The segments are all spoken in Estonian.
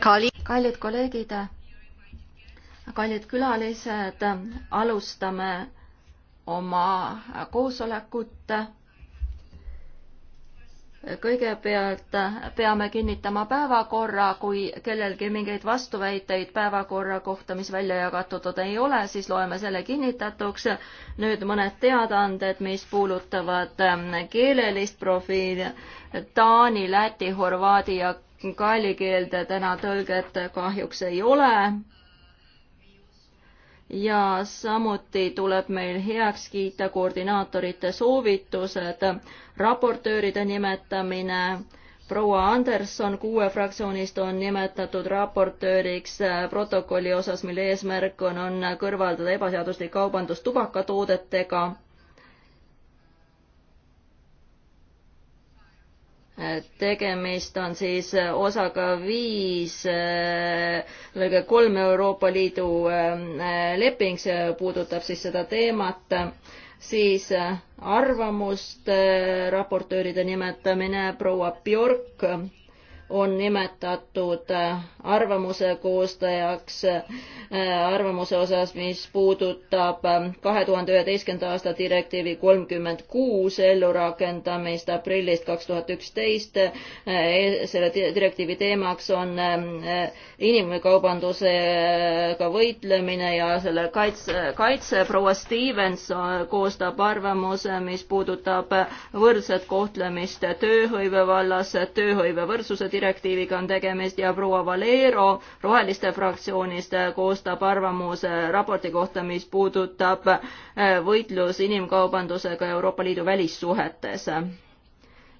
kallid kolleegid, kallid külalised, alustame oma koosolekut. kõigepealt peame kinnitama päevakorra, kui kellelgi mingeid vastuväiteid päevakorra kohta, mis välja jagatud ei ole, siis loeme selle kinnitatuks. nüüd mõned teadaanded, mis puudutavad keelelist profiili Taani, Läti, Horvaadi ja Gaeli keelde täna tõlget kahjuks ei ole. ja samuti tuleb meil heaks kiita koordinaatorite soovitused, raportööride nimetamine, proua Anderson kuue fraktsioonist on nimetatud raportööriks protokolli osas, mille eesmärk on, on kõrvaldada ebaseaduslik kaubandus tubakatoodetega tegemist on siis osaga viis lõige kolm Euroopa Liidu äh, leping, see puudutab siis seda teemat, siis äh, arvamuste äh, raportööride nimetamine proua Bjork on nimetatud äh, arvamuse koostajaks äh, arvamuse osas, mis puudutab äh, kahe tuhande üheteistkümnenda aasta direktiivi kolmkümmend kuus ellurakendamist aprillist kaks tuhat üksteist. E-, selle direktiivi teemaks on inimkaubandusega võitlemine ja selle kaitse, kaitse proua Stevens koostab arvamuse, mis puudutab võrdset kohtlemist tööhõive vallas, tööhõive võrdsuse direktiiviga on tegemist ja proua Valero Roheliste fraktsioonist koostab arvamuse raporti kohta, mis puudutab äh, võitlus inimkaubandusega Euroopa Liidu välissuhetes.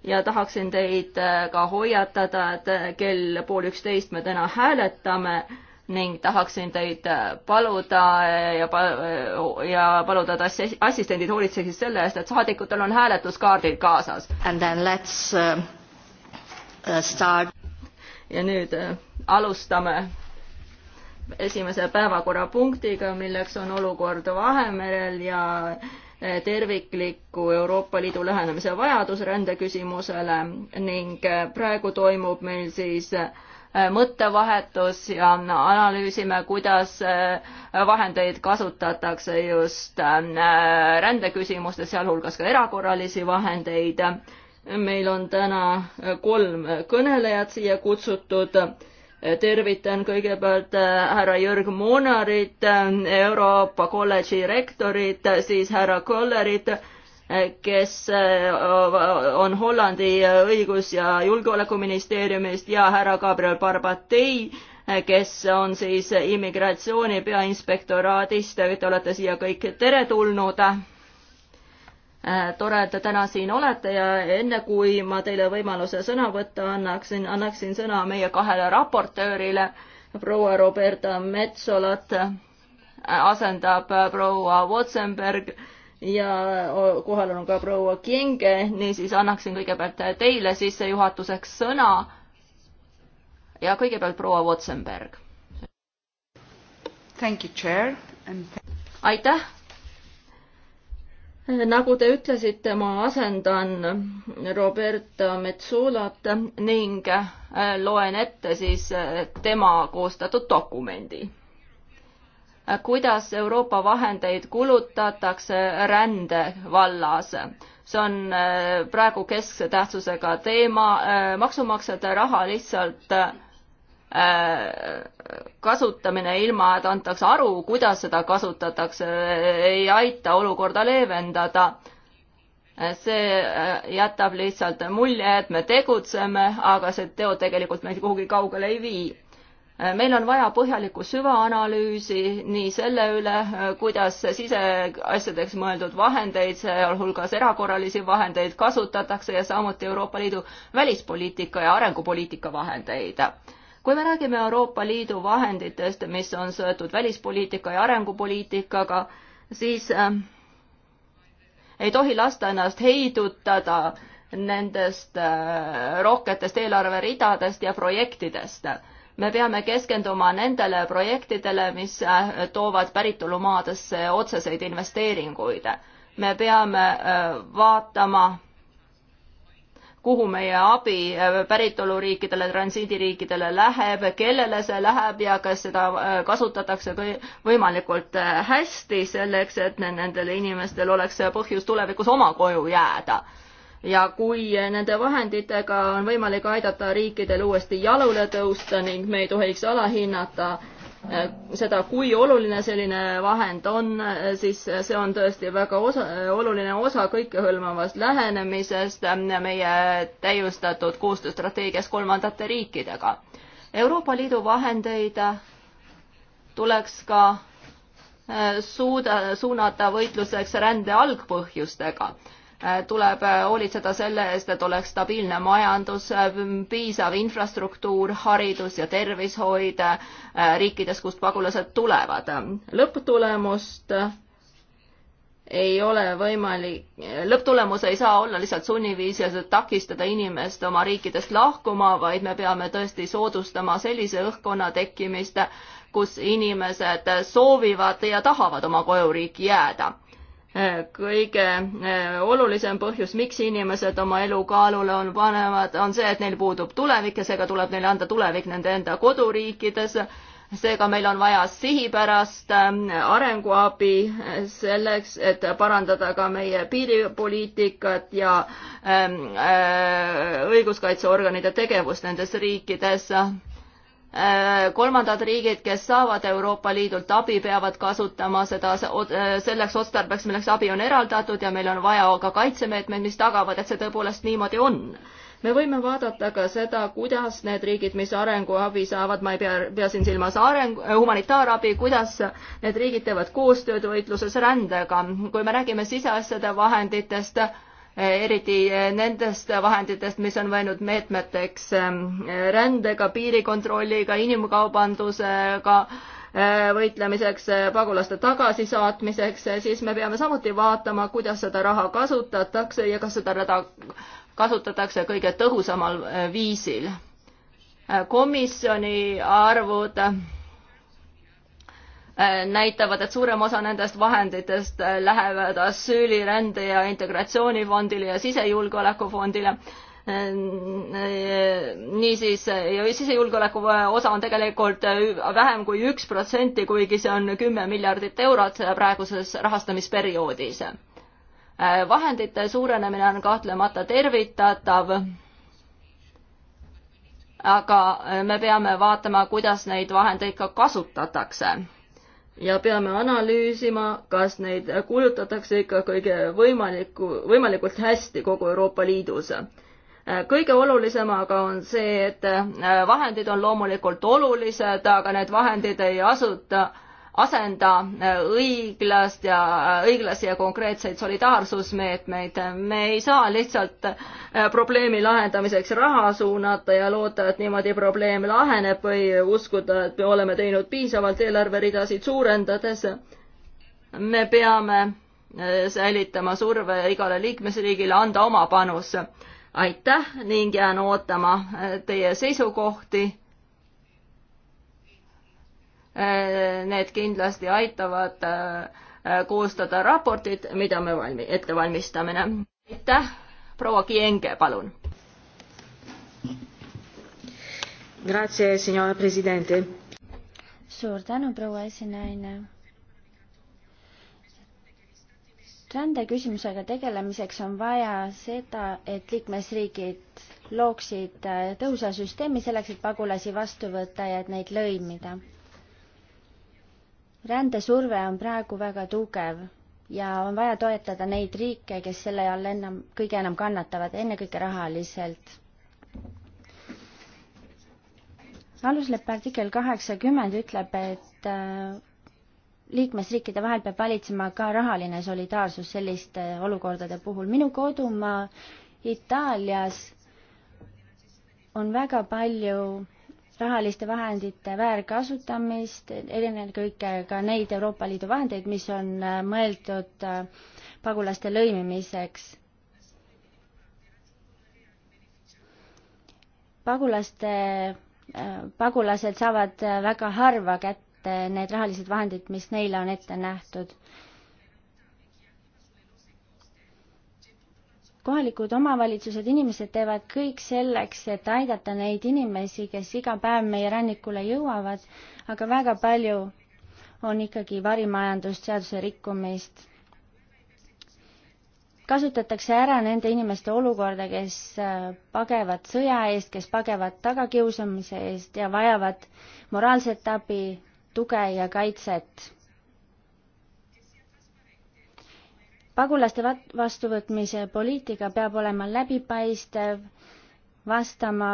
ja tahaksin teid äh, ka hoiatada, et äh, kell pool üksteist me täna hääletame ning tahaksin teid paluda ja, pa- ja paluda, et assi-, assistendid hoolitseksid selle eest, et saadikutel on hääletuskaardid kaasas. And then let's uh Uh, start. ja nüüd uh, alustame esimese päevakorrapunktiga, milleks on olukord Vahemerel ja uh, tervikliku Euroopa Liidu lähenemise vajadus rändeküsimusele ning praegu toimub meil siis mõttevahetus ja analüüsime, kuidas vahendeid kasutatakse just rändeküsimustes, sealhulgas ka erakorralisi vahendeid meil on täna kolm kõnelejat siia kutsutud. tervitan kõigepealt äh, härra Jörg Moonarit, äh, Euroopa kolledži rektorit, äh, siis härra Kollerit, kes on Hollandi õigus- ja julgeolekuministeeriumist ja härra Gabriel Barbatei, kes on siis immigratsiooni peainspektoraadist. Te olete siia kõik teretulnud Äh, tore, et te täna siin olete ja enne kui ma teile võimaluse sõna võtta annaksin, annaksin sõna meie kahele raportöörile. proua Roberta Metsolat äh, asendab äh, proua Wotsenberg ja kohal on ka proua Kinge, niisiis annaksin kõigepealt teile sissejuhatuseks sõna. ja kõigepealt proua Wotsenberg. aitäh nagu te ütlesite, ma asendan Roberta Metsulat ning äh, loen ette siis äh, tema koostatud dokumendi. Äh, kuidas Euroopa vahendeid kulutatakse rände vallas? see on praegu keskse tähtsusega teema, maksumaksjate raha lihtsalt Äh, kasutamine ilma, et antakse aru, kuidas seda kasutatakse, ei aita olukorda leevendada. see äh, jätab lihtsalt mulje, et me tegutseme, aga see teo tegelikult meid kuhugi kaugele ei vii äh, meil on vaja põhjalikku süvaanalüüsi nii selle üle, kuidas siseasjadeks mõeldud vahendeid, sealhulgas erakorralisi vahendeid kasutatakse ja samuti Euroopa Liidu välispoliitika ja arengupoliitika vahendeid kui me räägime Euroopa Liidu vahenditest, mis on seotud välispoliitika ja arengupoliitikaga, siis äh, ei tohi lasta ennast heidutada nendest äh, rohketest eelarveridadest ja projektidest. me peame keskenduma nendele projektidele, mis äh, toovad päritolumaadesse otseseid investeeringuid. me peame vaatama kuhu meie abi äh, päritoluriikidele, transiidiriikidele läheb, kellele see läheb ja kas seda äh, kasutatakse võimalikult äh, hästi selleks, et nendel inimestel oleks põhjus tulevikus oma koju jääda ja kui nende vahenditega on võimalik aidata riikidel uuesti jalule tõusta ning me ei tohiks alahinnata Äh, seda, kui oluline selline vahend on, äh, siis äh, see on tõesti väga osa, oluline osa kõikehõlmavast lähenemisest meie täiustatud koostööstrateegias kolmandate riikidega. Euroopa Liidu vahendeid tuleks ka suuda, suunata võitluseks rände algpõhjustega Äh, tuleb äh, hoolitseda selle eest, et oleks stabiilne majandus, äh, piisav infrastruktuur, haridus ja tervishoid riikides, kust pagulased tulevad. lõpptulemust ei ole võimalik, lõpptulemus ei saa olla lihtsalt sunniviisiliselt takistada inimest oma riikidest lahkuma, vaid me peame tõesti soodustama sellise õhkkonna tekkimist, kus inimesed soovivad ja tahavad oma kojuriiki jääda kõige e, olulisem põhjus, miks inimesed oma elu kaalule on panevad, on see, et neil puudub tulevik ja seega tuleb neile anda tulevik nende enda koduriikides. seega meil on vaja sihipärast e, arenguabi selleks, et parandada ka meie piiripoliitikat ja e, õiguskaitseorganite tegevust nendes riikides Äh, kolmandad riigid, kes saavad Euroopa Liidult abi, peavad kasutama seda äh, selleks otstarbeks, milleks abi on eraldatud ja meil on vaja ka kaitsemeetmeid, mis tagavad, et see tõepoolest niimoodi on. me võime vaadata ka seda, kuidas need riigid, mis arenguabi saavad, ma ei pea, pea siin silmas areng, humanitaarabi, kuidas need riigid teevad koostööd võitluses rändega. kui me räägime siseasjade vahenditest, eriti eh, nendest vahenditest, mis on võetud meetmeteks ehm, rändega, piirikontrolliga, inimkaubandusega, eh, võitlemiseks, eh, pagulaste tagasisaatmiseks, siis me peame samuti vaatama, kuidas seda raha kasutatakse ja kas seda rada kasutatakse kõige tõhusamal viisil. komisjoni arvud Äh, näitavad, et suurem osa nendest vahenditest äh, lähevad asüülirände ja integratsioonifondile ja sisejulgeolekufondile. Ähm, äh, niisiis, sisejulgeoleku osa on tegelikult vähem kui üks protsenti, kuigi see on kümme miljardit eurot praeguses rahastamisperioodis. vahendite suurenemine on kahtlemata tervitatav aga me peame vaatama, kuidas neid vahendeid ka kasutatakse ja peame analüüsima, kas neid kulutatakse ikka kõige võimaliku, võimalikult hästi kogu Euroopa Liidus. kõige olulisem aga on see, et eh, vahendid on loomulikult olulised, aga need vahendid ei asuta asenda äh, õiglast ja äh, õiglasi ja konkreetseid solidaarsusmeetmeid. me ei saa lihtsalt äh, probleemi lahendamiseks raha suunata ja loota, et niimoodi probleem laheneb või uskuda, et me oleme teinud piisavalt eelarveridasid suurendades. me peame säilitama surve igale liikmesriigile anda oma panus. aitäh ning jään ootama teie seisukohti Need kindlasti aitavad äh, koostada raportid, mida me valmi-, ette valmistame. aitäh, proua Kienge, palun. Grazie, signora presidente. suur tänu, proua esinaine rändeküsimusega tegelemiseks on vaja seda, et liikmesriigid looksid äh, tõhusa süsteemi selleks, et pagulasi vastu võtta ja et neid lõimida rändesurve on praegu väga tugev ja on vaja toetada neid riike, kes selle all enam, kõige enam kannatavad, ennekõike rahaliselt. alusleppe artikkel kaheksakümmend ütleb, et äh, liikmesriikide vahel peab valitsema ka rahaline solidaarsus selliste äh, olukordade puhul. minu kodumaa Itaalias on väga palju rahaliste vahendite väärkasutamist, ennekõike ka neid Euroopa Liidu vahendeid, mis on äh, mõeldud äh, pagulaste lõimimiseks. pagulaste, äh, pagulased saavad väga harva kätte need rahalised vahendid, mis neile on ette nähtud kohalikud omavalitsused, inimesed teevad kõik selleks, et aidata neid inimesi, kes iga päev meie rannikule jõuavad, aga väga palju on ikkagi varimajandust, seaduse rikkumist. kasutatakse ära nende inimeste olukorda, kes äh, pagevad sõja eest, kes pagevad tagakiusamise eest ja vajavad moraalset abi, tuge ja kaitset pagulaste vastuvõtmise poliitika peab olema läbipaistev, vastama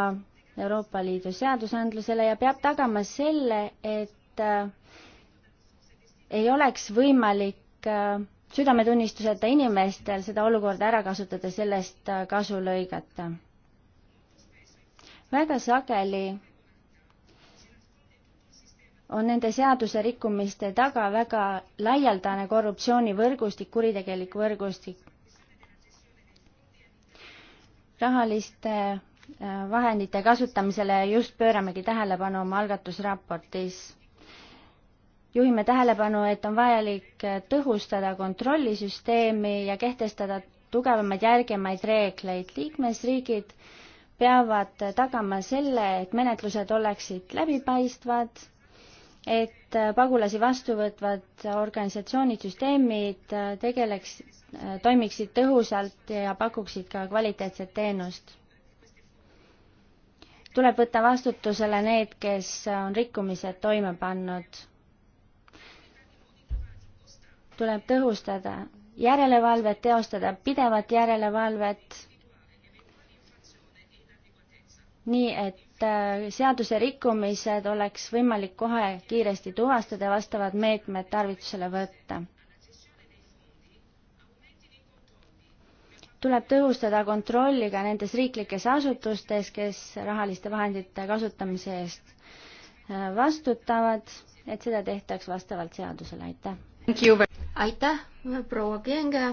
Euroopa Liidu seadusandlusele ja peab tagama selle, et äh, ei oleks võimalik äh, südametunnistuseta inimestel seda olukorda ära kasutada, sellest äh, kasu lõigata. väga sageli on nende seaduserikkumiste taga väga laialdane korruptsioonivõrgustik, kuritegelik võrgustik. rahaliste äh, vahendite kasutamisele just pööramegi tähelepanu oma algatusraportis. juhime tähelepanu, et on vajalik äh, tõhustada kontrollisüsteemi ja kehtestada tugevamaid järgemaid reegleid. liikmesriigid peavad tagama selle, et menetlused oleksid läbipaistvad et pagulasi vastu võtvad organisatsioonid, süsteemid tegeleks, toimiksid tõhusalt ja pakuksid ka kvaliteetset teenust. tuleb võtta vastutusele need, kes on rikkumised toime pannud. tuleb tõhustada järelevalvet, teostada pidevat järelevalvet, nii et et äh, seaduse rikkumised oleks võimalik kohe kiiresti tuvastada ja vastavad meetmed tarvitusele võtta. tuleb tõhustada kontrolli ka nendes riiklikes asutustes, kes rahaliste vahendite kasutamise eest äh, vastutavad, et seda tehtaks vastavalt seadusele, aitäh! aitäh, proua Kienge!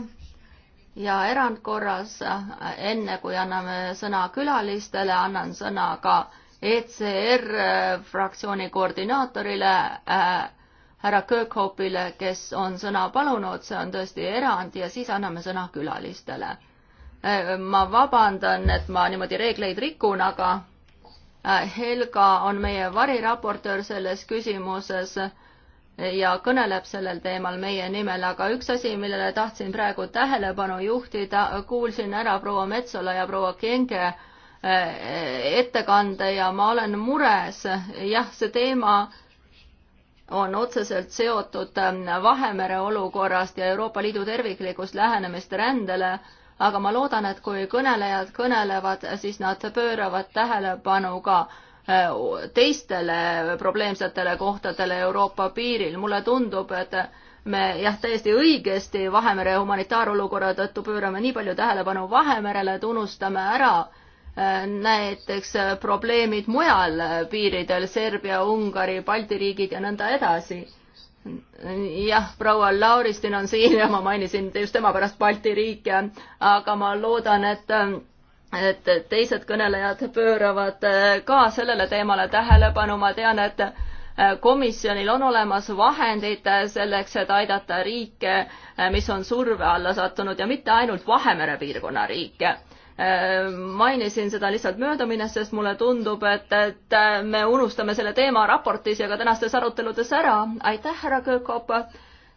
ja erandkorras, äh, enne kui anname sõna külalistele, annan sõna ka ECR äh, fraktsiooni koordinaatorile äh, härra Kirkhopile, kes on sõna palunud, see on tõesti erand ja siis anname sõna külalistele. Äh, ma vabandan, et ma niimoodi reegleid rikun, aga Helga on meie variraportöör selles küsimuses ja kõneleb sellel teemal meie nimel, aga üks asi, millele tahtsin praegu tähelepanu juhtida, kuulsin ära proua Metsola ja proua Kinge eh, ettekande ja ma olen mures, jah, see teema on otseselt seotud eh, Vahemere olukorrast ja Euroopa Liidu terviklikust lähenemist rändele, aga ma loodan, et kui kõnelejad kõnelevad, siis nad pööravad tähelepanu ka äh, Äh, teistele probleemsetele kohtadele Euroopa piiril. mulle tundub, et me jah, täiesti õigesti Vahemere humanitaarolukorra tõttu pöörame nii palju tähelepanu Vahemerele, et unustame ära äh, näiteks probleemid mujal piiridel, Serbia, Ungari, Balti riigid ja nõnda edasi. jah, proua Lauristin on siin ja ma mainisin just tema pärast Balti riike, aga ma loodan, et äh, et teised kõnelejad pööravad äh, ka sellele teemale tähelepanu, ma tean, et äh, komisjonil on olemas vahendid äh, selleks, et aidata riike, mis on surve alla sattunud ja mitte ainult Vahemere piirkonna riike. mainisin seda lihtsalt möödaminnes, sest mulle tundub, et, et me unustame selle teema raportis ja ka tänastes aruteludes ära. aitäh, härra Kõõkop.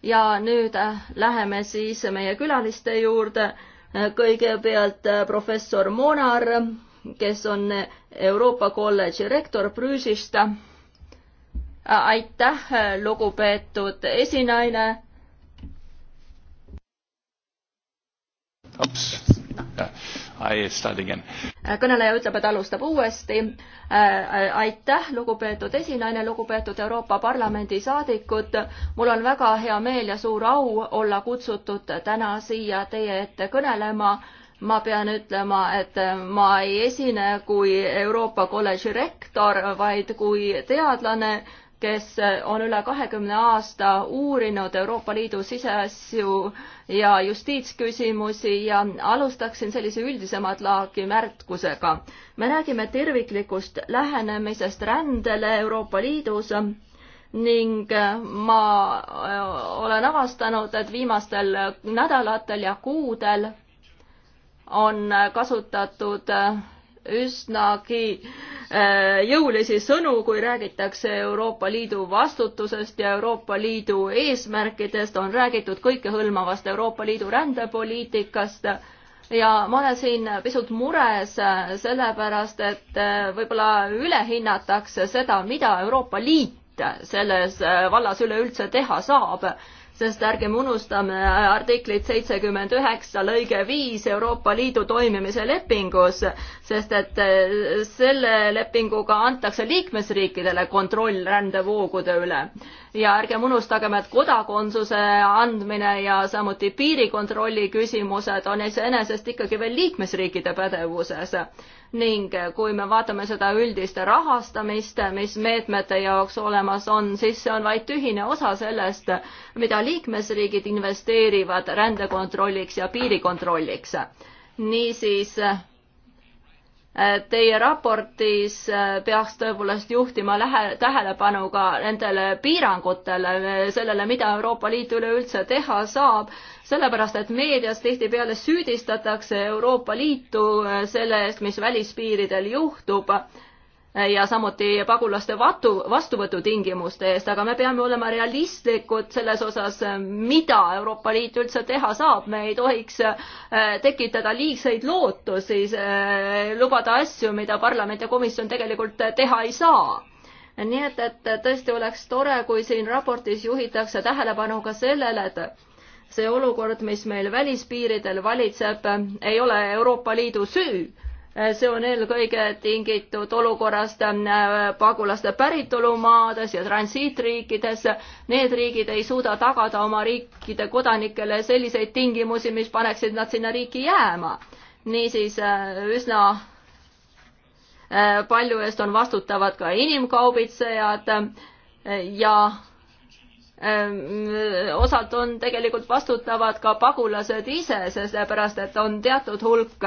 ja nüüd läheme siis meie külaliste juurde kõigepealt äh, professor Monar, kes on Euroopa kolledži rektor Brüsist. Äh, aitäh, lugupeetud esinaine. I start again. Äh, kõneleja ütleb, et alustab uuesti. Äh, äh, aitäh, lugupeetud esinaine, lugupeetud Euroopa Parlamendi saadikud. mul on väga hea meel ja suur au olla kutsutud täna siia teie ette kõnelema ma pean ütlema, et ma ei esine kui Euroopa kolledži rektor, vaid kui teadlane, kes eh, on üle kahekümne aasta uurinud Euroopa Liidu siseasju ja justiitsküsimusi ja alustaksin sellise üldisemat laagi märkusega. me räägime terviklikust lähenemisest rändele Euroopa Liidus ning eh, ma eh, olen avastanud, et viimastel nädalatel ja kuudel on kasutatud üsnagi äh, jõulisi sõnu, kui räägitakse Euroopa Liidu vastutusest ja Euroopa Liidu eesmärkidest, on räägitud kõikehõlmavast Euroopa Liidu rändepoliitikast ja ma olen siin pisut mures, äh, sellepärast et äh, võib-olla ülehinnatakse seda, mida Euroopa Liit selles vallas üleüldse teha saab sest ärgem unustame artiklit seitsekümmend üheksa lõige viis Euroopa Liidu toimimise lepingus, sest et äh, selle lepinguga antakse liikmesriikidele kontroll rändevoogude üle ja ärgem unustagem, et kodakondsuse andmine ja samuti piirikontrolli küsimused on iseenesest ikkagi veel liikmesriikide pädevuses. ning kui me vaatame seda üldist rahastamist, mis meetmete jaoks olemas on, siis see on vaid tühine osa sellest, mida liikmesriigid investeerivad rändekontrolliks ja piirikontrolliks. niisiis Eh, teie raportis eh, peaks tõepoolest juhtima lähe, tähelepanu ka nendele piirangutele, eh, sellele, mida Euroopa Liit üleüldse teha saab, sellepärast et meedias tihtipeale süüdistatakse Euroopa Liitu selle eest, mis välispiiridel juhtub ja samuti pagulaste vatu, vastuvõtutingimuste eest, aga me peame olema realistlikud selles osas, mida Euroopa Liit üldse teha saab, me ei tohiks äh, tekitada liigseid lootusi, äh, lubada asju, mida parlament ja komisjon tegelikult teha ei saa nii et, et tõesti oleks tore, kui siin raportis juhitakse tähelepanu ka sellele, et see olukord, mis meil välispiiridel valitseb, ei ole Euroopa Liidu süü see on eelkõige tingitud olukorrast äh, pagulaste päritolumaades ja transiitriikides. Need riigid ei suuda tagada oma riikide kodanikele selliseid tingimusi, mis paneksid nad sinna riiki jääma. niisiis äh, üsna äh, palju eest on vastutavad ka inimkaubitsejad ja osalt on tegelikult vastutavad ka pagulased ise, sellepärast et on teatud hulk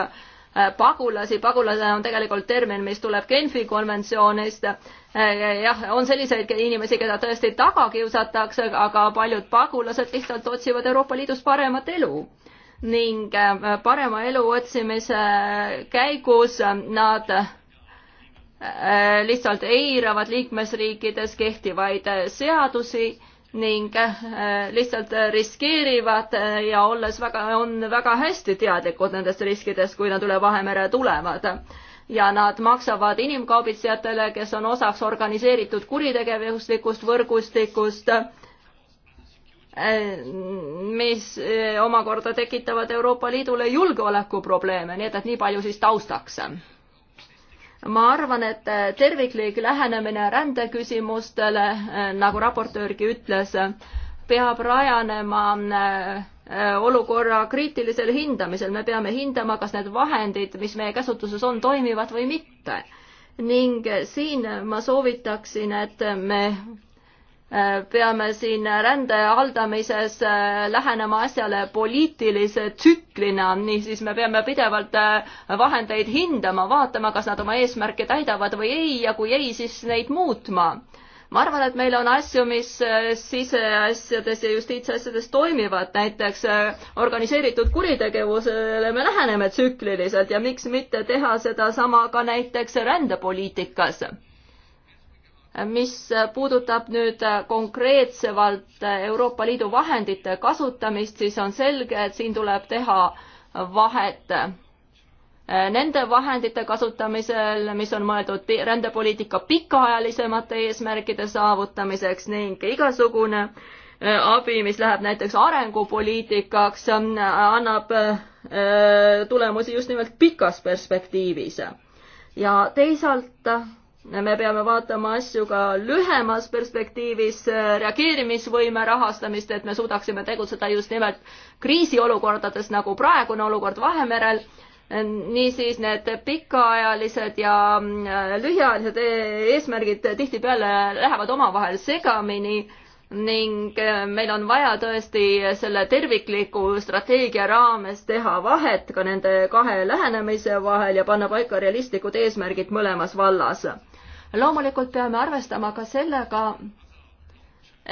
Äh, pagulasi, pagulased on tegelikult termin, mis tuleb Genfi konventsioonist. Äh, jah, on selliseid inimesi, keda tõesti taga kiusatakse, aga paljud pagulased lihtsalt otsivad Euroopa Liidus paremat elu ning äh, parema elu otsimise käigus nad lihtsalt eiravad liikmesriikides kehtivaid seadusi ning äh, lihtsalt riskeerivad äh, ja olles väga, on väga hästi teadlikud nendest riskidest, kui nad üle Vahemere tulevad. ja nad maksavad inimkaubitsejatele, kes on osaks organiseeritud kuritegevuslikust võrgustikust, äh, mis omakorda tekitavad Euroopa Liidule julgeolekuprobleeme, nii et, et nii palju siis taustaks ma arvan, et äh, terviklik lähenemine rändeküsimustele, äh, nagu raportöörgi ütles, peab rajanema äh, olukorra kriitilisel hindamisel, me peame hindama, kas need vahendid, mis meie käsutuses on, toimivad või mitte. ning siin ma soovitaksin, et me peame siin rände haldamises äh, lähenema asjale poliitilise tsüklina, niisiis me peame pidevalt äh, vahendeid hindama, vaatama, kas nad oma eesmärke täidavad või ei ja kui ei, siis neid muutma ma arvan, et meil on asju, mis äh, siseasjades ja justiitsasjades toimivad, näiteks organiseeritud kuritegevusele me läheneme tsükliliselt ja miks mitte teha sedasama ka näiteks rändepoliitikas mis puudutab nüüd konkreetsemalt Euroopa Liidu vahendite kasutamist, siis on selge, et siin tuleb teha vahet nende vahendite kasutamisel, mis on mõeldud rändepoliitika pikaajalisemate eesmärkide saavutamiseks ning igasugune äh, abi, mis läheb näiteks arengupoliitikaks, äh, annab äh, tulemusi just nimelt pikas perspektiivis. ja teisalt me peame vaatama asju ka lühemas perspektiivis, äh, reageerimisvõime rahastamist, et me suudaksime tegutseda just nimelt kriisiolukordades, nagu praegune olukord Vahemerel. niisiis need pikaajalised ja mm, lühiajalised e-, eesmärgid tihtipeale lähevad omavahel segamini ning äh, meil on vaja tõesti selle tervikliku strateegia raames teha vahet ka nende kahe lähenemise vahel ja panna paika realistlikud eesmärgid mõlemas vallas loomulikult peame arvestama ka sellega,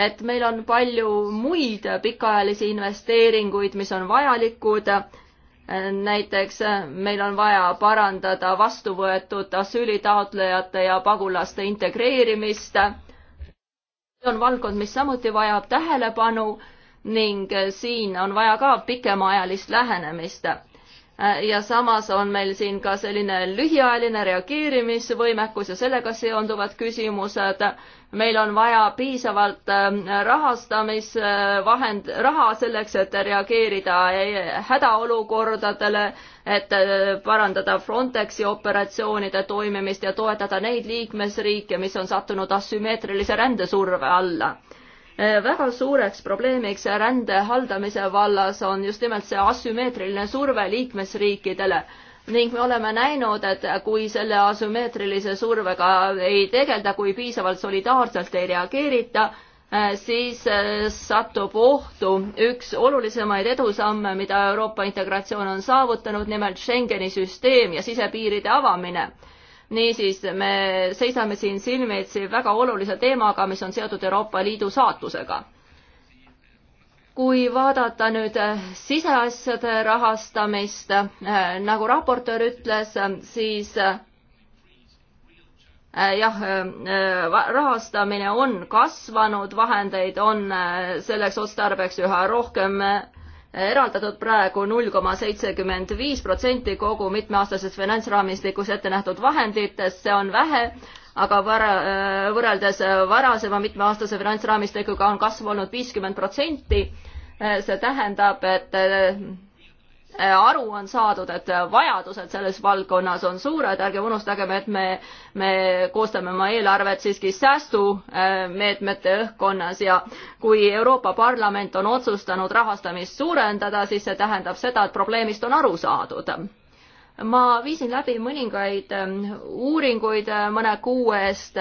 et meil on palju muid pikaajalisi investeeringuid, mis on vajalikud. näiteks meil on vaja parandada vastu võetud asüülitaotlejate ja pagulaste integreerimist. see on valdkond, mis samuti vajab tähelepanu ning siin on vaja ka pikemaajalist lähenemist Äh, ja samas on meil siin ka selline lühiajaline reageerimisvõimekus ja sellega seonduvad küsimused. meil on vaja piisavalt ähm, rahastamisvahend, raha selleks, et reageerida äh, hädaolukordadele, et äh, parandada Frontexi operatsioonide toimimist ja toetada neid liikmesriike, mis on sattunud asümmeetrilise rändesurve alla Äh, väga suureks probleemiks rände haldamise vallas on just nimelt see asümmeetriline surve liikmesriikidele ning me oleme näinud, et kui selle asümmeetrilise survega ei tegelda, kui piisavalt solidaarselt ei reageerita, äh, siis äh, satub ohtu üks olulisemaid edusamme, mida Euroopa integratsioon on saavutanud, nimelt Schengeni süsteem ja sisepiiride avamine niisiis, me seisame siin silmitsi väga olulise teemaga, mis on seotud Euroopa Liidu saatusega. kui vaadata nüüd siseasjade rahastamist, eh, nagu raportöör ütles, siis eh, jah, eh, rahastamine on kasvanud, vahendeid on selleks otstarbeks üha rohkem eraldatud praegu null koma seitsekümmend viis protsenti kogu mitmeaastases finantsraamistikus ette nähtud vahenditest, see on vähe, aga vara, võrreldes varasema mitmeaastase finantsraamistikuga on kasv olnud viiskümmend protsenti. see tähendab, et Äh, aru on saadud, et äh, vajadused selles valdkonnas on suured, ärgem unustagem, et me, me koostame oma eelarvet siiski säästumeetmete äh, õhkkonnas ja kui Euroopa Parlament on otsustanud rahastamist suurendada, siis see tähendab seda, et probleemist on aru saadud ma viisin läbi mõningaid uuringuid mõne kuu eest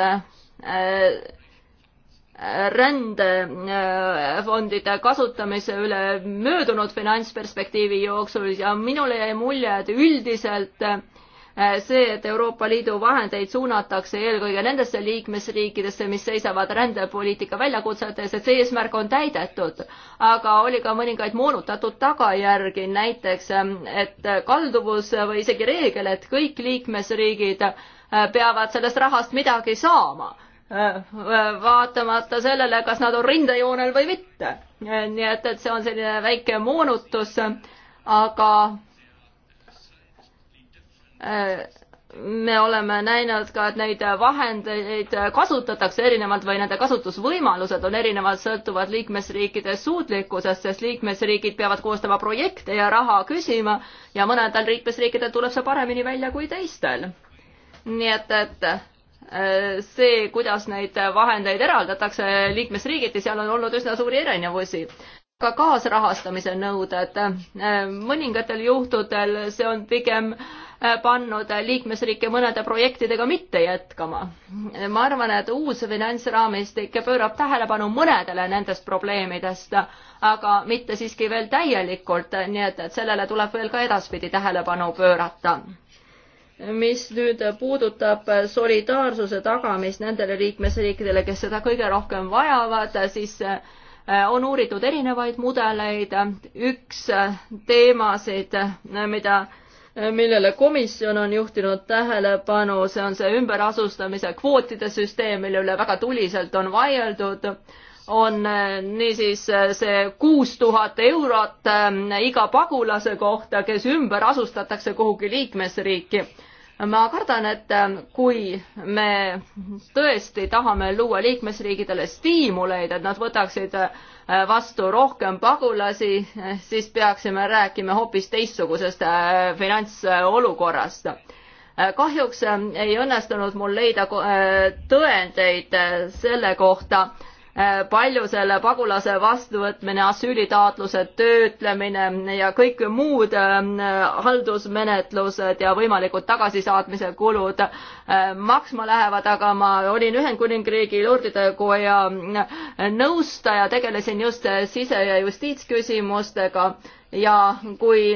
rändefondide kasutamise üle möödunud finantsperspektiivi jooksul ja minule jäi mulje, et üldiselt äh, see, et Euroopa Liidu vahendeid suunatakse eelkõige nendesse liikmesriikidesse, mis seisavad rändepoliitika väljakutsetes, et see eesmärk on täidetud. aga oli ka mõningaid moonutatud tagajärgi, näiteks äh, et kalduvus või isegi reegel, et kõik liikmesriigid äh, peavad sellest rahast midagi saama Äh, äh, vaatamata sellele, kas nad on rindejoonel või mitte. Äh, nii et, et see on selline väike moonutus, aga me oleme näinud ka, et neid vahendeid kasutatakse erinevalt või nende kasutusvõimalused on erinevad, sõltuvad liikmesriikide suutlikkusest, sest liikmesriigid peavad koostama projekte ja raha küsima ja mõnedel liikmesriikidel tuleb see paremini välja kui teistel. nii et, et Äh, see, kuidas neid vahendeid eraldatakse liikmesriigiti, seal on olnud üsna suuri erinevusi. ka kaasrahastamise nõuded, äh, mõningatel juhtudel see on pigem äh, pannud liikmesriike mõnede projektidega mitte jätkama. ma arvan, et uus finantsraamistik pöörab tähelepanu mõnedele nendest probleemidest, aga mitte siiski veel täielikult, nii et, et sellele tuleb veel ka edaspidi tähelepanu pöörata mis nüüd puudutab solidaarsuse tagamist nendele liikmesriikidele, kes seda kõige rohkem vajavad, siis äh, on uuritud erinevaid mudeleid. üks äh, teemasid, äh, mida, millele komisjon on juhtinud tähelepanu, see on see ümberasustamise kvootide süsteem, mille üle väga tuliselt on vaieldud on niisiis see kuus tuhat eurot iga pagulase kohta, kes ümber asustatakse kuhugi liikmesriiki ma kardan, et ähm, kui me tõesti tahame luua liikmesriigidele stiimuleid, et nad võtaksid äh, vastu rohkem pagulasi, eh, siis peaksime rääkima hoopis teistsugusest äh, finantsolukorrast. Äh, kahjuks ähm, ei õnnestunud mul leida tõendeid selle kohta Äh, palju selle pagulase vastuvõtmine, asüülitaotluse töötlemine ja kõik muud ähm, haldusmenetlused ja võimalikud tagasisaatmise kulud äh, maksma lähevad, aga ma olin Ühendkuningriigi Lordide Koja äh, nõustaja, tegelesin just sise- ja justiitsküsimustega ja kui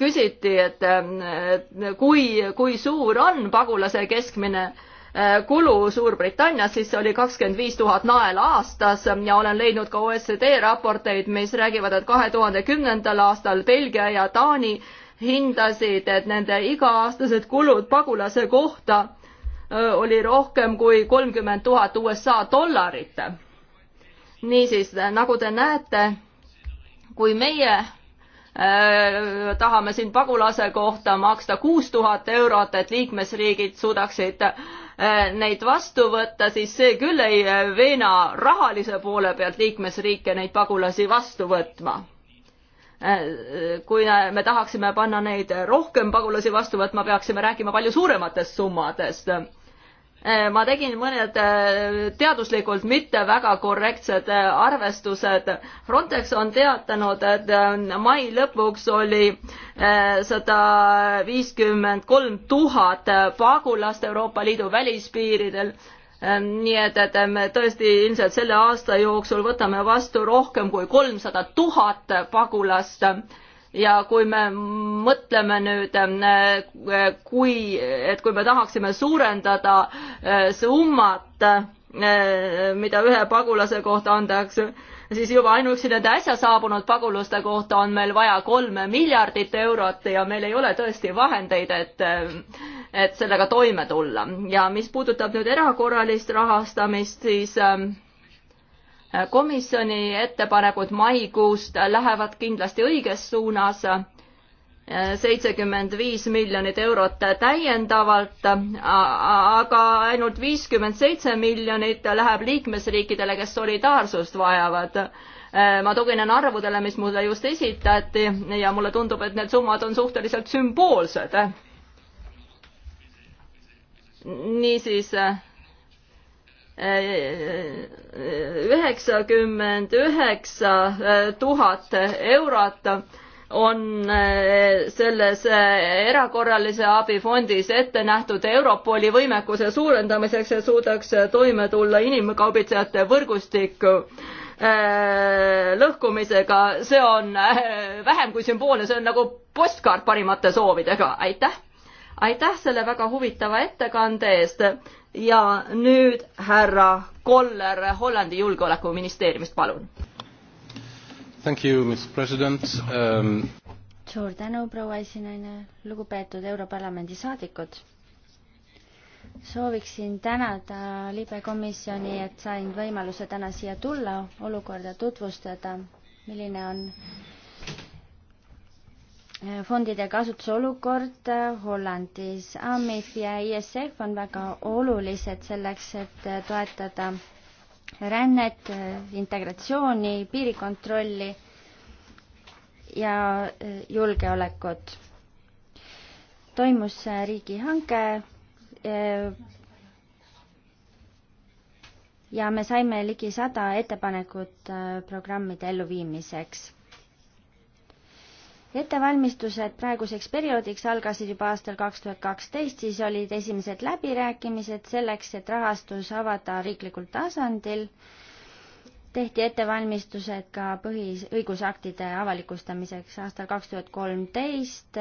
küsiti, et kui, kui suur on pagulase keskmine Eh, kulu Suurbritannias, siis see oli kakskümmend viis tuhat naela aastas ja olen leidnud ka OECD raporteid, mis räägivad, et kahe tuhande kümnendal aastal Belgia ja Taani hindasid, et nende iga-aastased kulud pagulase kohta eh, oli rohkem kui kolmkümmend tuhat USA dollarit. niisiis, nagu te näete, kui meie eh, tahame siin pagulase kohta maksta kuus tuhat eurot, et liikmesriigid suudaksid Äh, neid vastu võtta, siis see küll ei äh, veena rahalise poole pealt liikmesriike neid pagulasi vastu võtma. Äh, kui me tahaksime panna neid rohkem pagulasi vastu võtma, peaksime rääkima palju suurematest summadest Äh, ma tegin mõned äh, teaduslikult mitte väga korrektsed äh, arvestused. Frontex on teatanud, et mai lõpuks oli sada viiskümmend kolm tuhat pagulast Euroopa Liidu välispiiridel nii et, et me tõesti ilmselt selle aasta jooksul võtame vastu rohkem kui kolmsada tuhat pagulast ja kui me mõtleme nüüd, äh, kui, et kui me tahaksime suurendada äh, summat, äh, mida ühe pagulase kohta antakse, siis juba ainuüksi nende äsja saabunud pagulaste kohta on meil vaja kolme miljardit eurot ja meil ei ole tõesti vahendeid, et, et sellega toime tulla. ja mis puudutab nüüd erakorralist rahastamist, siis äh, komisjoni ettepanekud maikuust lähevad kindlasti õiges suunas, seitsekümmend viis miljonit eurot täiendavalt, aga ainult viiskümmend seitse miljonit läheb liikmesriikidele, kes solidaarsust vajavad. ma tuginen arvudele, mis mulle just esitati ja mulle tundub, et need summad on suhteliselt sümboolsed. niisiis üheksakümmend üheksa tuhat eurot on eh, selles eh, erakorralise abifondis ette nähtud Europoli võimekuse suurendamiseks, et suudaks toime tulla inimkaubitsejate võrgustiku eh, lõhkumisega, see on vähem kui sümboolne, see on nagu postkaart parimate soovidega, aitäh! aitäh selle väga huvitava ettekande eest ja nüüd härra Koller Hollandi julgeolekuministeeriumist, palun. Um... suur tänu, proua esinaine, lugupeetud Europarlamendi saadikud. sooviksin tänada libekomisjoni, et sain võimaluse täna siia tulla, olukorda tutvustada, milline on fondide kasutuse olukord äh, Hollandis. AMIF ja ISF on väga olulised selleks, et äh, toetada rännet, äh, integratsiooni, piirikontrolli ja julgeolekut. toimus riigihange ja me saime ligi sada ettepanekut programmide elluviimiseks ettevalmistused praeguseks perioodiks algasid juba aastal kaks tuhat kaksteist, siis olid esimesed läbirääkimised selleks, et rahastus avada riiklikul tasandil. tehti ettevalmistused ka põhiõigusaktide avalikustamiseks aastal kaks tuhat kolmteist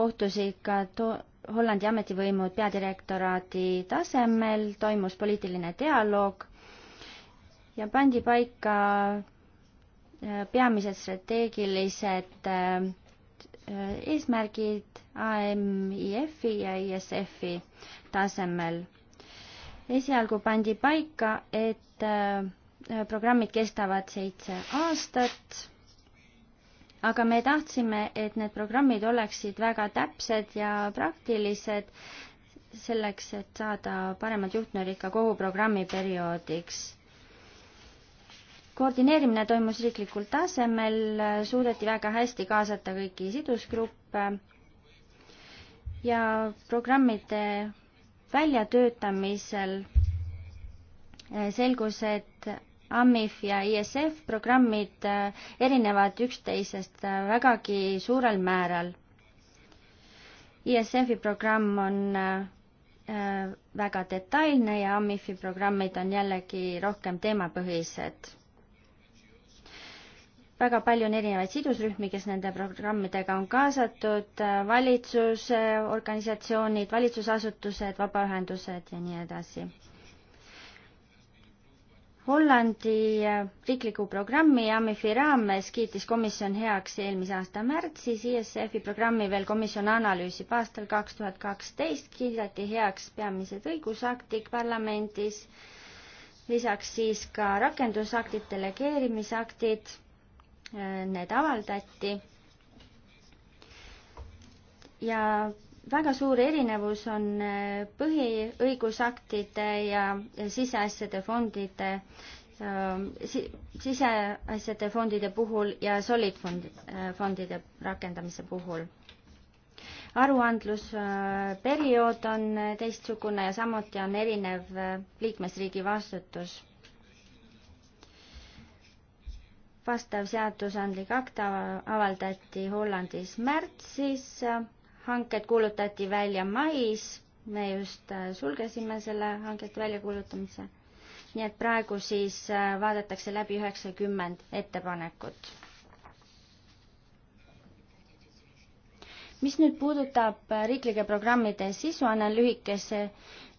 kohtusid ka to-, Hollandi ametivõimud peadirektoraadi tasemel, toimus poliitiline dialoog ja pandi paika Äh, peamised strateegilised äh, eesmärgid AMIF-i ja ISF-i tasemel. esialgu pandi paika, et äh, programmid kestavad seitse aastat, aga me tahtsime, et need programmid oleksid väga täpsed ja praktilised selleks, et saada paremat juhtnööri ikka kogu programmi perioodiks koordineerimine toimus riiklikul tasemel, suudeti väga hästi kaasata kõiki sidusgruppe ja programmide väljatöötamisel eh, selgus, et AMIF ja ISF programmid eh, erinevad üksteisest eh, vägagi suurel määral. ISF-i programm on väga detailne ja AMIF-i programmid on jällegi rohkem teemapõhised väga palju on erinevaid sidusrühmi, kes nende programmidega on kaasatud, äh, valitsuse äh, organisatsioonid, valitsusasutused, vabaühendused ja nii edasi. Hollandi äh, riikliku programmi AMIF-i raames kiitis komisjon heaks eelmise aasta märtsis ISF-i programmi veel komisjon analüüsib. aastal kaks tuhat kaksteist kiideti heaks peamised õigusaktid parlamendis, lisaks siis ka rakendusaktid, delegeerimisaktid need avaldati. ja väga suur erinevus on äh, põhiõigusaktide ja siseasjade fondide ähm, siseasjade fondide puhul ja solid fond, äh, fondide rakendamise puhul. aruandlusperiood äh, on teistsugune ja samuti on erinev liikmesriigi vastutus. vastav seadusandlik akt avaldati Hollandis märtsis, hanked kuulutati välja mais, me just äh, sulgesime selle hankete väljakuulutamise. nii et praegu siis äh, vaadatakse läbi üheksakümmend ettepanekut. mis nüüd puudutab äh, riiklike programmide sisu, annan lühikese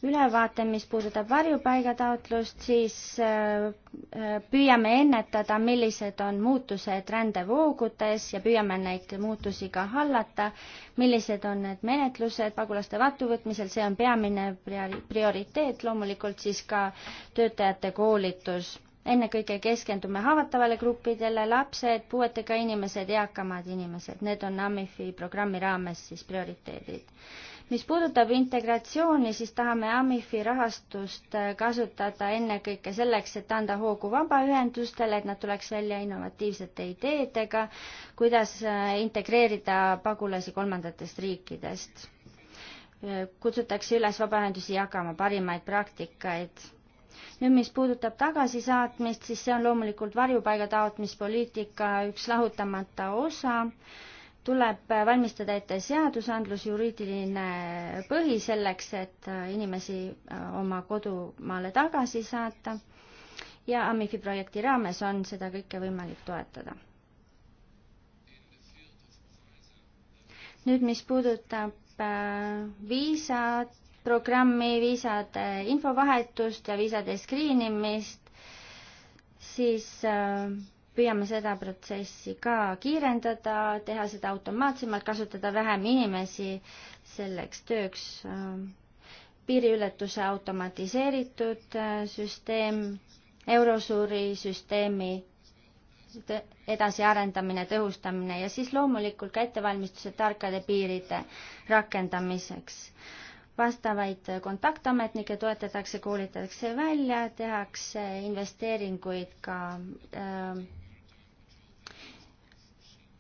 ülevaate, mis puudutab varjupaigataotlust, siis äh, äh, püüame ennetada, millised on muutused rändevoogudes ja püüame neid muutusi ka hallata. millised on need menetlused pagulaste vastuvõtmisel, see on peamine prioriteet, loomulikult siis ka töötajate koolitus ennekõike keskendume haavatavale gruppidele, lapsed, puuetega inimesed, eakamad inimesed, need on AMIF-i programmi raames siis prioriteedid mis puudutab integratsiooni, siis tahame AMIF-i rahastust äh, kasutada ennekõike selleks, et anda hoogu vabaühendustele, et nad tuleks välja innovatiivsete ideedega, kuidas äh, integreerida pagulasi kolmandatest riikidest. Äh, kutsutakse üles vabaühendusi jagama parimaid praktikaid nüüd, mis puudutab tagasisaatmist, siis see on loomulikult varjupaiga taotmispoliitika üks lahutamata osa tuleb valmistada ette seadusandlus, juriidiline põhi selleks, et inimesi äh, oma kodumaale tagasi saata ja Amifi projekti raames on seda kõike võimalik toetada. nüüd, mis puudutab äh, viisat, programmi, viisade infovahetust ja viisade screen imist, siis äh, püüame seda protsessi ka kiirendada, teha seda automaatsemalt, kasutada vähem inimesi selleks tööks. piiriületuse automatiseeritud äh, süsteem, Eurosuri süsteemi edasiarendamine, tõhustamine ja siis loomulikult ka ettevalmistused tarkade piiride rakendamiseks. vastavaid kontaktametnikke toetatakse, koolitatakse välja, tehakse investeeringuid ka äh,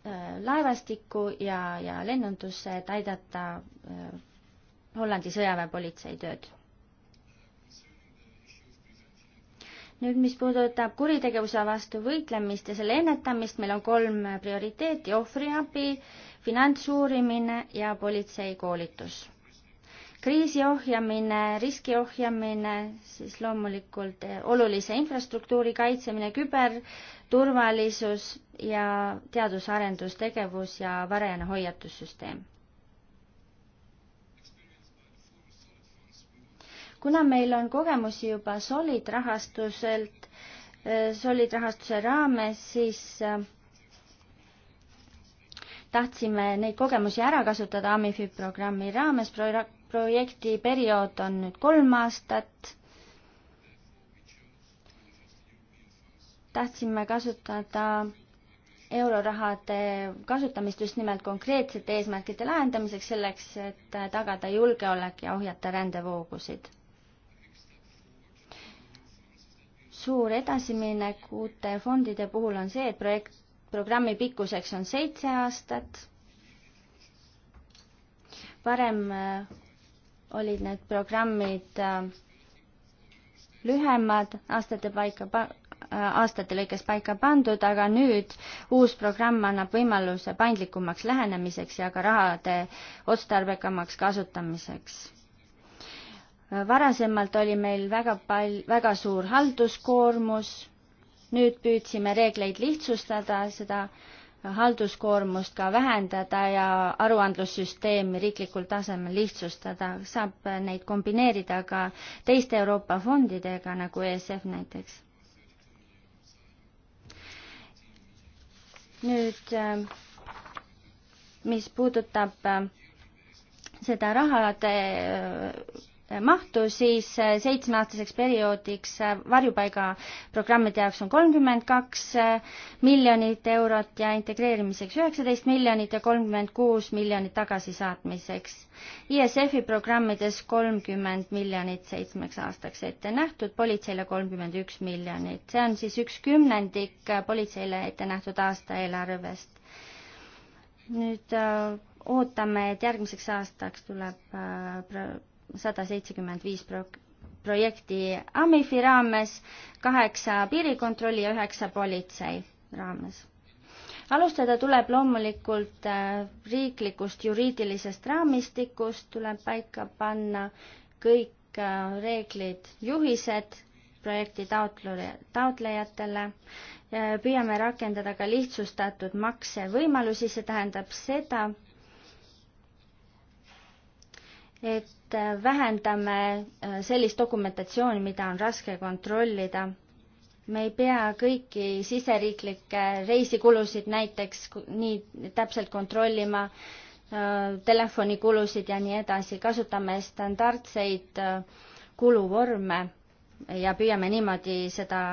Äh, laevastikku ja, ja lennundusse, et aidata äh, Hollandi sõjaväepolitsei tööd. nüüd, mis puudutab kuritegevuse vastu võitlemist ja selle ennetamist, meil on kolm prioriteeti, ohvriabi, finantsuurimine ja politseikoolitus kriisi ohjamine, riski ohjamine, siis loomulikult eh, olulise infrastruktuuri kaitsemine, küberturvalisus ja teadus-arendustegevus ja varajane hoiatussüsteem. kuna meil on kogemusi juba Solid rahastuselt, eh, Solid rahastuse raames, siis eh, tahtsime neid kogemusi ära kasutada Amifib programmi raames, projekti periood on nüüd kolm aastat. tahtsime kasutada eurorahade kasutamist just nimelt konkreetsete eesmärkide lahendamiseks, selleks et tagada julgeolek ja ohjata rändevoogusid. suur edasiminek uute fondide puhul on see, et projekt, programmi pikkuseks on seitse aastat. varem olid need programmid äh, lühemad, aastate paika, äh, aastate lõikes paika pandud, aga nüüd uus programm annab võimaluse paindlikumaks lähenemiseks ja ka rahade otstarbekamaks kasutamiseks. Äh, varasemalt oli meil väga pal-, väga suur halduskoormus, nüüd püüdsime reegleid lihtsustada, seda äh, halduskoormust ka vähendada ja aruandlussüsteemi riiklikul tasemel lihtsustada, saab neid kombineerida ka teiste Euroopa fondidega, nagu ESF näiteks. nüüd mis puudutab äh, seda raha mahtu, siis äh, seitsmeaastaseks perioodiks äh, varjupaigaprogrammide jaoks on kolmkümmend kaks äh, miljonit eurot ja integreerimiseks üheksateist miljonit ja kolmkümmend kuus miljonit tagasisaatmiseks. ISF-i programmides kolmkümmend miljonit seitsmeks aastaks ette nähtud, politseile kolmkümmend üks miljonit, see on siis üks kümnendik politseile ette nähtud aastaeelarvest. nüüd ootame, et järgmiseks aastaks tuleb sada seitsekümmend viis projekti AMIF-i raames, kaheksa piirikontrolli ja üheksa politsei raames. alustada tuleb loomulikult äh, riiklikust juriidilisest raamistikust, tuleb paika panna kõik äh, reeglid, juhised projekti taotlejatele, taotlejatele. Äh, püüame rakendada ka lihtsustatud maksevõimalusi, see tähendab seda, et vähendame äh, sellist dokumentatsiooni, mida on raske kontrollida. me ei pea kõiki siseriiklikke reisikulusid näiteks nii täpselt kontrollima, äh, telefonikulusid ja nii edasi, kasutame standardseid äh, kuluvorme ja püüame niimoodi seda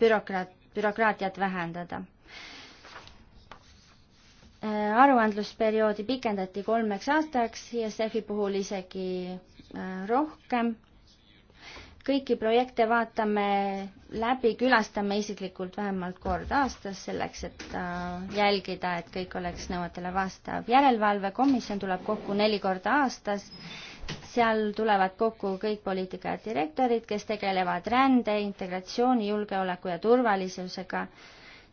bürokraat, bürokraatiat vähendada Äh, aruandlusperioodi pikendati kolmeks aastaks, ISF-i puhul isegi äh, rohkem. kõiki projekte vaatame läbi, külastame isiklikult vähemalt kord aastas selleks, et äh, jälgida, et kõik oleks nõuetele vastav. järelevalvekomisjon tuleb kokku neli korda aastas. seal tulevad kokku kõik poliitikadirektorid, kes tegelevad rände, integratsiooni, julgeoleku ja turvalisusega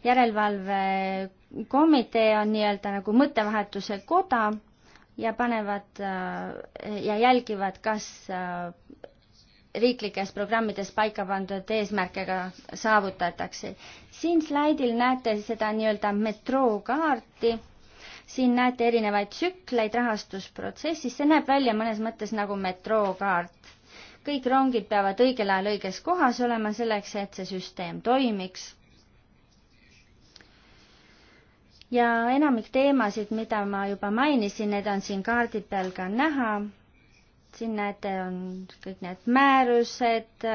järelevalvekomitee on nii-öelda nagu mõttevahetuse koda ja panevad äh, ja jälgivad, kas äh, riiklikes programmides paika pandud eesmärkega saavutatakse. siin slaidil näete seda nii-öelda metrookaarti, siin näete erinevaid tsükleid rahastusprotsessis, see näeb välja mõnes mõttes nagu metrookaart. kõik rongid peavad õigel ajal õiges kohas olema selleks, et see süsteem toimiks ja enamik teemasid, mida ma juba mainisin, need on siin kaardi peal ka näha. siin näete, on kõik need määrused,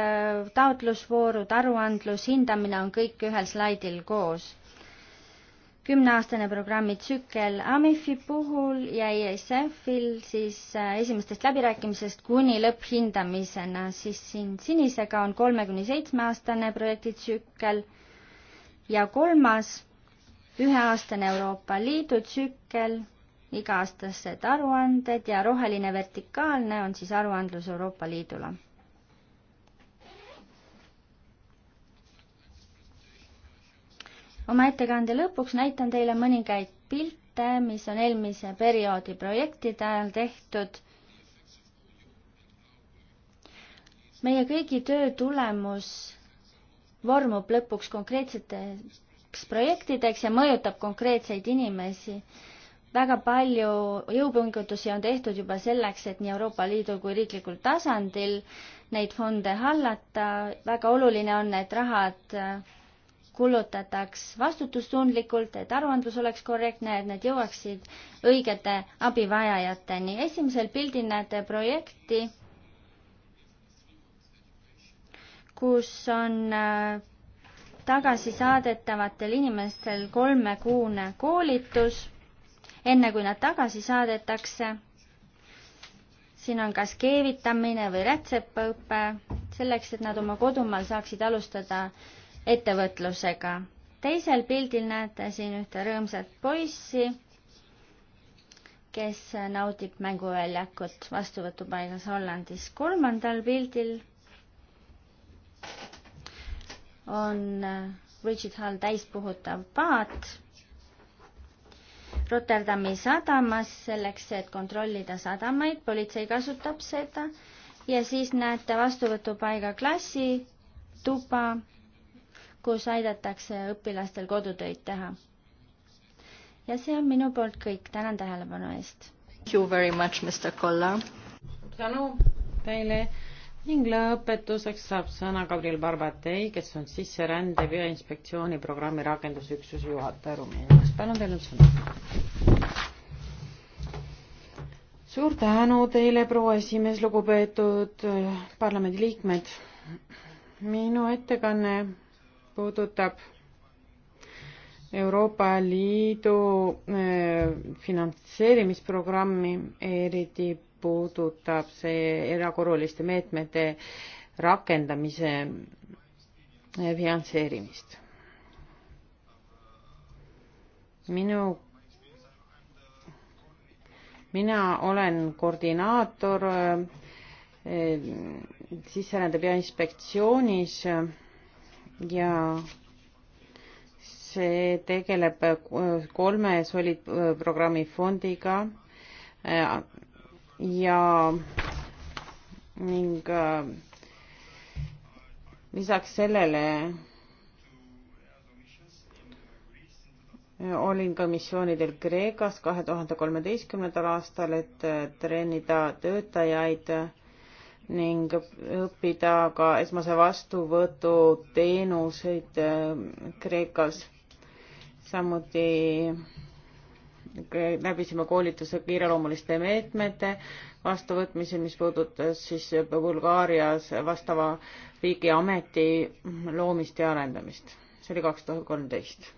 taotlusvoorud, aruandlus, hindamine on kõik ühel slaidil koos. kümneaastane programmi tsükkel Amifi puhul ja ISF-il e siis äh, esimestest läbirääkimisest kuni lõpphindamisena, siis siin sinisega on kolme kuni seitsme aastane projektitsükkel ja kolmas üheaastane Euroopa Liidu tsükkel, iga-aastased aruanded ja roheline vertikaalne on siis aruandlus Euroopa Liidule. oma ettekande lõpuks näitan teile mõningaid pilte, mis on eelmise perioodi projektide ajal tehtud meie kõigi töö tulemus vormub lõpuks konkreetsetest suurteks projektideks ja mõjutab konkreetseid inimesi. väga palju jõupingutusi on tehtud juba selleks, et nii Euroopa Liidul kui riiklikul tasandil neid fonde hallata. väga oluline on, et rahad kulutataks vastutustundlikult, et aruandlus oleks korrektne, et need jõuaksid õigete abivajajateni. esimesel pildil näete projekti, kus on äh, tagasi saadetavatel inimestel kolmekuune koolitus, enne kui nad tagasi saadetakse. siin on kas keevitamine või rätsepaõpe, selleks et nad oma kodumaal saaksid alustada ettevõtlusega. teisel pildil näete siin ühte rõõmsat poissi, kes naudib mänguväljakut vastuvõtupaigas Hollandis. kolmandal pildil on Bridget Hall täispuhutav paat Rotterdami sadamas selleks, et kontrollida sadamaid, politsei kasutab seda ja siis näete vastuvõtupaiga klassi tuba, kus aidatakse õpilastel kodutöid teha. ja see on minu poolt kõik, tänan tähelepanu eest. Thank you very much, Mr Kolla. tänu teile ning lõpetuseks saab sõna Gabriel Barbatei, kes on sisserände veoinspektsiooni programmi rakendusüksuse juhataja Rumeenias. palun, teil on sõna. suur tänu teile, proua esimees, lugupeetud äh, parlamendiliikmed. minu ettekanne puudutab Euroopa Liidu äh, finantseerimisprogrammi, eriti puudutab see erakorraliste meetmete rakendamise finantseerimist. minu, mina olen koordinaator eh, sisserände peainspektsioonis ja see tegeleb kolme solid programmi fondiga eh, ja ning äh, lisaks sellele äh, olin ka missioonidel Kreekas kahe tuhande kolmeteistkümnendal aastal, et äh, treenida töötajaid ning õppida ka esmase vastuvõtu teenuseid äh, Kreekas. samuti läbisime koolituse kiireloomuliste meetmete vastuvõtmise, mis puudutas siis Bulgaarias vastava riigiameti loomist ja arendamist. see oli kaks tuhat kolmteist.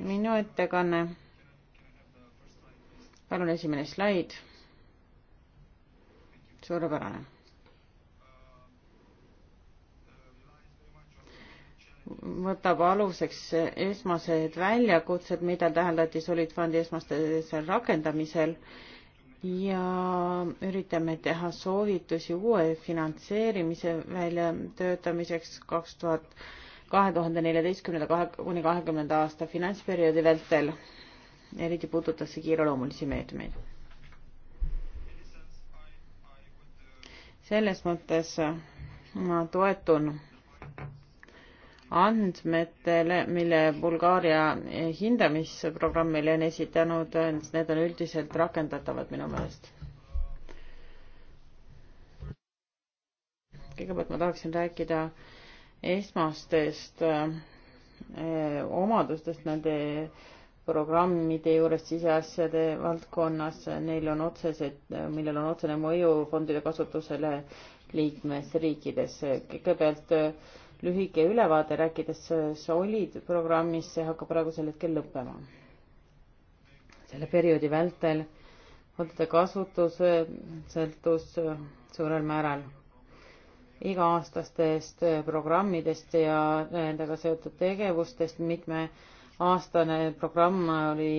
minu ettekanne. palun esimene slaid. suurepärane võtab aluseks esmased väljakutsed, mida täheldati Solid Fundi esmastel rakendamisel ja üritame teha soovitusi uue finantseerimise väljatöötamiseks kaks tuhat, kahe tuhande neljateistkümnenda kahe kuni kahekümnenda aasta finantsperioodi vältel. eriti puudutab see kiireloomulisi meetmeid. selles mõttes ma toetun andmetele, mille Bulgaaria hindamisprogrammile on esitanud, need on üldiselt rakendatavad minu meelest. kõigepealt ma tahaksin rääkida esmastest öö, eh, omadustest nende programmide juures siseasjade valdkonnas, neil on otsesed, millel on otsene mõju fondide kasutusele liikmesriikides. kõigepealt öö, lühike ülevaade, rääkides Solid programmist, see hakkab praegusel hetkel lõppema. selle perioodi vältel on teda kasutus sõltus suurel määral iga-aastastest programmidest ja nendega seotud tegevustest, mitmeaastane programm oli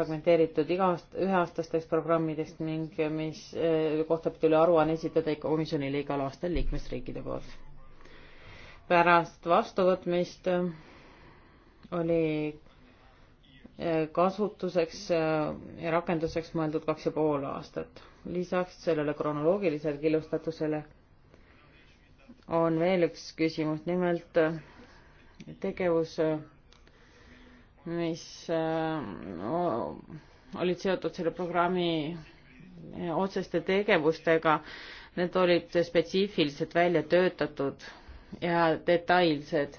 fragmenteeritud iga-aast-, üheaastasteks programmidest ning mis eh, kohta pidi üle aruanne esitada ikka komisjonile igal aastal liikmesriikide poolt pärast vastuvõtmist oli eh, kasutuseks eh, ja rakenduseks mõeldud kaks ja pool aastat. lisaks sellele kronoloogilisele killustatusele on veel üks küsimus, nimelt eh, tegevus, mis olid seotud selle programmi otseste tegevustega, need olid spetsiifiliselt välja töötatud ja detailsed.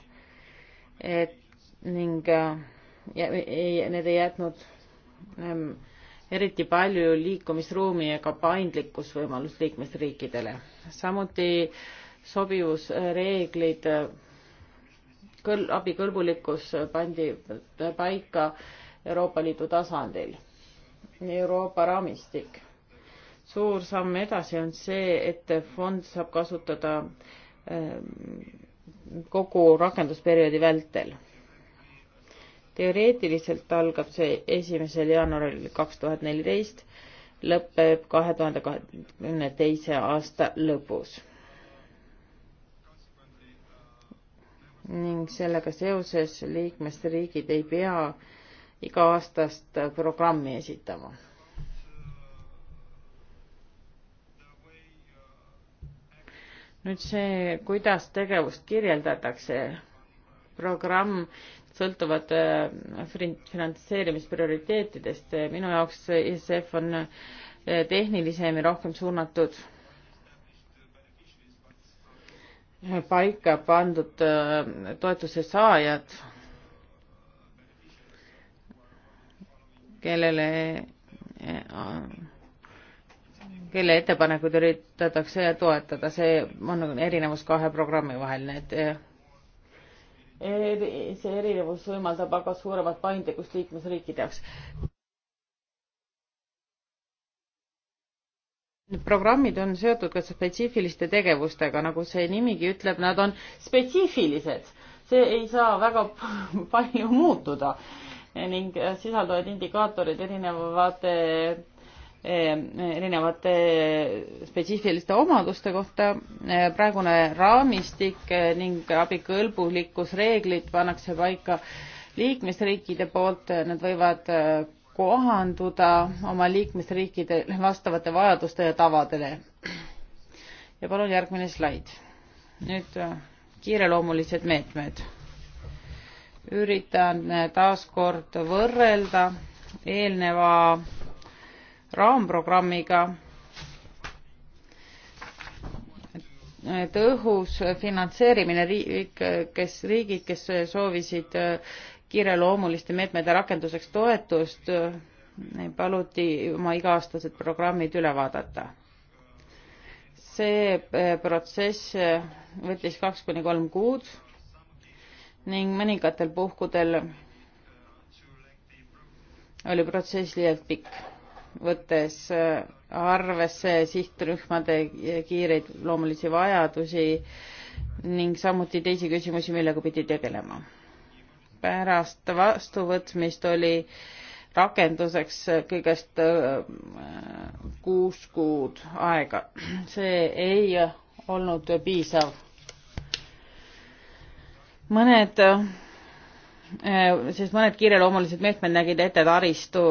et ning äh, ja, ei, need ei jätnud ähm, eriti palju liikumisruumi ega paindlikkusvõimalust liikmesriikidele. samuti sobivusreeglid, äh, äh, kõl-, abikõlbulikkus pandi paika Euroopa Liidu tasandil. Euroopa raamistik. suur samm edasi on see, et fond saab kasutada äh, Ehm, kogu rakendusperioodi vältel. teoreetiliselt algab see esimesel jaanuaril kaks tuhat neliteist, lõpeb kahe tuhande kahekümne teise aasta lõpus. ning sellega seoses liikmesriigid ei pea iga-aastast programmi esitama nüüd see, kuidas tegevust kirjeldatakse, programm sõltuvad äh, finantseerimisprioriteetidest, minu jaoks ISF on äh, tehnilisem ja rohkem suunatud paika pandud äh, toetuse saajad, kellele kelle ettepanekuid üritatakse toetada, see on erinevus kahe programmi vahel, need eh, see erinevus võimaldab aga suuremat paindlikkust liikmesriikide jaoks. programmid on seotud ka spetsiifiliste tegevustega, nagu see nimigi ütleb, nad on spetsiifilised, see ei saa väga palju muutuda ning sisaldavad indikaatorid erinevate Eh, erinevate eh, spetsiifiliste omaduste kohta. Eh, praegune raamistik ning abikõlbulikkusreeglid pannakse paika liikmesriikide poolt, nad võivad kohanduda oma liikmesriikide vastavate vajaduste ja tavadele. ja palun järgmine slaid. nüüd kiireloomulised meetmed. üritan taaskord võrrelda eelneva raamprogrammiga tõhus finantseerimine riik, kes riigid, kes soovisid kiireloomuliste meetmete rakenduseks toetust, paluti oma iga-aastased programmid üle vaadata. see protsess võttis kaks kuni kolm kuud ning mõningatel puhkudel oli protsess liialt pikk võttes äh, arvesse sihtrühmade kiireid loomulisi vajadusi ning samuti teisi küsimusi, millega pidi tegelema. pärast vastuvõtmist oli rakenduseks kõigest äh, kuus kuud aega. see ei olnud piisav. mõned Äh, sest mõned kiireloomulised meetmed nägid ette taristu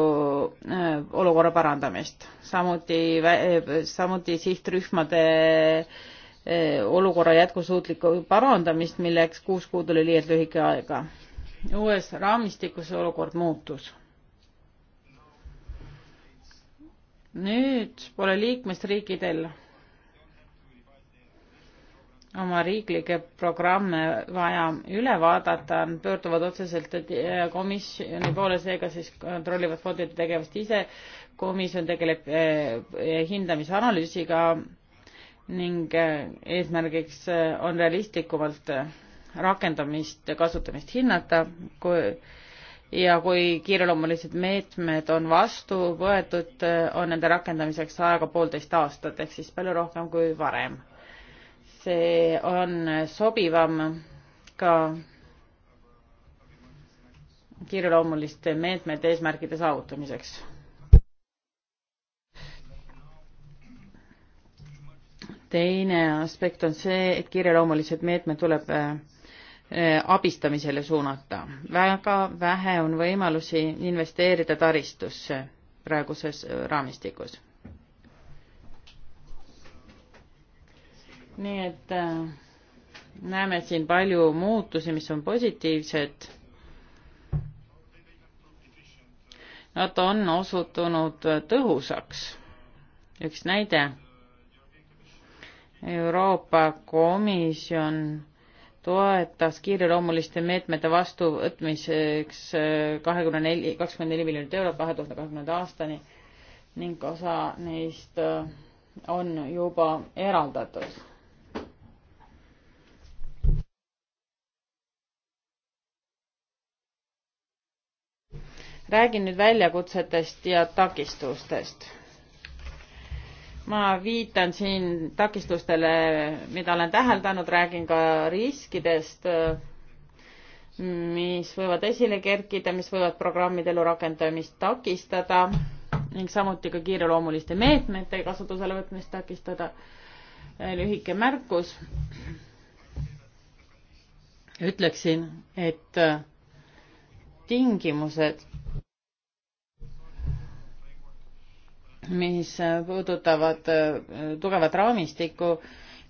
äh, olukorra parandamist, samuti, äh, samuti sihtrühmade olukorra jätkusuutlikku parandamist, milleks kuus kuud oli liialt lühike aega. uues raamistikus olukord muutus. nüüd pole liikmesriikidel oma riiklikke programme vaja üle vaadata, pöörduvad otseselt äh, komisjoni poole, seega siis kontrollivad fondide tegevust ise. komisjon tegeleb äh, hindamisanalüüsiga ning äh, eesmärgiks on realistlikumalt rakendamist, kasutamist hinnata, kui ja kui kiireloomulised meetmed on vastu võetud, on nende rakendamiseks aega poolteist aastat ehk siis palju rohkem kui varem see on sobivam ka kiireloomuliste meetmete eesmärkide saavutamiseks. teine aspekt on see, et kiireloomulised meetmed tuleb eh, abistamisele suunata. väga vähe on võimalusi investeerida taristusse praeguses eh, raamistikus nii et äh, näeme siin palju muutusi, mis on positiivsed. Nad on osutunud tõhusaks. üks näide. Euroopa Komisjon toetas kiireloomuliste meetmete vastuvõtmiseks äh, kahekümne neli, kakskümmend neli miljonit eurot kahe tuhande kahekümnenda aastani ning osa neist äh, on juba eraldatud räägin nüüd väljakutsetest ja takistustest. ma viitan siin takistustele, mida olen täheldanud, räägin ka riskidest, mis võivad esile kerkida, mis võivad programmide elu rakendamist takistada ning samuti ka kiireloomuliste meetmete kasutusele võtmist takistada. lühike märkus. ütleksin, et tingimused, mis puudutavad äh, tugevat raamistikku,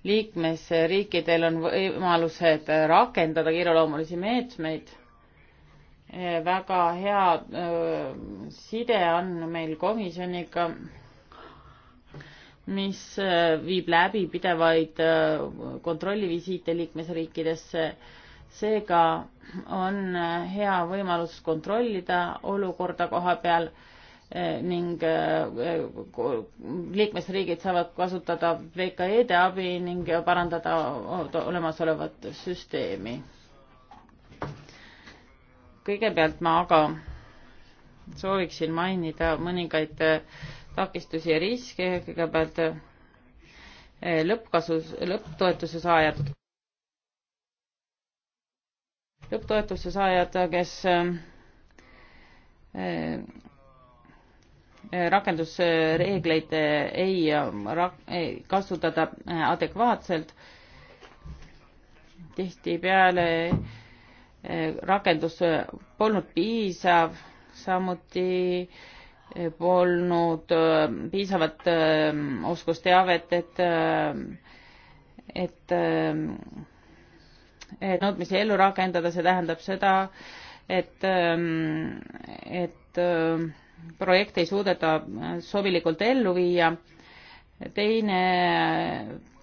liikmesriikidel on võimalused rakendada kiireloomulisi meetmeid. Äh, väga hea äh, side on meil komisjoniga, mis viib läbi pidevaid kontrollivisiite liikmesriikidesse seega on äh, hea võimalus kontrollida olukorda koha peal äh, ning äh, liikmesriigid saavad kasutada VKE-de abi ning parandada olemasolevat süsteemi. kõigepealt ma aga sooviksin mainida mõningaid takistusi ja riske, kõigepealt lõppkasus, lõpptoetuse saajad lõpptoetuse saajad, kes äh, äh, rakendusreegleid äh, ei rak-, kasutada adekvaatselt. tihtipeale rakendus polnud piisav, samuti polnud piisavat oskusteavet, et, et et nõudmisi ellu rakendada, see tähendab seda, et, ähm, et ähm, projekte ei suudeta sobilikult ellu viia. teine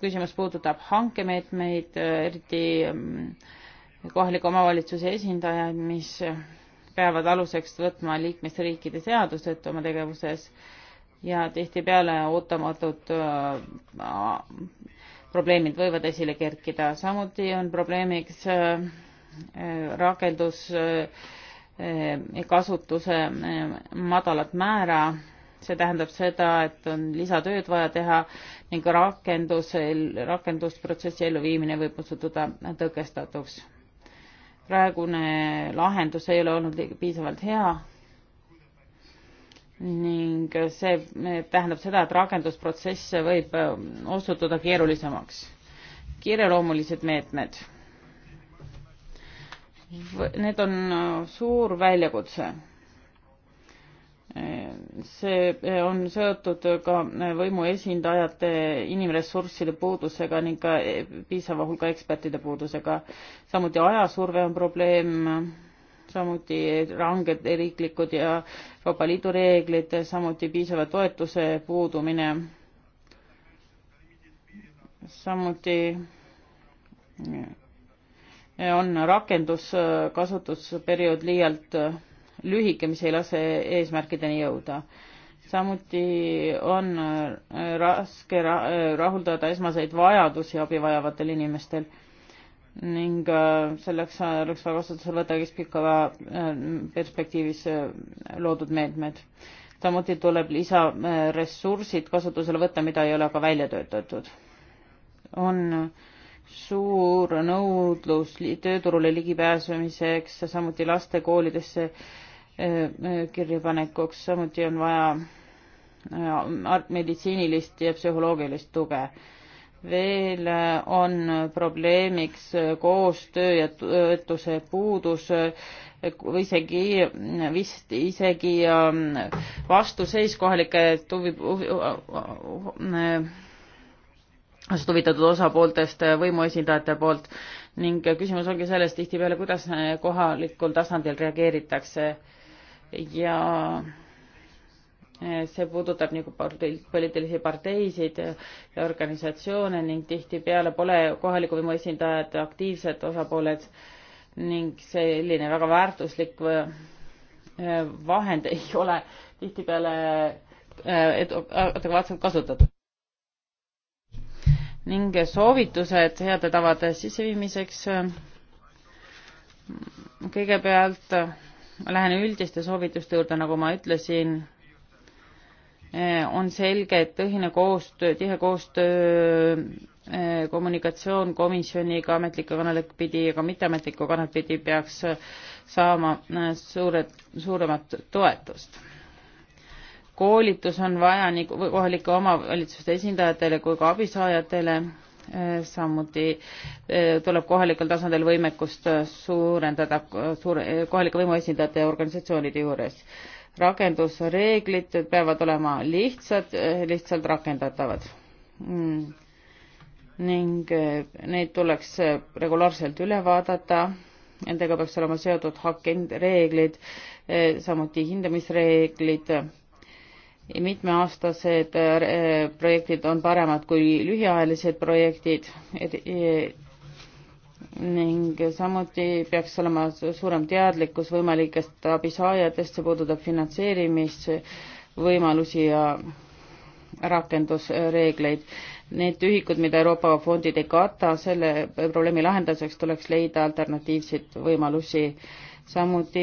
küsimus puudutab hankemeetmeid, eriti ähm, kohaliku omavalitsuse esindajaid, mis peavad aluseks võtma liikmesriikide seadused oma tegevuses ja tihtipeale ootamatud äh, probleemid võivad esile kerkida. samuti on probleemiks äh, äh, rakendus äh, kasutuse madalat määra, see tähendab seda, et on lisatööd vaja teha ning rakendus, rakendusprotsessi elluviimine võib osutuda tõkestatuks. praegune lahendus ei ole olnud piisavalt hea ning see tähendab seda, et rakendusprotsess võib äh, osutuda keerulisemaks. kiireloomulised meetmed. Need on äh, suur väljakutse. see äh, on seotud ka võimu esindajate inimressursside puudusega ning ka piisava hulga ekspertide puudusega. samuti ajasurve on probleem samuti ranged riiklikud ja Euroopa Liidu reeglid, samuti piisava toetuse puudumine, samuti on rakenduskasutusperiood liialt lühike, mis ei lase eesmärkideni jõuda. samuti on raske rahuldada esmaseid vajadusi abi vajavatel inimestel ning äh, selleks äh, oleks vaja vastutusele võtta keskpika äh, perspektiivis loodud meetmed. samuti tuleb lisaressursid kasutusele võtta, mida ei ole aga välja töötatud. on suur nõudlus tööturule ligipääsemiseks, samuti laste koolidesse kirjapanekuks, samuti on vaja meditsiinilist ja psühholoogilist tuge veel äh, on probleemiks äh, koostöö ja töötuse puudus äh, või isegi vist isegi ähm, vastuseis kohalike tuvi, asjast huvitatud osapooltest võimuesindajate poolt ning küsimus ongi selles tihtipeale, kuidas kohalikul tasandil reageeritakse ja Eh, see puudutab nagu poliitilisi parteisid ja organisatsioone ning tihtipeale pole kohaliku võimu esindajad aktiivsed osapooled ning selline väga väärtuslik eh, vahend ei ole tihtipeale eh, adekvaatselt kasutatud. ning soovitused heade tavade sisseviimiseks. kõigepealt lähen üldiste soovituste juurde, nagu ma ütlesin Eh, on selge, et tõhine koostöö, tihe koostöö, eh, kommunikatsioon komisjoniga ametlikku kanalit pidi ja ka mitteametlikku kanalit pidi peaks saama eh, suured, suuremat toetust. koolitus on vaja nii kohalike omavalitsuste esindajatele kui ka abisaajatele, samuti tuleb kohalikul tasandil võimekust suurendada suure, kohalike võimuesindajate ja organisatsioonide juures rakendusreeglid peavad olema lihtsad, lihtsalt rakendatavad mm.. ning eh, neid tuleks eh, regulaarselt üle vaadata, nendega peaks olema seotud hakenreeglid, eh, samuti hindamisreeglid. mitmeaastased projektid on paremad kui lühiajalised projektid ning samuti peaks olema suurem teadlikkus võimalikest abisaajatest, see puudutab finantseerimisvõimalusi ja rakendusreegleid. Need ühikud, mida Euroopa fondid ei kata, selle probleemi lahendamiseks tuleks leida alternatiivseid võimalusi. samuti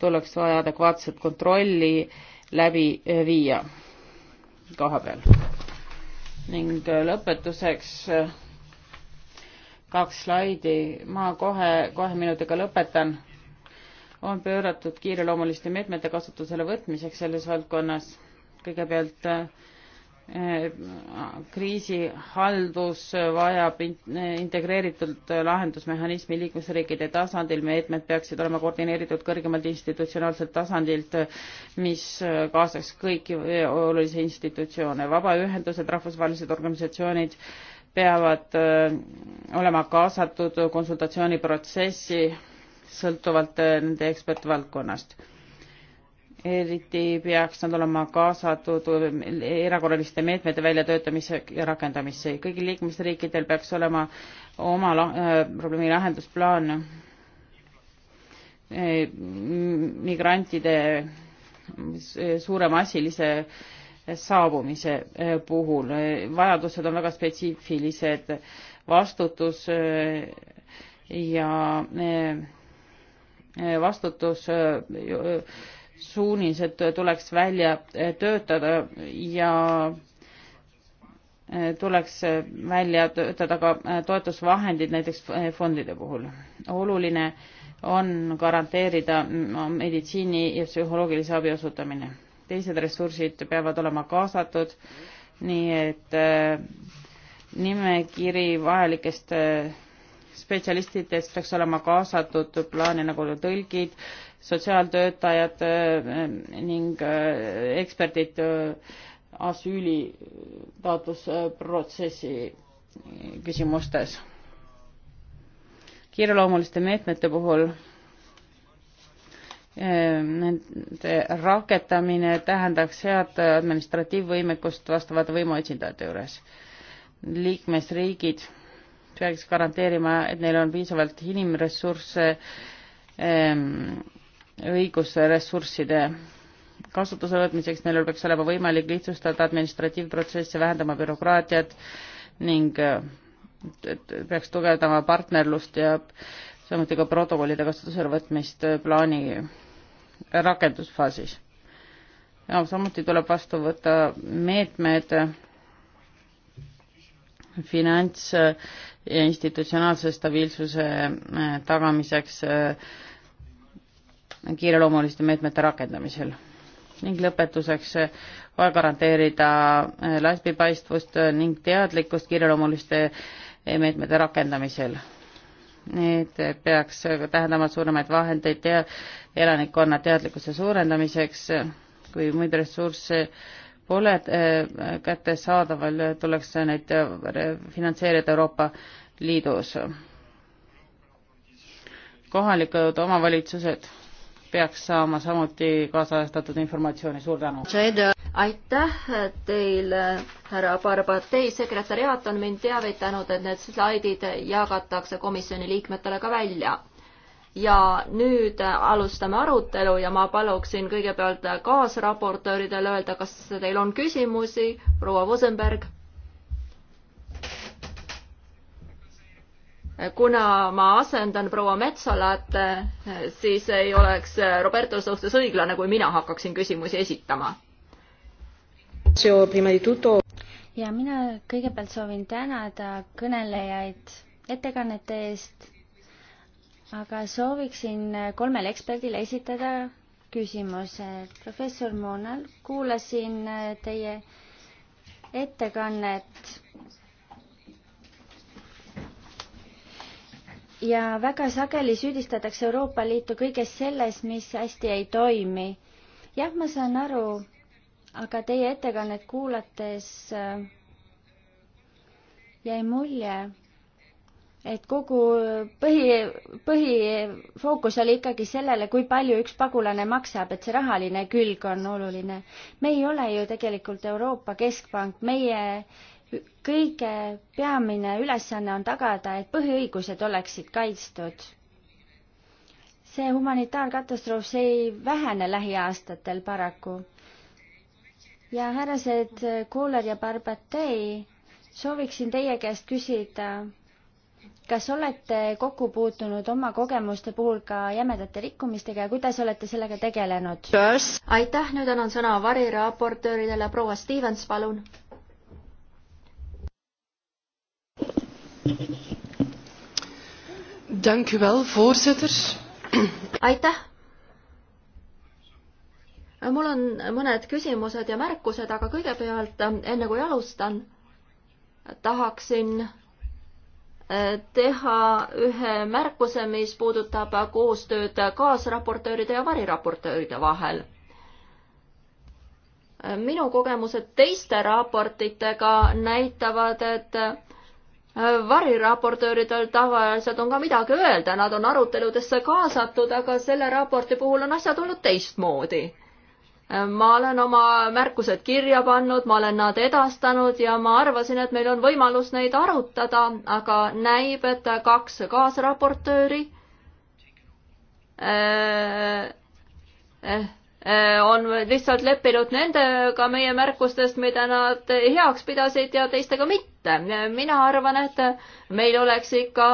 tuleks vaja adekvaatset kontrolli läbi viia koha peal. ning lõpetuseks kaks slaidi, ma kohe, kahe minutiga lõpetan, on pööratud kiireloomuliste meetmete kasutusele võtmiseks selles valdkonnas. kõigepealt eh, kriisihaldus vajab integreeritud lahendusmehhanismi liikmesriikide tasandil, meetmed peaksid olema koordineeritud kõrgemalt institutsionaalselt tasandilt, mis kaasaks kõiki olulisi institutsioone, vabaühendused, rahvusvahelised organisatsioonid, peavad äh, olema kaasatud konsultatsiooniprotsessi sõltuvalt äh, nende ekspertvaldkonnast. eriti peaks nad olema kaasatud äh, erakorraliste meetmete väljatöötamisse ja rakendamisse. kõigil liikmesriikidel peaks olema oma la äh, probleemi lahendusplaan äh, migrantide suuremassilise äh, saabumise eh, puhul. Eh, vajadused on väga spetsiifilised, vastutus eh, ja vastutus suunised tuleks välja töötada ja tuleks välja töötada ka toetusvahendid näiteks fondide puhul. oluline on garanteerida mm, meditsiini ja psühholoogilise abi osutamine teised ressursid peavad olema kaasatud, nii et äh, nimekiri vajalikest äh, spetsialistidest peaks olema kaasatud plaani nagu tõlgid, sotsiaaltöötajad äh, ning eksperdid asüülitaotlusprotsessi küsimustes. kiireloomuliste meetmete puhul nende rakendamine tähendaks head administratiivvõimekust vastavate võimuesindajate juures. liikmesriigid peaks garanteerima, et neil on piisavalt inimressursse, ehm, õigusressursside kasutusele võtmiseks, neil peaks olema võimalik lihtsustada administratiivprotsesse, vähendama bürokraatiat ning äh, peaks tugevdama partnerlust ja samuti ka protokollide kasutusele võtmist äh, plaani rakendusfaasis. ja samuti tuleb vastu võtta meetmed finants ja institutsionaalse stabiilsuse äh, tagamiseks äh, kiireloomuliste meetmete rakendamisel ning lõpetuseks äh, vaja garanteerida läbipaistvust ning teadlikkust kiireloomuliste meetmete rakendamisel Need peaks tähendama suuremaid vahendeid tea-, elanikkonna teadlikkuse suurendamiseks, kui muid ressursse pole äh, kättesaadaval, tuleks neid äh, finantseerida Euroopa Liidus. kohalikud omavalitsused peaks saama samuti kaasajastatud informatsiooni, suur tänu! aitäh teile, härra Barbatei, sekretäriaat on mind teavitanud, et need slaidid jagatakse komisjoni liikmetele ka välja. ja nüüd alustame arutelu ja ma paluksin kõigepealt kaasraportööridel öelda, kas teil on küsimusi, proua Vosenberg kuna ma asendan proua Metsalat, siis ei oleks Roberto suhtes õiglane, kui mina hakkaksin küsimusi esitama. ja mina kõigepealt soovin tänada kõnelejaid ettekannete eest, aga sooviksin kolmele eksperdile esitada küsimuse. professor Moonal, kuulasin teie ettekannet ja väga sageli süüdistatakse Euroopa Liitu kõiges selles, mis hästi ei toimi. jah, ma saan aru, aga teie ettekannet kuulates äh, jäi mulje, et kogu põhi, põhifookus oli ikkagi sellele, kui palju üks pagulane maksab, et see rahaline külg on oluline. me ei ole ju tegelikult Euroopa Keskpank, meie äh, kõige peamine ülesanne on tagada, et põhiõigused oleksid kaitstud. see humanitaarkatastroof, see ei vähene lähiaastatel paraku. ja härrased Kuuler ja Barbatei, sooviksin teie käest küsida, kas olete kokku puutunud oma kogemuste puhul ka jämedate rikkumistega ja kuidas olete sellega tegelenud yes.? aitäh, nüüd annan sõna variraportööridele, proua Stevens, palun Dank u wel, voorzitter. aitäh. mul on mõned küsimused ja märkused, aga kõigepealt, enne kui alustan, tahaksin eh, teha ühe märkuse, mis puudutab koostööd kaasraportööride ja variraportööride vahel. minu kogemused teiste raportitega näitavad, et variraportööridel tavaliselt on ka midagi öelda, nad on aruteludesse kaasatud, aga selle raporti puhul on asjad olnud teistmoodi. ma olen oma märkused kirja pannud, ma olen nad edastanud ja ma arvasin, et meil on võimalus neid arutada, aga näib, et kaks kaasraportööri äh, eh, Äh, on lihtsalt leppinud nendega meie märkustest, mida nad heaks pidasid ja teistega mitte. mina arvan, et meil oleks ikka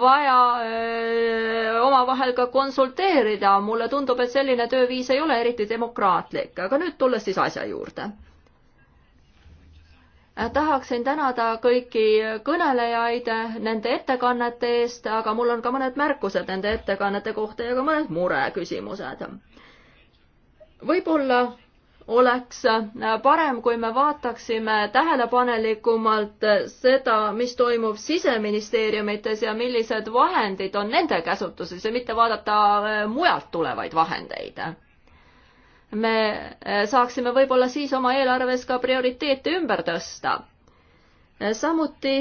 vaja äh, omavahel ka konsulteerida. mulle tundub, et selline tööviis ei ole eriti demokraatlik, aga nüüd tulles siis asja juurde. Äh, tahaksin tänada kõiki kõnelejaid nende ettekannete eest, aga mul on ka mõned märkused nende ettekannete kohta ja ka mõned mureküsimused võib-olla oleks parem, kui me vaataksime tähelepanelikumalt seda, mis toimub siseministeeriumites ja millised vahendid on nende käsutuses ja mitte vaadata äh, mujalt tulevaid vahendeid. me äh, saaksime võib-olla siis oma eelarves ka prioriteete ümber tõsta. Äh, samuti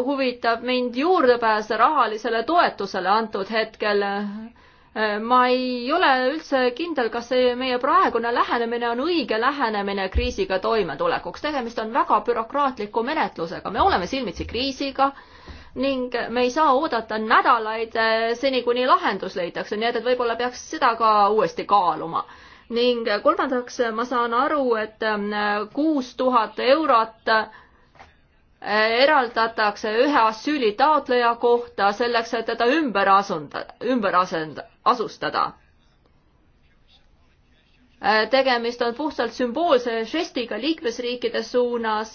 huvitab mind juurdepääs rahalisele toetusele antud hetkel ma ei ole üldse kindel, kas see meie praegune lähenemine on õige lähenemine kriisiga toimetulekuks. tegemist on väga bürokraatliku menetlusega, me oleme silmitsi kriisiga ning me ei saa oodata nädalaid eh, seni, kuni lahendus leitakse, nii et, et võib-olla peaks seda ka uuesti kaaluma ning kolmandaks ma saan aru, et eh, kuus tuhat eurot eraldatakse ühe asüülitaotleja kohta selleks, et teda ümber asunda, ümber asenda, asustada. tegemist on puhtalt sümboolse žestiga liikmesriikide suunas.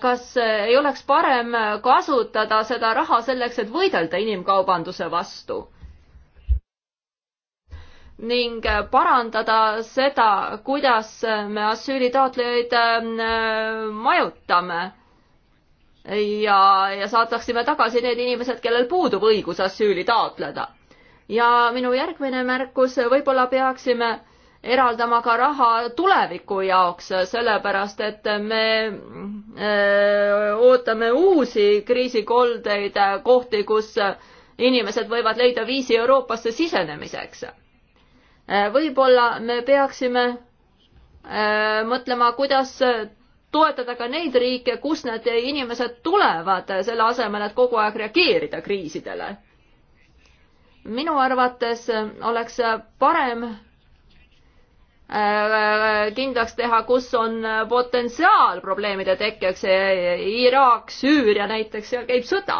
kas ei oleks parem kasutada seda raha selleks, et võidelda inimkaubanduse vastu? ning parandada seda, kuidas me asüülitaotlejaid äh, majutame ja, ja saadaksime tagasi need inimesed, kellel puudub õigus asüüli taotleda. ja minu järgmine märkus, võib-olla peaksime eraldama ka raha tuleviku jaoks, sellepärast et me öö, äh, ootame uusi kriisikoldeid, kohti, kus inimesed võivad leida viisi Euroopasse sisenemiseks. Äh, võib-olla me peaksime öö, äh, mõtlema, kuidas toetada ka neid riike, kust need inimesed tulevad, selle asemel, et kogu aeg reageerida kriisidele. minu arvates oleks parem äh, kindlaks teha, kus on potentsiaal probleemide tekkeks, Iraak, Süüria näiteks, seal käib sõda.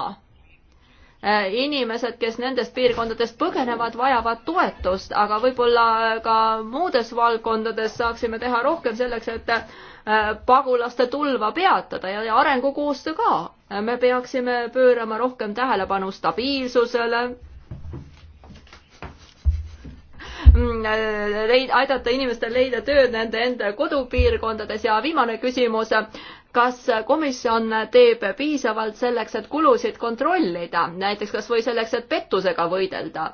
Äh, inimesed, kes nendest piirkondadest põgenevad, vajavad toetust, aga võib-olla ka muudes valdkondades saaksime teha rohkem selleks, et Äh, pagulaste tulva peatada ja, ja arengukoostöö ka. me peaksime pöörama rohkem tähelepanu stabiilsusele mm, äh, leid-, aidata inimestel leida tööd nende enda kodupiirkondades ja viimane küsimus, kas komisjon teeb piisavalt selleks, et kulusid kontrollida, näiteks kas või selleks, et pettusega võidelda?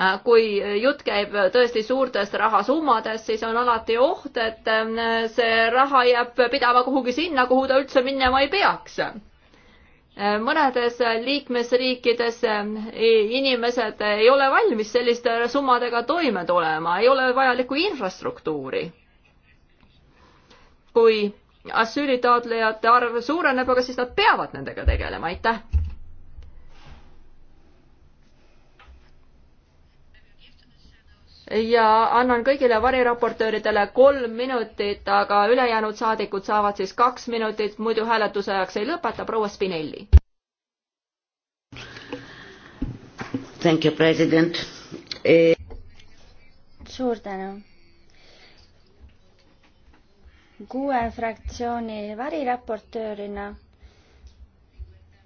Äh, kui jutt käib tõesti suurtest rahasummadest, siis on alati oht, et äh, see raha jääb pidama kuhugi sinna, kuhu ta üldse minema ei peaks. Äh, mõnedes liikmesriikides inimesed ei ole valmis selliste summadega toime tulema, ei ole vajalikku infrastruktuuri. kui asüülitaotlejate arv suureneb, aga siis nad peavad nendega tegelema, aitäh ja annan kõigile variraportööridele kolm minutit, aga ülejäänud saadikud saavad siis kaks minutit, muidu hääletuse ajaks ei lõpeta. proua Spinelli. Thank you, president e. suur tänu. kuue fraktsiooni variraportöörina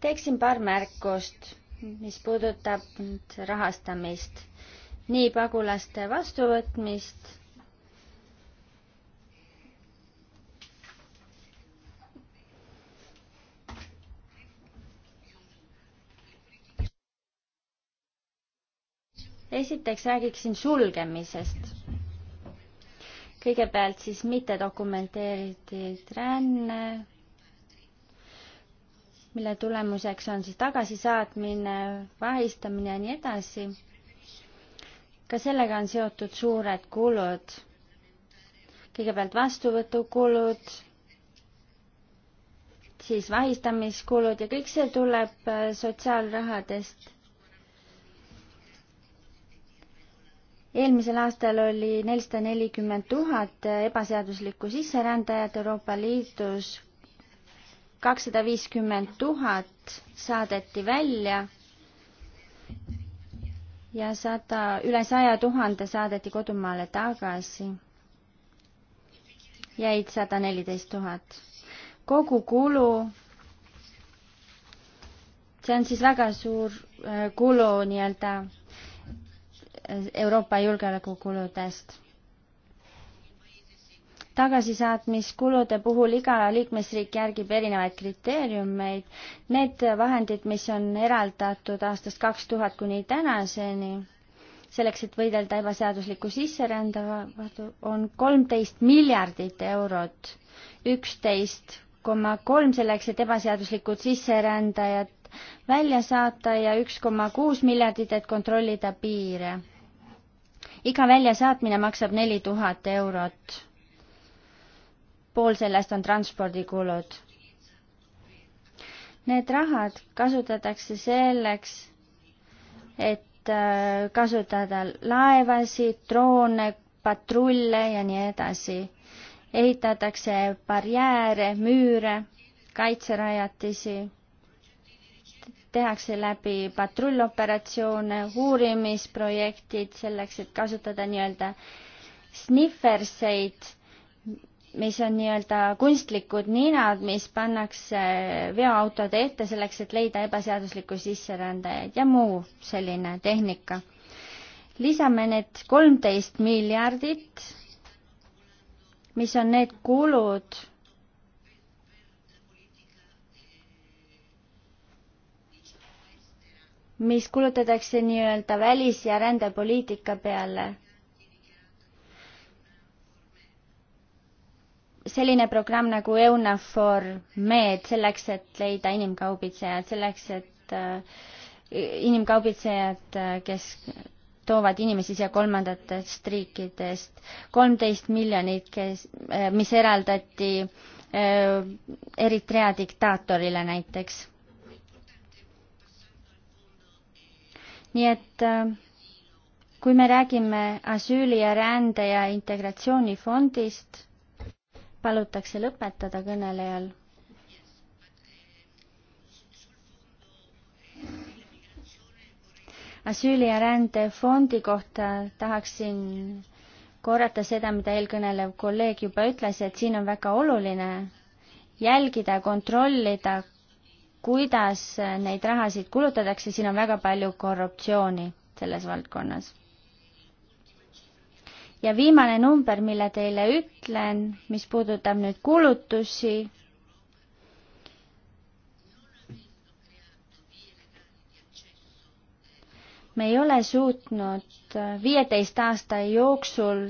teeksin paar märkust, mis puudutab rahastamist nii pagulaste vastuvõtmist esiteks räägiksin sulgemisest. kõigepealt siis mittedokumenteeritud ränne, mille tulemuseks on siis tagasisaatmine, vahistamine ja nii edasi ka sellega on seotud suured kulud. kõigepealt vastuvõtukulud, siis vahistamiskulud ja kõik see tuleb äh, sotsiaalrahadest. eelmisel aastal oli nelisada nelikümmend tuhat äh, ebaseaduslikku sisserändajat Euroopa Liidus, kakssada viiskümmend tuhat saadeti välja ja sada, üle saja tuhande saadeti kodumaale tagasi. jäid sada neliteist tuhat. kogukulu, see on siis väga suur äh, kulu nii-öelda äh, Euroopa julgeolekukuludest tagasisaatmiskulude puhul iga liikmesriik järgib erinevaid kriteeriumeid. Need vahendid, mis on eraldatud aastast kaks tuhat kuni tänaseni, selleks, et võidelda ebaseadusliku sisserändaga, on kolmteist miljardit eurot, üksteist koma kolm selleks, et ebaseaduslikud sisserändajad välja saata ja üks koma kuus miljardit, et kontrollida piire. iga väljasaatmine maksab neli tuhat eurot pool sellest on transpordikulud. Need rahad kasutatakse selleks, et äh, kasutada laevasid, droone, patrulle ja nii edasi. ehitatakse barjääre, müüre, kaitserajatisi tehakse läbi patrulloperatsioone, uurimisprojektid selleks, et kasutada nii-öelda snifferseid mis on nii-öelda kunstlikud ninad, mis pannakse veoautode ette selleks, et leida ebaseaduslikku sisserändajaid ja muu selline tehnika. lisame need kolmteist miljardit, mis on need kulud, mis kulutatakse nii-öelda välis- ja rändepoliitika peale selline programm nagu EUNAFOR Med selleks, et leida inimkaubitsejad, selleks, et äh, inimkaubitsejad, äh, kes toovad inimesi siia kolmandatest riikidest, kolmteist miljonit, kes, äh, mis eraldati äh, Eritrea diktaatorile näiteks. nii et äh, kui me räägime asüüli ja rände ja integratsioonifondist, palutakse lõpetada kõnelejal. asüüli ja rändefondi kohta tahaksin korrata seda, mida eelkõnelev kolleeg juba ütles, et siin on väga oluline jälgida, kontrollida, kuidas neid rahasid kulutatakse, siin on väga palju korruptsiooni selles valdkonnas ja viimane number, mille teile ütlen, mis puudutab nüüd kulutusi, me ei ole suutnud viieteist aasta jooksul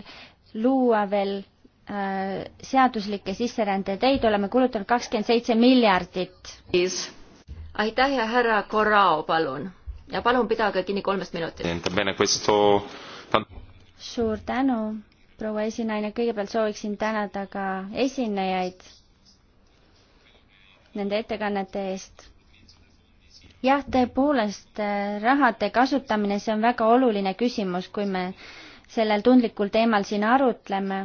luua veel äh, seaduslikke sisserändeteid, oleme kulutanud kakskümmend seitse miljardit. aitäh ja härra Corrao, palun. ja palun pidage kinni kolmest minutist suur tänu, proua esinaine, kõigepealt sooviksin tänada ka esinejaid nende ettekannete eest. jah, tõepoolest, äh, rahade kasutamine, see on väga oluline küsimus, kui me sellel tundlikul teemal siin arutleme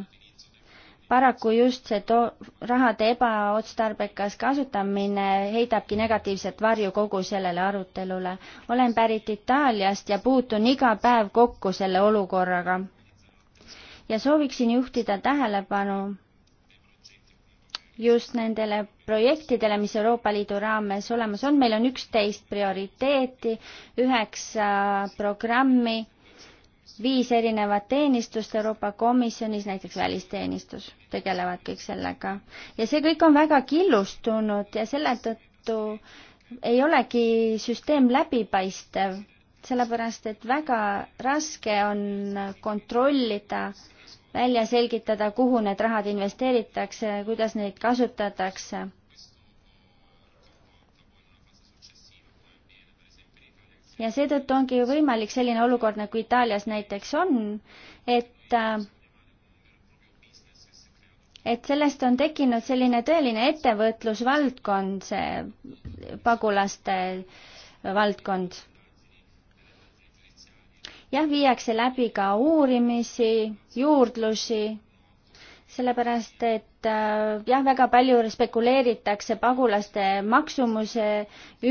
paraku just see to-, rahade ebaotstarbekas kasutamine heidabki negatiivset varju kogu sellele arutelule. olen pärit Itaaliast ja puutun iga päev kokku selle olukorraga. ja sooviksin juhtida tähelepanu just nendele projektidele, mis Euroopa Liidu raames olemas on, meil on üksteist prioriteeti, üheksa programmi viis erinevat teenistust Euroopa Komisjonis, näiteks välisteenistus, tegelevad kõik sellega. ja see kõik on väga killustunud ja selle tõttu ei olegi süsteem läbipaistev, sellepärast et väga raske on kontrollida, välja selgitada, kuhu need rahad investeeritakse, kuidas neid kasutatakse ja seetõttu ongi võimalik selline olukord, nagu Itaalias näiteks on, et äh, et sellest on tekkinud selline tõeline ettevõtlusvaldkond, see pagulaste valdkond. jah, viiakse läbi ka uurimisi, juurdlusi, sellepärast et Äh, jah, väga palju spekuleeritakse pagulaste maksumuse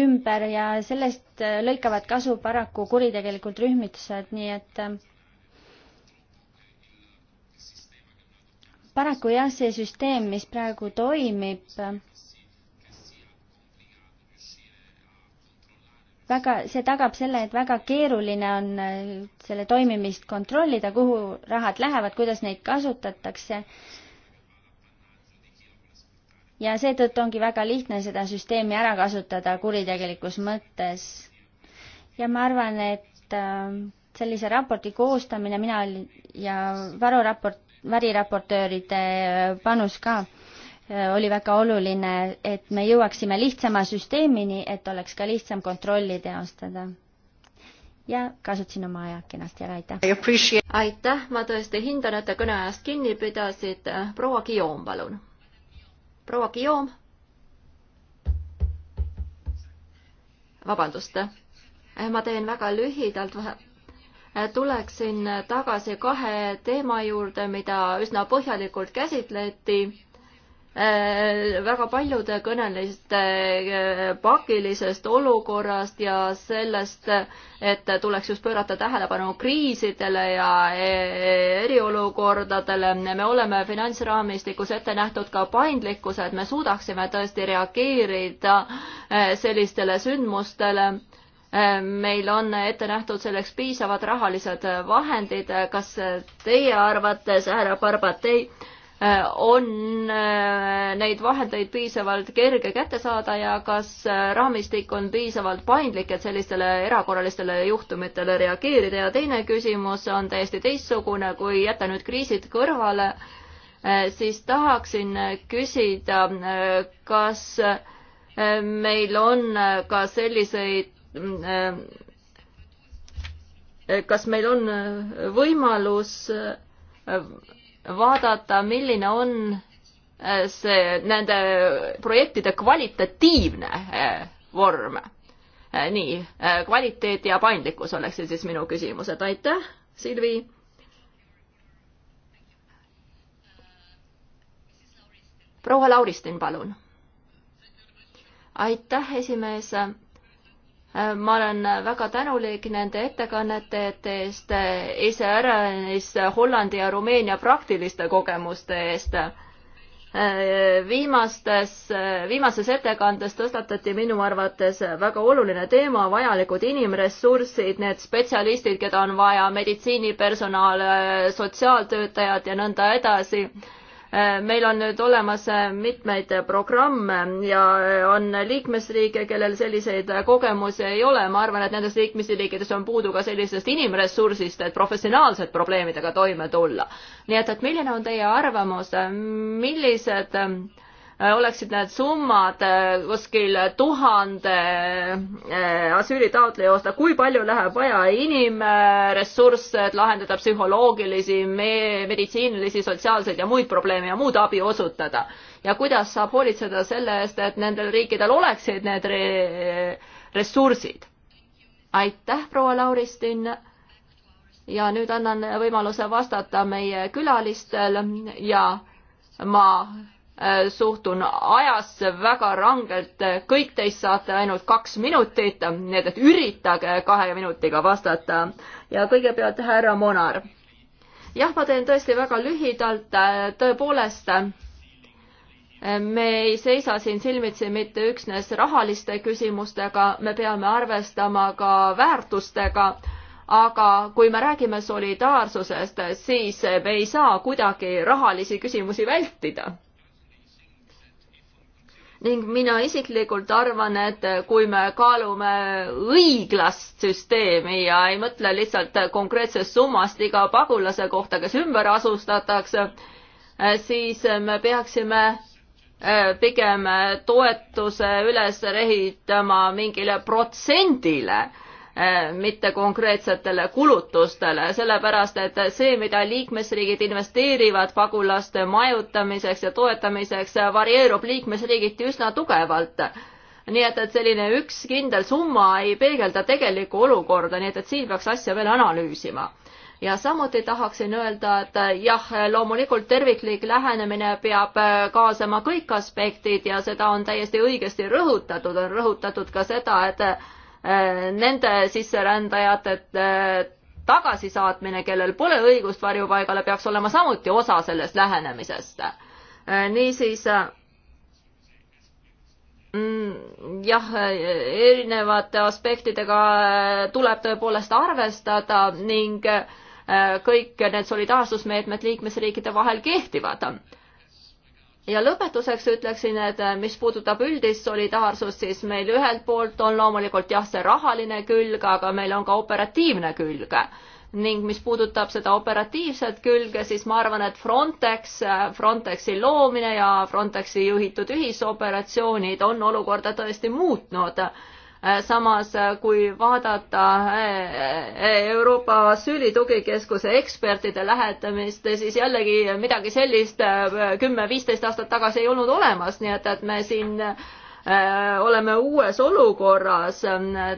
ümber ja sellest äh, lõikavad kasu paraku kuritegelikud rühmitused, nii et äh, paraku jah, see süsteem, mis praegu toimib, väga, see tagab selle, et väga keeruline on selle toimimist kontrollida, kuhu rahad lähevad, kuidas neid kasutatakse ja seetõttu ongi väga lihtne seda süsteemi ära kasutada kuritegelikus mõttes. ja ma arvan, et ähm, sellise raporti koostamine, mina olin ja varuraport, variraportööride äh, panus ka äh, oli väga oluline, et me jõuaksime lihtsama süsteemini, et oleks ka lihtsam kontrolli teostada. ja kasutasin oma aja kenasti ära, aitäh. aitäh, ma tõesti hindan, et te kõne ajast kinni pidasite. proua Guillaume, palun proua Guillaume. vabandust, ma teen väga lühidalt, tuleksin tagasi kahe teema juurde, mida üsna põhjalikult käsitleti Äh, väga paljud kõnelesid äh, pakilisest olukorrast ja sellest, et tuleks just pöörata tähelepanu kriisidele ja e, e, eriolukordadele. me oleme finantsraamistikus ette nähtud ka paindlikkuse, et me suudaksime tõesti reageerida äh, sellistele sündmustele meil on ette nähtud selleks piisavad rahalised vahendid. kas teie arvates, härra Barbatei, Äh, on äh, neid vahendeid piisavalt kerge kätte saada ja kas äh, raamistik on piisavalt paindlik, et sellistele erakorralistele juhtumitele reageerida ja teine küsimus on täiesti teistsugune, kui jätta nüüd kriisid kõrvale, siis tahaksin küsida, kas meil on ka selliseid kas meil on võimalus vaadata, milline on äh, see nende projektide kvalitatiivne äh, vorm. Äh, nii, kvaliteet ja paindlikkus oleksid siis minu küsimused, aitäh, Silvi. proua Lauristin, palun. aitäh, esimees ma olen väga tänulik nende ettekannete eest, iseäranis Hollandi ja Rumeenia praktiliste kogemuste eest. viimastes, viimases ettekandes tõstatati minu arvates väga oluline teema, vajalikud inimressursid, need spetsialistid, keda on vaja, meditsiinipersonal, sotsiaaltöötajad ja nõnda edasi Äh, meil on nüüd olemas äh, mitmeid programme ja äh, on liikmesriike, kellel selliseid kogemusi ei ole. ma arvan, et nendes liikmesriikides on puudu ka sellisest inimressursist, et professionaalselt probleemidega toime tulla. nii et, et milline on teie arvamus, millised äh, Äh, oleksid need summad äh, kuskil tuhande äh, asüülitaotleja kohta, kui palju läheb vaja inimressursse, et lahendada psühholoogilisi, meditsiinilisi, sotsiaalseid ja muid probleeme ja muud abi osutada. ja kuidas saab hoolitseda selle eest, et nendel riikidel oleksid need re ressursid. aitäh, proua Lauristin ja nüüd annan võimaluse vastata meie külalistel ja ma Äh, suhtun ajasse väga rangelt, kõik teist saate ainult kaks minutit, nii et üritage kahe minutiga vastata. ja kõigepealt härra Monar. jah, ma teen tõesti väga lühidalt, tõepoolest me ei seisa siin silmitsi mitte üksnes rahaliste küsimustega, me peame arvestama ka väärtustega, aga kui me räägime solidaarsusest, siis me ei saa kuidagi rahalisi küsimusi vältida ning mina isiklikult arvan, et kui me kaalume õiglast süsteemi ja ei mõtle lihtsalt konkreetsest summast iga pagulase kohta, kes ümber asustatakse, siis me peaksime eh, pigem toetuse üles ehitama mingile protsendile Äh, mitte konkreetsetele kulutustele, sellepärast et see, mida liikmesriigid investeerivad pagulaste majutamiseks ja toetamiseks, varieerub liikmesriigiti üsna tugevalt. nii et, et selline üks kindel summa ei peegelda tegelikku olukorda, nii et, et siin peaks asja veel analüüsima ja samuti tahaksin öelda, et jah, loomulikult terviklik lähenemine peab äh, kaasama kõik aspektid ja seda on täiesti õigesti rõhutatud, on rõhutatud ka seda, et Äh, nende sisserändajate äh, tagasisaatmine, kellel pole õigust varjupaigale, peaks olema samuti osa sellest lähenemisest. Äh, niisiis mm, jah, erinevate aspektidega tuleb tõepoolest arvestada ning kõik need solidaarsusmeetmed liikmesriikide vahel kehtivad ja lõpetuseks ütleksin, et äh, mis puudutab üldist solidaarsust, siis meil ühelt poolt on loomulikult jah, see rahaline külg, aga meil on ka operatiivne külg. ning mis puudutab seda operatiivset külge, siis ma arvan, et Frontex, äh, Frontexi loomine ja Frontexi juhitud ühisoperatsioonid on olukorda tõesti muutnud Äh, samas, äh, kui vaadata äh, Euroopa asüülitugikeskuse ekspertide lähetamist, siis jällegi midagi sellist kümme-viisteist aastat tagasi ei olnud olemas, nii et, et me siin Äh, oleme uues olukorras.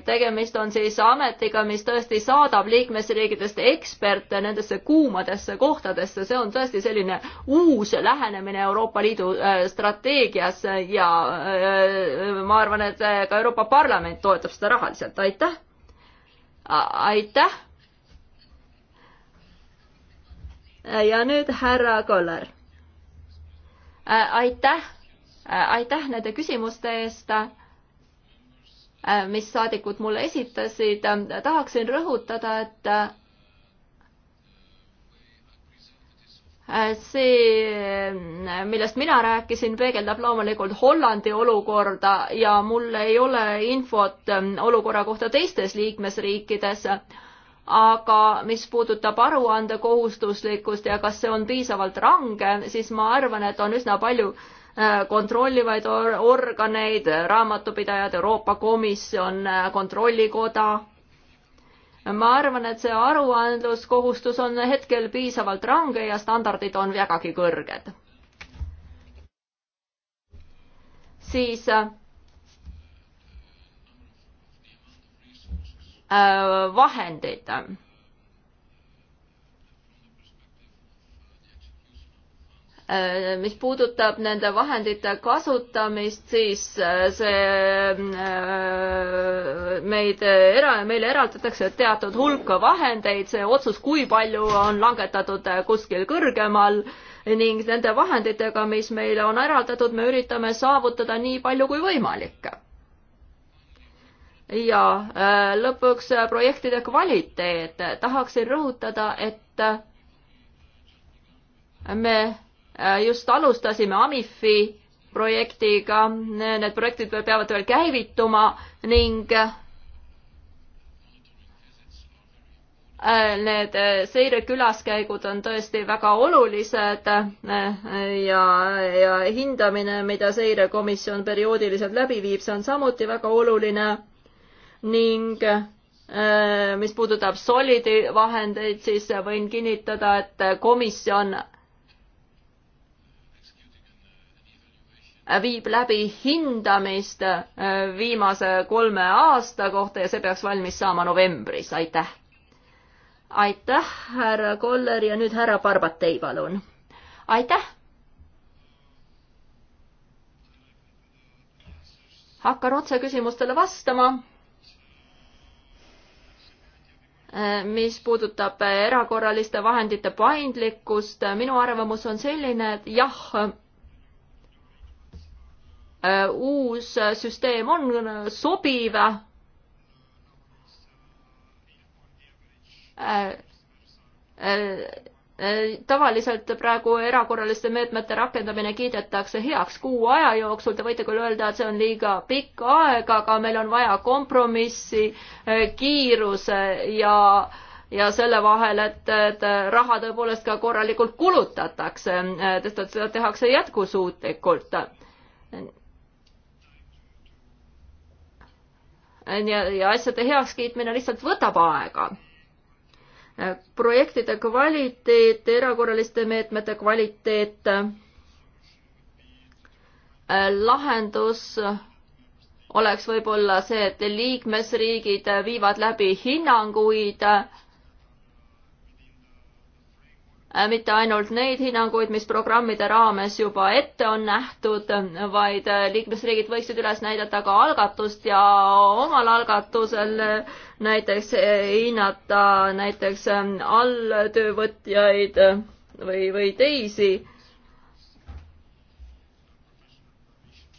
tegemist on siis ametiga, mis tõesti saadab liikmesriikidest eksperte nendesse kuumadesse kohtadesse, see on tõesti selline uus lähenemine Euroopa Liidu äh, strateegias ja äh, ma arvan, et ka Euroopa Parlament toetab seda rahaliselt, aitäh. aitäh. ja nüüd härra Kollar. aitäh Äh, aitäh nende küsimuste eest, äh, mis saadikud mulle esitasid. tahaksin rõhutada, et äh, see, millest mina rääkisin, peegeldab loomulikult Hollandi olukorda ja mul ei ole infot ähm, olukorra kohta teistes liikmesriikides aga mis puudutab aruande kohustuslikkust ja kas see on piisavalt range, siis ma arvan, et on üsna palju Äh, kontrollivaid or organeid, raamatupidajad, Euroopa Komisjon, äh, Kontrollikoda. ma arvan, et see aruandluskohustus on hetkel piisavalt range ja standardid on vägagi kõrged. siis äh, vahendeid Äh, mis puudutab nende vahendite kasutamist, siis äh, see äh, meid era, meile eraldatakse teatud hulk vahendeid, see otsus, kui palju on langetatud kuskil kõrgemal ning nende vahenditega, mis meile on eraldatud, me üritame saavutada nii palju kui võimalik ja lõpuks projektide kvaliteet, tahaksin rõhutada, et me Äh, just alustasime Amifi projektiga, need projektid peavad veel käivituma ning äh, need äh, seirekülaskäigud on tõesti väga olulised ja, ja hindamine, mida seirekomisjon perioodiliselt läbi viib, see on samuti väga oluline ning mis puudutab solidi vahendeid, siis võin kinnitada, et komisjon viib läbi hindamist äh, viimase kolme aasta kohta ja see peaks valmis saama novembris, aitäh. aitäh, härra Koller ja nüüd härra Barbatei, palun. aitäh. hakkan otse küsimustele vastama äh, mis puudutab erakorraliste vahendite paindlikkust, minu arvamus on selline, et jah, Äh, uus süsteem on sobiv. Äh, äh, tavaliselt praegu erakorraliste meetmete rakendamine kiidetakse heaks kuu aja jooksul, te võite küll öelda, et see on liiga pikk aeg, aga meil on vaja kompromissi, kiiruse ja ja selle vahel, et, et raha tõepoolest ka korralikult kulutatakse, sest et seda tehakse jätkusuutlikult ja, äh, ja asjade heakskiitmine lihtsalt võtab aega. Äh, projektide kvaliteet, erakorraliste meetmete kvaliteet, äh, lahendus oleks võib-olla see, et liikmesriigid viivad läbi hinnanguid äh, Äh, mitte ainult neid hinnanguid, mis programmide raames juba ette on nähtud, vaid äh, liikmesriigid võiksid üles näidata ka algatust ja omal algatusel äh, näiteks hinnata näiteks alltöövõtjaid või, või teisi.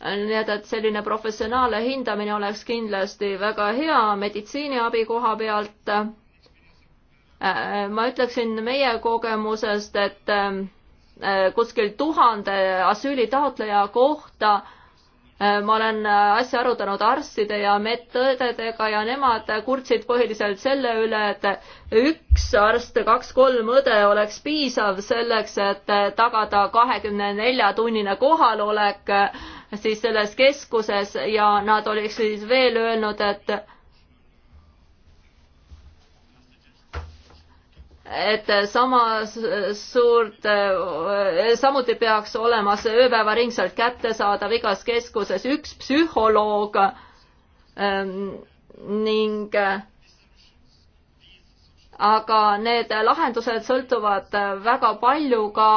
nii et, et selline professionaalne hindamine oleks kindlasti väga hea meditsiiniabi koha pealt Äh, ma ütleksin meie kogemusest, et ähm, äh, kuskil tuhande asüülitaotleja kohta äh, ma olen asja arutanud arstide ja medõdedega ja nemad kurtsid põhiliselt selle üle, et üks arst, kaks-kolm õde oleks piisav selleks, et tagada kahekümne nelja tunnine kohalolek siis selles keskuses ja nad oleksid veel öelnud, et et sama suurt, äh, samuti peaks olema see ööpäevaringselt kättesaadav igas keskuses üks psühholoog ähm, ning aga need lahendused sõltuvad väga palju ka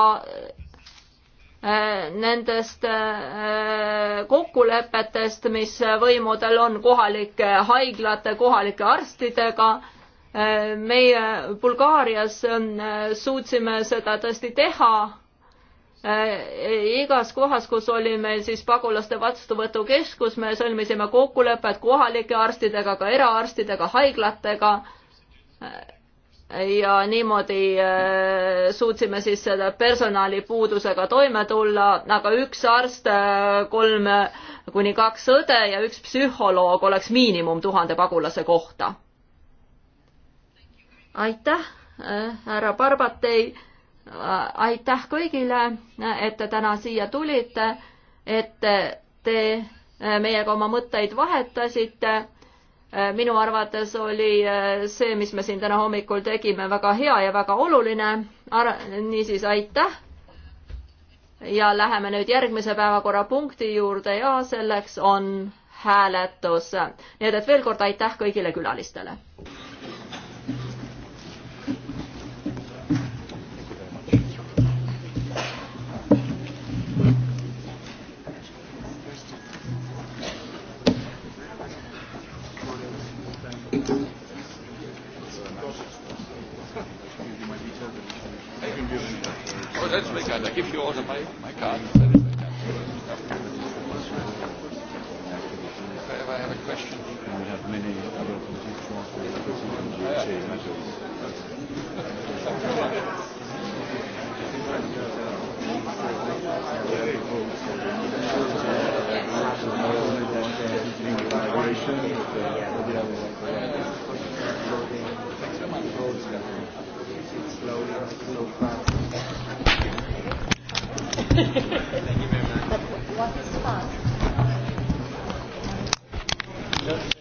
äh, nendest äh, kokkulepetest, mis võimudel on kohalike haiglate, kohalike arstidega meie Bulgaarias ähm, suutsime seda tõesti teha. Äh, igas kohas, kus oli meil siis pagulaste vastuvõtukeskus, me sõlmisime kokkulepped kohalike arstidega, ka eraarstidega, haiglatega äh, ja niimoodi äh, suutsime siis selle personalipuudusega toime tulla, aga üks arst, kolm kuni kaks õde ja üks psühholoog oleks miinimum tuhande pagulase kohta aitäh, äh, härra Barbatei, äh, aitäh kõigile, äh, et te täna siia tulite, et te meiega oma mõtteid vahetasite. minu arvates oli see, mis me siin täna hommikul tegime, väga hea ja väga oluline. niisiis aitäh. ja läheme nüüd järgmise päevakorrapunkti juurde ja selleks on hääletus. nii et, et veel kord aitäh kõigile külalistele. That's my card. I give you also my, my card. That is my card. If I ever have a question. And we have many other constituents who are receiving GHA medals. Thanks so much. Slowly, so fast. Thank you very much. But what is fast? Just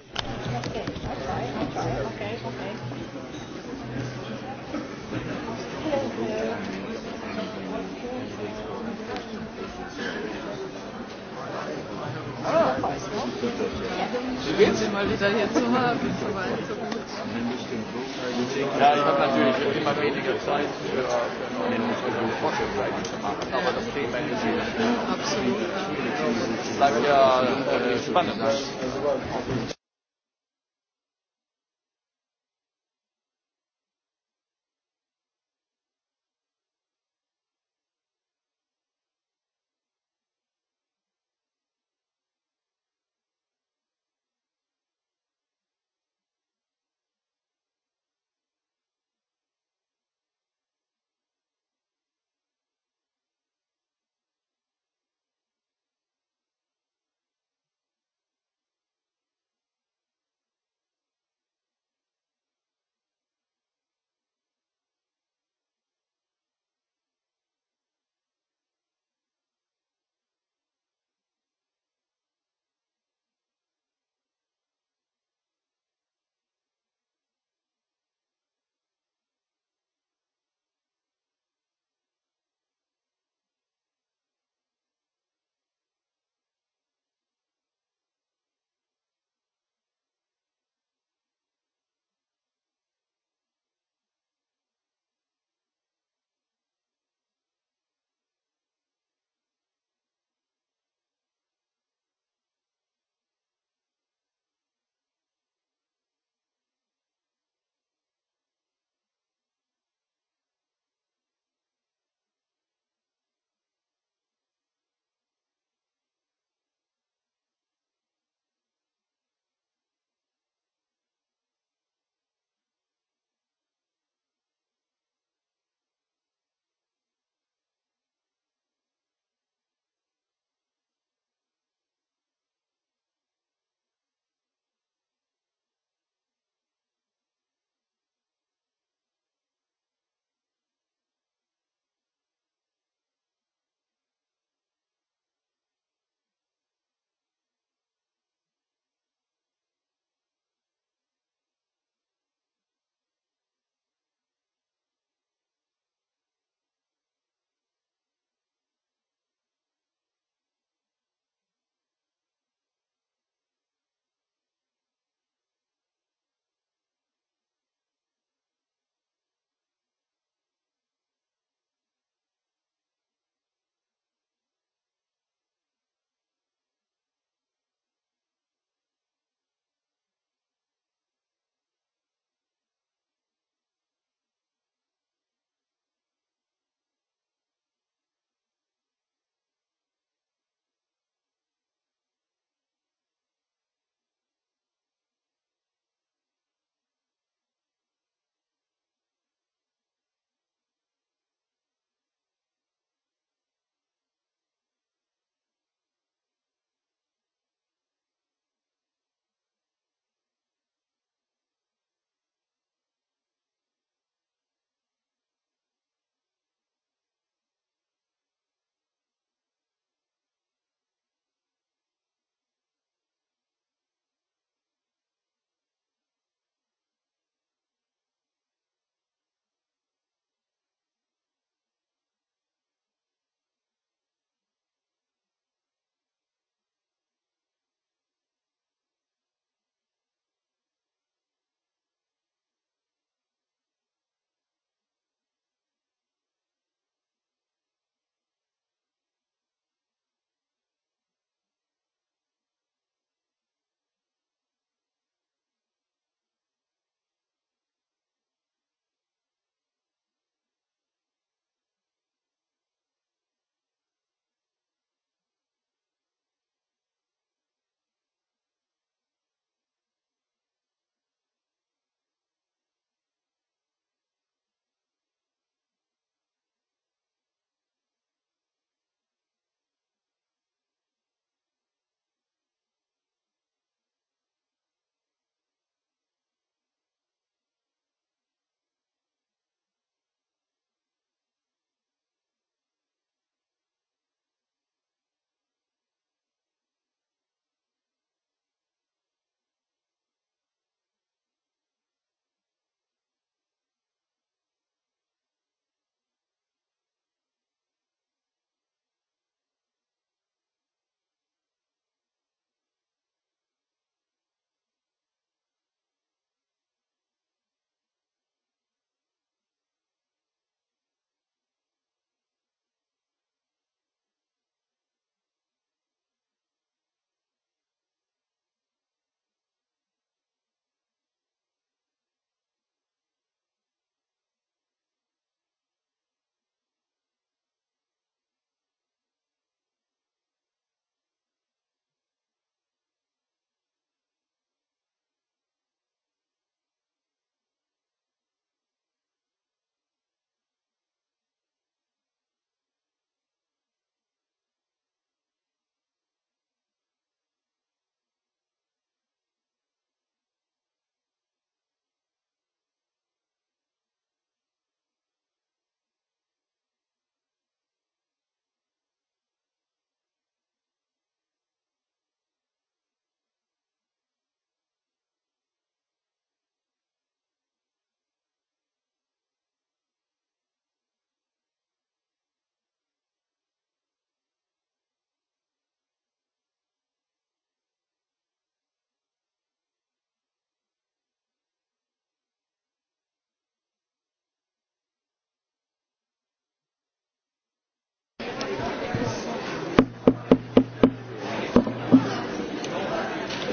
Schön, Sie mal wieder hier zu haben. So weit, so gut. Man müsste im Bloßheiligen. Ja, ich habe natürlich immer weniger Zeit für, für nämlich genug Forschung eigentlich zu machen. Aber das Thema ist ja absolut. Bleibt ja äh, spannend.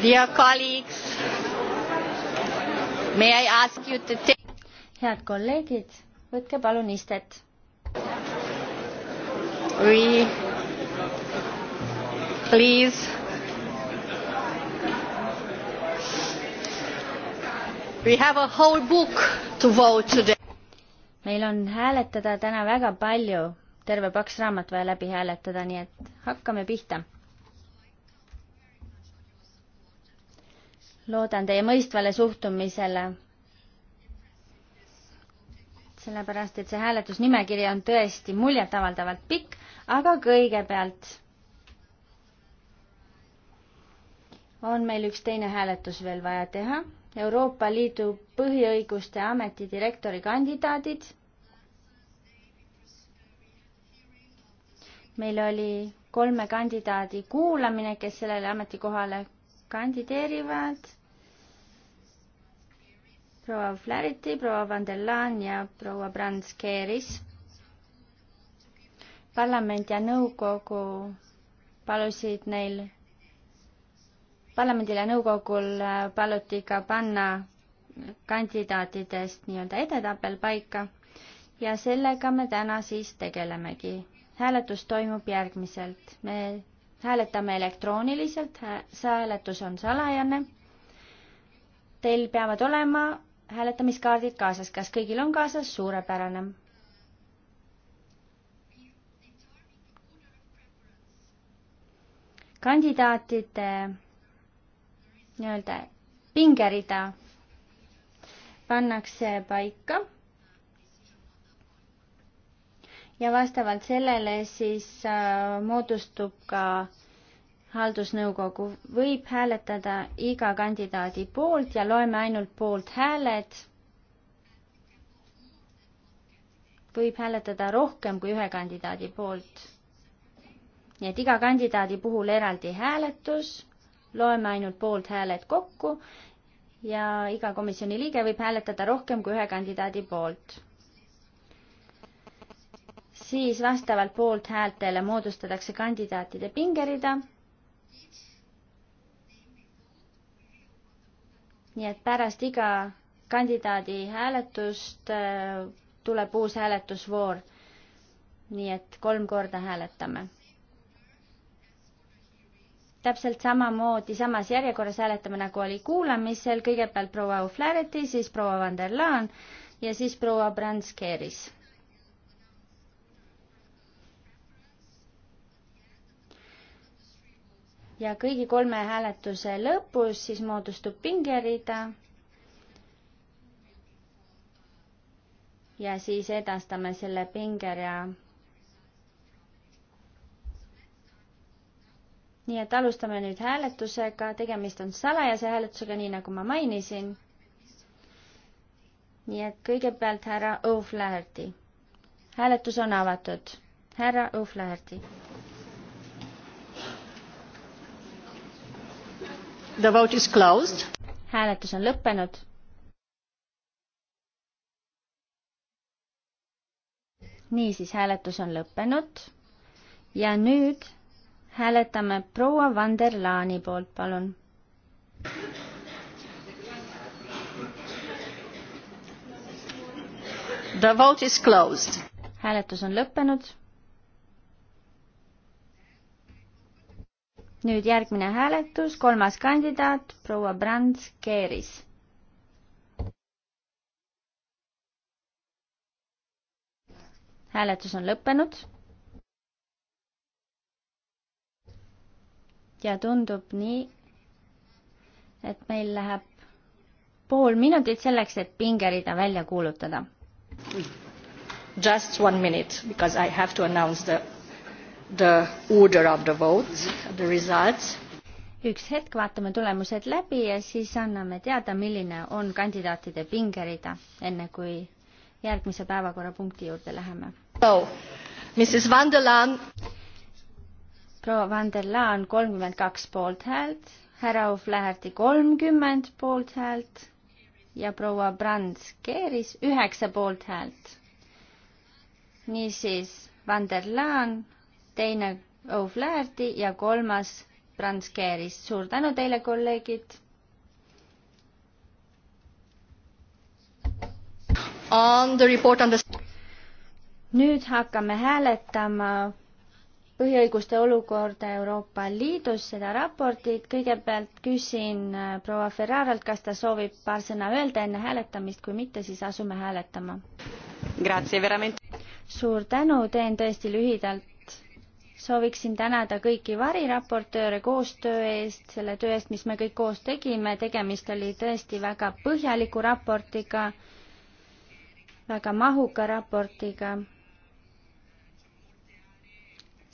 head kolleegid, võtke palun istet. We please We have a whole book to vote today. meil on hääletada täna väga palju, terve paks raamat vaja läbi hääletada, nii et hakkame pihta loodan teie mõistvale suhtumisele. sellepärast, et see hääletusnimekiri on tõesti muljetavaldavalt pikk, aga kõigepealt on meil üks teine hääletus veel vaja teha. Euroopa Liidu põhiõiguste ameti direktori kandidaadid. meil oli kolme kandidaadi kuulamine, kes sellele ametikohale kandideerivad proua Flaherty, proua Van der Laan ja proua Brandskeeris. parlament ja nõukogu palusid neil, parlamendil ja nõukogul äh, paluti ka panna kandidaatidest nii-öelda edetabel paika ja sellega me täna siis tegelemegi. hääletus toimub järgmiselt, me hääletame elektrooniliselt, see hääletus on salajane. Teil peavad olema hääletamiskaardid kaasas, kas kõigil on kaasas, suurepärane. kandidaatide nii-öelda pingerida pannakse paika ja vastavalt sellele siis äh, moodustub ka haldusnõukogu võib hääletada iga kandidaadi poolt ja loeme ainult poolt hääled. võib hääletada rohkem kui ühe kandidaadi poolt. nii et iga kandidaadi puhul eraldi hääletus, loeme ainult poolt hääled kokku ja iga komisjoni liige võib hääletada rohkem kui ühe kandidaadi poolt. siis vastavalt poolthäältele moodustatakse kandidaatide pingerida nii et pärast iga kandidaadi hääletust äh, tuleb uus hääletusvoor. nii et kolm korda hääletame. täpselt samamoodi samas järjekorras hääletame, nagu oli kuulamisel, kõigepealt proua O'Flaherty, siis proua Van der Laan ja siis proua Brandskeris ja kõigi kolme hääletuse lõpus siis moodustub pingerida. ja siis edastame selle pingerea. nii et alustame nüüd hääletusega, tegemist on salajase hääletusega, nii nagu ma mainisin. nii et kõigepealt härra O'Flaherty. hääletus on avatud. härra O'Flaherty The vote is closed. hääletus on lõppenud. niisiis, hääletus on lõppenud ja nüüd hääletame proua van der Laani poolt, palun. The vote is closed. hääletus on lõppenud nüüd järgmine hääletus, kolmas kandidaat, proua Brands Keeris. hääletus on lõppenud. ja tundub nii, et meil läheb pool minutit selleks, et pingerida välja kuulutada. Just one minute because I have to announce the the order of the votes, the results. üks hetk, vaatame tulemused läbi ja siis anname teada, milline on kandidaatide pingerida, enne kui järgmise päevakorrapunkti juurde läheme. So, Mrs Van der Laan. proua Van der Laan kolmkümmend kaks poolthäält, härra Oflaherti kolmkümmend poolthäält ja proua Brands Keeris üheksa poolthäält. niisiis Van der Laan teine O'Flaherty ja kolmas Branskeerist. suur tänu teile, kolleegid. On the report on the nüüd hakkame hääletama põhiõiguste olukorda Euroopa Liidus, seda raportit. kõigepealt küsin äh, proua Ferraralt, kas ta soovib paar sõna öelda enne hääletamist, kui mitte, siis asume hääletama. suur tänu, teen tõesti lühidalt sooviksin tänada kõiki variraportööre koostöö eest, selle töö eest, mis me kõik koos tegime, tegemist oli tõesti väga põhjaliku raportiga, väga mahuka raportiga.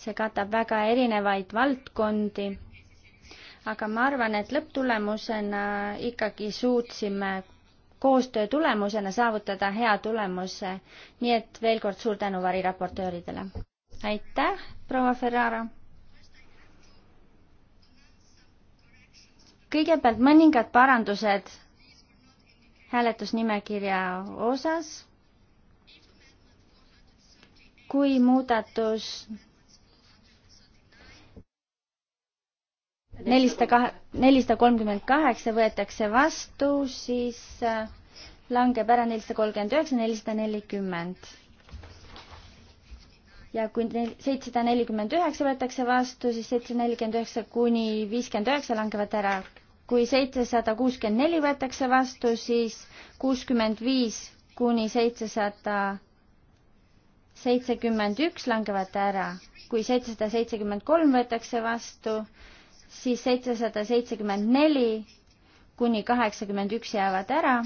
see katab väga erinevaid valdkondi, aga ma arvan, et lõpptulemusena ikkagi suutsime koostöö tulemusena saavutada hea tulemuse. nii et veel kord suur tänu variraportööridele. aitäh proua Ferrara. kõigepealt mõningad parandused hääletusnimekirja osas. kui muudatus nelisada kahe, nelisada kolmkümmend kaheksa võetakse vastu, siis langeb ära nelisada kolmkümmend üheksa, nelisada nelikümmend ja kui seitsesada nelikümmend üheksa võetakse vastu, siis seitsesada nelikümmend üheksa kuni viiskümmend üheksa langevad ära. kui seitsesada kuuskümmend neli võetakse vastu, siis kuuskümmend viis kuni seitsesada seitsekümmend üks langevad ära. kui seitsesada seitsekümmend kolm võetakse vastu, siis seitsesada seitsekümmend neli kuni kaheksakümmend üks jäävad ära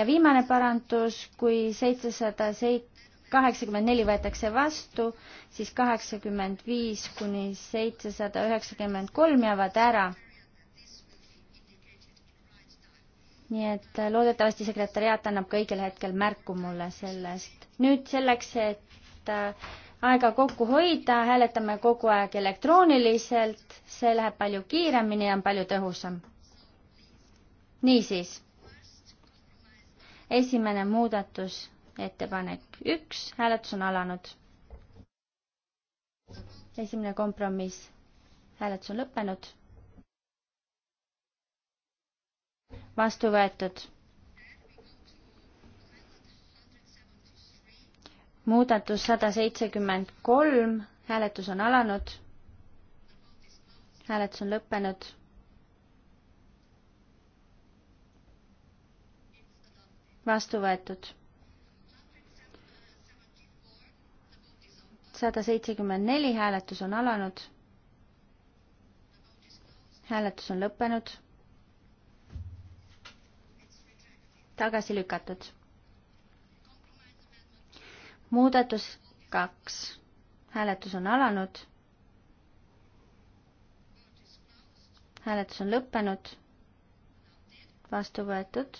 ja viimane parandus, kui seitsesada seit-, kaheksakümmend neli võetakse vastu, siis kaheksakümmend viis kuni seitsesada üheksakümmend kolm jäävad ära. nii et äh, loodetavasti sekretäriaat annab ka õigel hetkel märku mulle sellest. nüüd selleks, et äh, aega kokku hoida, hääletame kogu aeg elektrooniliselt, see läheb palju kiiremini ja on palju tõhusam. niisiis, esimene muudatus ettepanek üks, hääletus on alanud. esimene kompromiss, hääletus on lõppenud. vastu võetud. muudatus sada seitsekümmend kolm, hääletus on alanud. hääletus on lõppenud vastu võetud. sada seitsekümmend neli hääletus on alanud. hääletus on lõppenud. tagasi lükatud. muudatus kaks, hääletus on alanud. hääletus on lõppenud. vastu võetud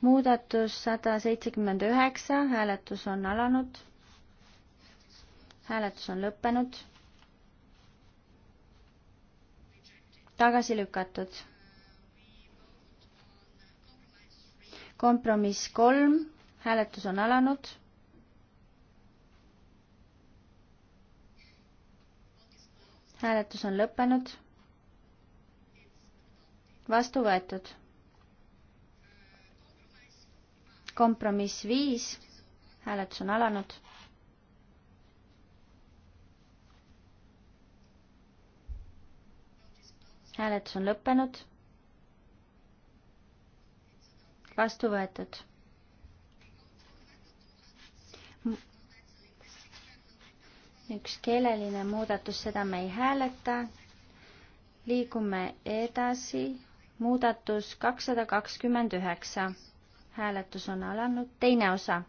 muudatus sada seitsekümmend üheksa, hääletus on alanud hääletus on lõppenud. tagasi lükatud. kompromiss kolm, hääletus on alanud. hääletus on lõppenud. vastu võetud. kompromiss viis, hääletus on alanud hääletus on lõppenud. vastu võetud. üks keeleline muudatus, seda me ei hääleta. liigume edasi. muudatus kakssada kakskümmend üheksa. hääletus on alanud, teine osa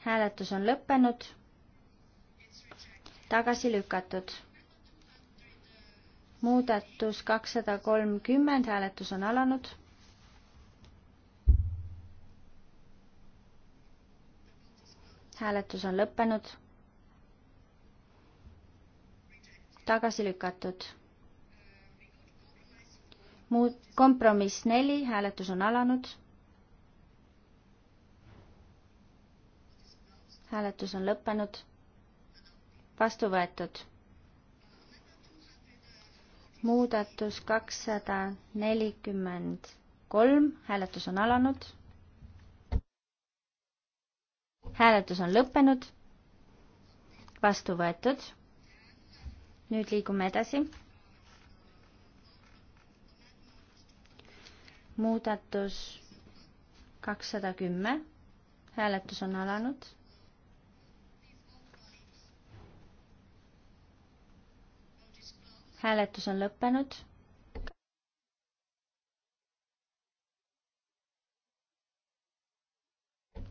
hääletus on lõppenud, tagasi lükatud. muudatus kakssada kolmkümmend, hääletus on alanud. hääletus on lõppenud, tagasi lükatud muud kompromiss neli, hääletus on alanud. hääletus on lõppenud. vastu võetud. muudatus kakssada nelikümmend kolm, hääletus on alanud. hääletus on lõppenud. vastu võetud. nüüd liigume edasi. muudatus kakssada kümme, hääletus on alanud hääletus on lõppenud.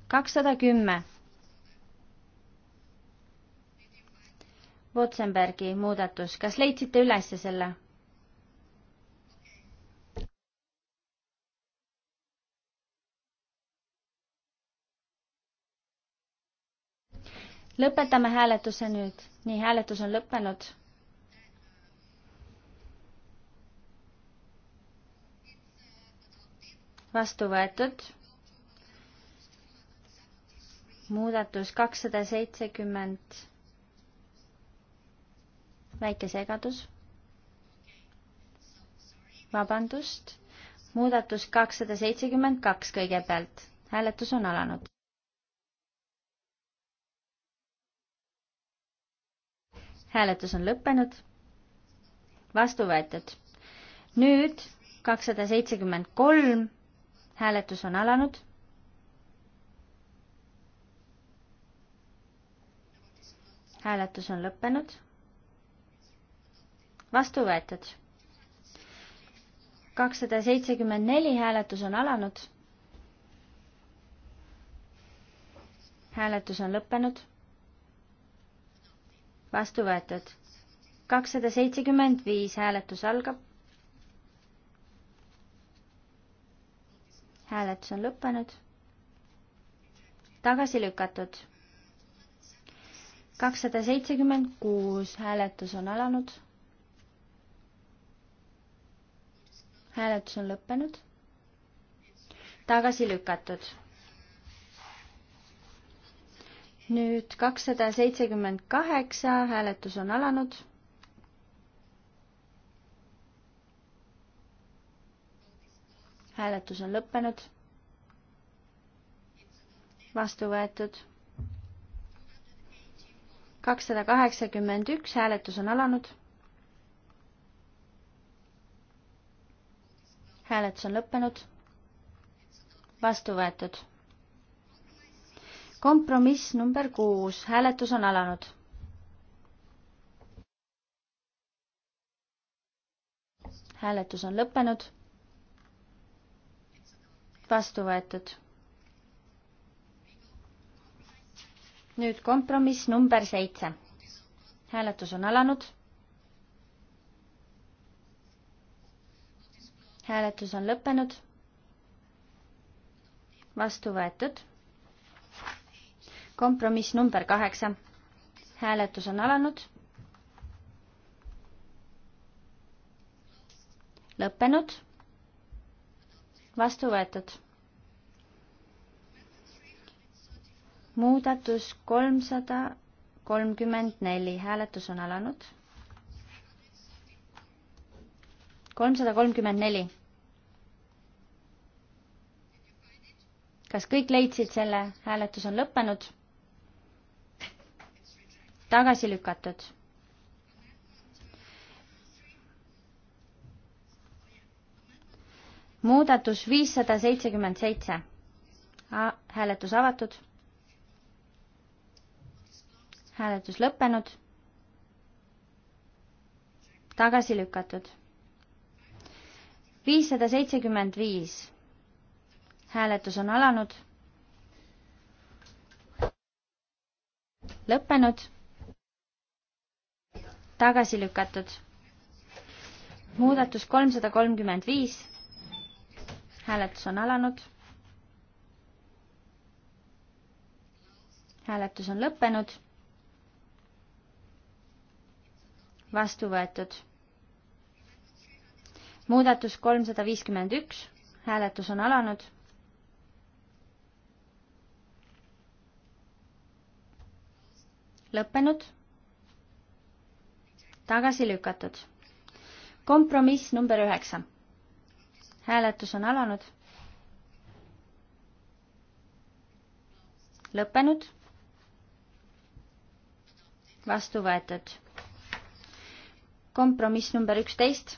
kakssada kümme. Wotsenbergi muudatus, kas leidsite ülesse selle? lõpetame hääletuse nüüd. nii, hääletus on lõppenud vastu võetud. muudatus kakssada seitsekümmend, väike segadus. vabandust, muudatus kakssada seitsekümmend kaks kõigepealt, hääletus on alanud. hääletus on lõppenud. vastu võetud. nüüd kakssada seitsekümmend kolm hääletus on alanud. hääletus on lõppenud. vastu võetud. kakssada seitsekümmend neli hääletus on alanud. hääletus on lõppenud. vastu võetud. kakssada seitsekümmend viis hääletus algab. hääletus on lõppenud. tagasi lükatud. kakssada seitsekümmend kuus hääletus on alanud. hääletus on lõppenud. tagasi lükatud. nüüd kakssada seitsekümmend kaheksa hääletus on alanud hääletus on lõppenud. vastu võetud. kakssada kaheksakümmend üks, hääletus on alanud. hääletus on lõppenud. vastu võetud kompromiss number kuus, hääletus on alanud. hääletus on lõppenud vastu võetud. nüüd kompromiss number seitse. hääletus on alanud. hääletus on lõppenud. vastu võetud. kompromiss number kaheksa. hääletus on alanud. lõppenud vastu võetud. muudatus kolmsada kolmkümmend neli, hääletus on alanud. kolmsada kolmkümmend neli. kas kõik leidsid selle, hääletus on lõppenud? tagasi lükatud muudatus viissada seitsekümmend seitse. hääletus avatud. hääletus lõppenud. tagasi lükatud. viissada seitsekümmend viis. hääletus on alanud. lõppenud. tagasi lükatud. muudatus kolmsada kolmkümmend viis hääletus on alanud. hääletus on lõppenud. vastu võetud. muudatus kolmsada viiskümmend üks, hääletus on alanud. lõppenud. tagasi lükatud. kompromiss number üheksa hääletus on alanud. lõppenud. vastu võetud. kompromiss number üksteist.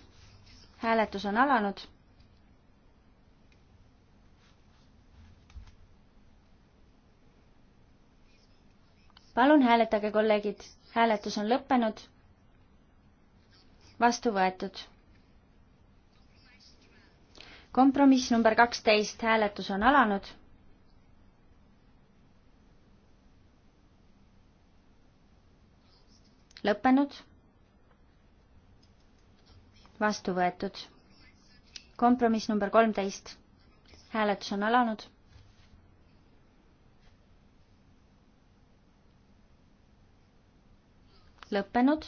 hääletus on alanud. palun hääletage, kolleegid, hääletus on lõppenud. vastu võetud kompromiss number kaksteist, hääletus on alanud. lõppenud. vastu võetud. kompromiss number kolmteist, hääletus on alanud. lõppenud.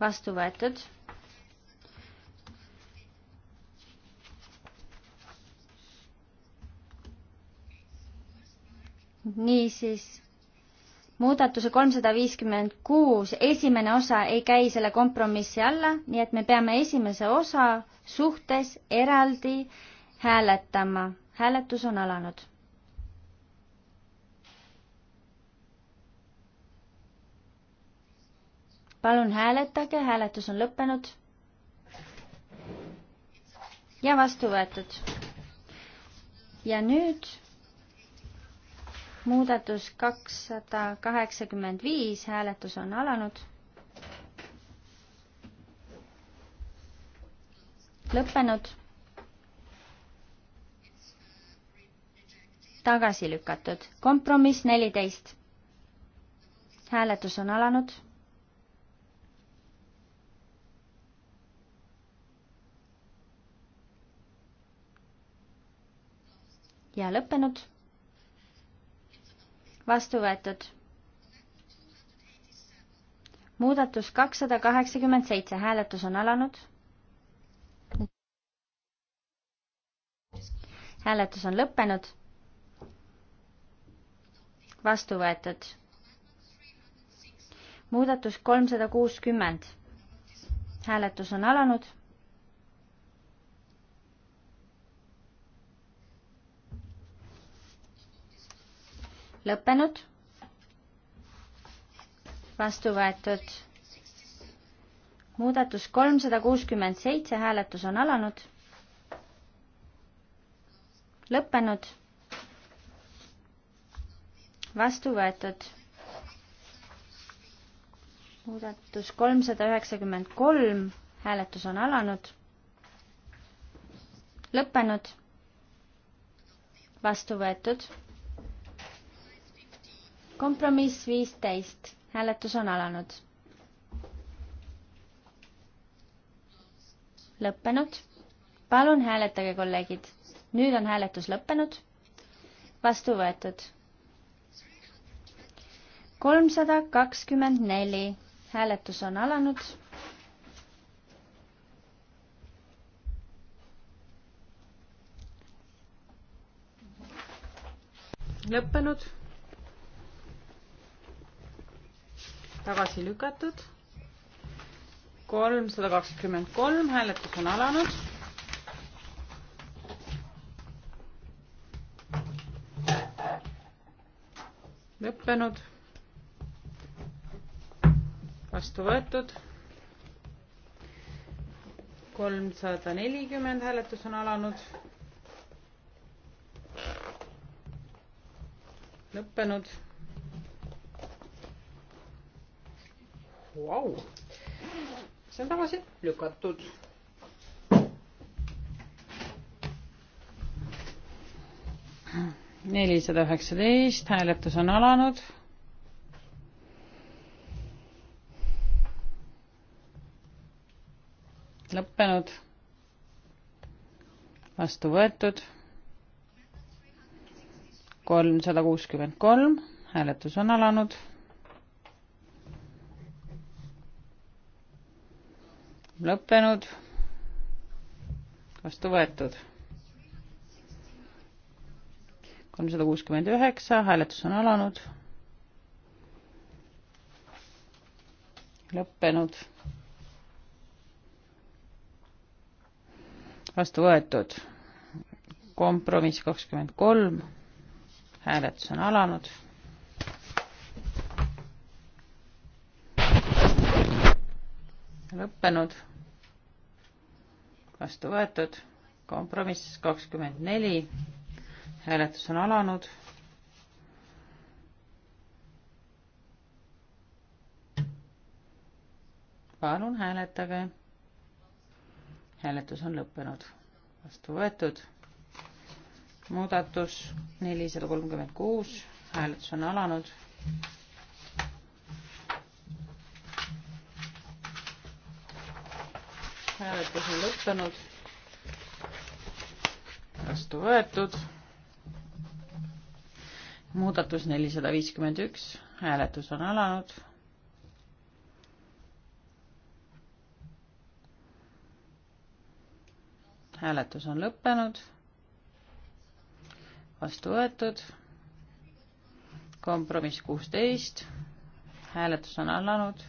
vastu võetud niisiis, muudatuse kolmsada viiskümmend kuus esimene osa ei käi selle kompromissi alla, nii et me peame esimese osa suhtes eraldi hääletama. hääletus on alanud. palun hääletage, hääletus on lõppenud. ja vastu võetud. ja nüüd muudatus kakssada kaheksakümmend viis, hääletus on alanud. lõppenud. tagasi lükatud. kompromiss neliteist. hääletus on alanud ja lõppenud vastu võetud. muudatus kakssada kaheksakümmend seitse, hääletus on alanud. hääletus on lõppenud. vastu võetud. muudatus kolmsada kuuskümmend. hääletus on alanud lõppenud, vastu võetud. muudatus kolmsada kuuskümmend seitse, hääletus on alanud, lõppenud, vastu võetud muudatus kolmsada üheksakümmend kolm, hääletus on alanud, lõppenud, vastu võetud kompromiss viisteist, hääletus on alanud. lõppenud. palun hääletage, kolleegid. nüüd on hääletus lõppenud. vastu võetud. kolmsada kakskümmend neli, hääletus on alanud lõppenud tagasi lükatud. kolmsada kakskümmend kolm, hääletus on alanud. lõppenud. vastu võetud. kolmsada nelikümmend hääletus on alanud. lõppenud Vau! see on tagasi lükatud. nelisada üheksateist, hääletus on alanud. lõppenud. vastu võetud. kolmsada kuuskümmend kolm, hääletus on alanud lõppenud, vastu võetud. kolmsada kuuskümmend üheksa, hääletus on alanud. lõppenud. vastu võetud. kompromiss kakskümmend kolm, hääletus on alanud lõppenud, vastu võetud, kompromiss kakskümmend neli, hääletus on alanud. palun hääletage. hääletus on lõppenud, vastu võetud, muudatus nelisada kolmkümmend kuus, hääletus on alanud hääletus on lõppenud. vastu võetud. muudatus nelisada viiskümmend üks, hääletus on alanud hääletus on lõppenud, vastu võetud, kompromiss kuusteist, hääletus on alanud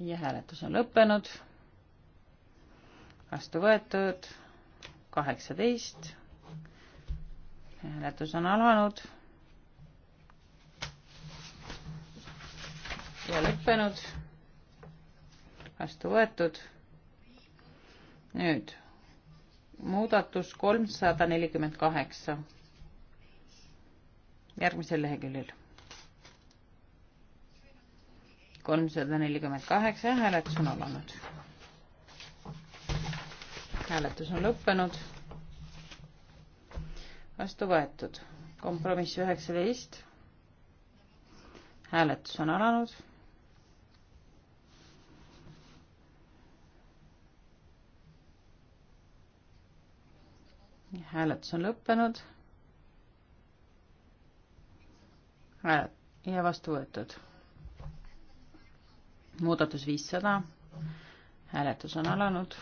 ja hääletus on lõppenud. vastu võetud kaheksateist. hääletus on alanud. ja lõppenud. vastu võetud. nüüd muudatus kolmsada nelikümmend kaheksa. järgmisel leheküljel kolmsada nelikümmend kaheksa, hääletus on alanud. hääletus on lõppenud. vastu võetud. kompromiss üheksateist. hääletus on alanud. hääletus on lõppenud. ja vastu võetud muudatus viissada, hääletus on alanud.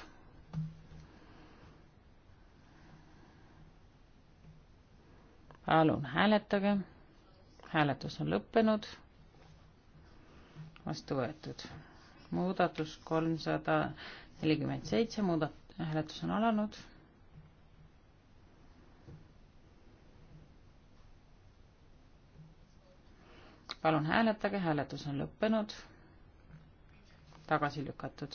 palun hääletage, hääletus on lõppenud, vastu võetud. muudatus kolmsada nelikümmend seitse, muudat-, hääletus on alanud palun hääletage, hääletus on lõppenud tagasi lükatud.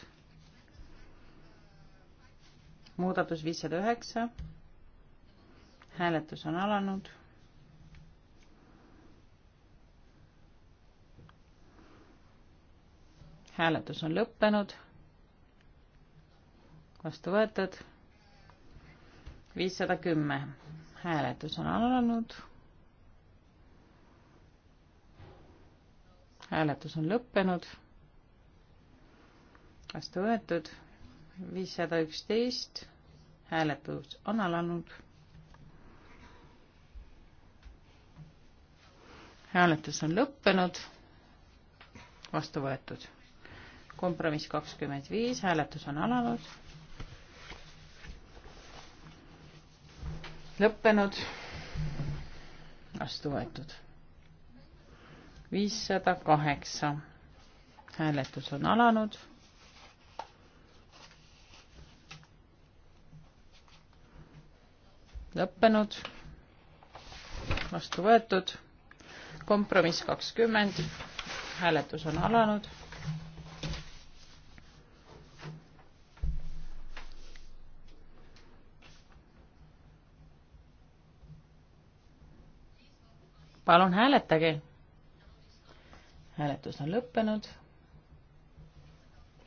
muudatus viissada üheksa. hääletus on alanud. hääletus on lõppenud. vastu võetud. viissada kümme. hääletus on alanud. hääletus on lõppenud vastu võetud, viissada üksteist, hääletus on alanud. hääletus on lõppenud, vastu võetud. kompromiss kakskümmend viis, hääletus on alanud. lõppenud, vastu võetud. viissada kaheksa, hääletus on alanud lõppenud, vastu võetud, kompromiss kakskümmend, hääletus on alanud. palun hääletage. hääletus on lõppenud,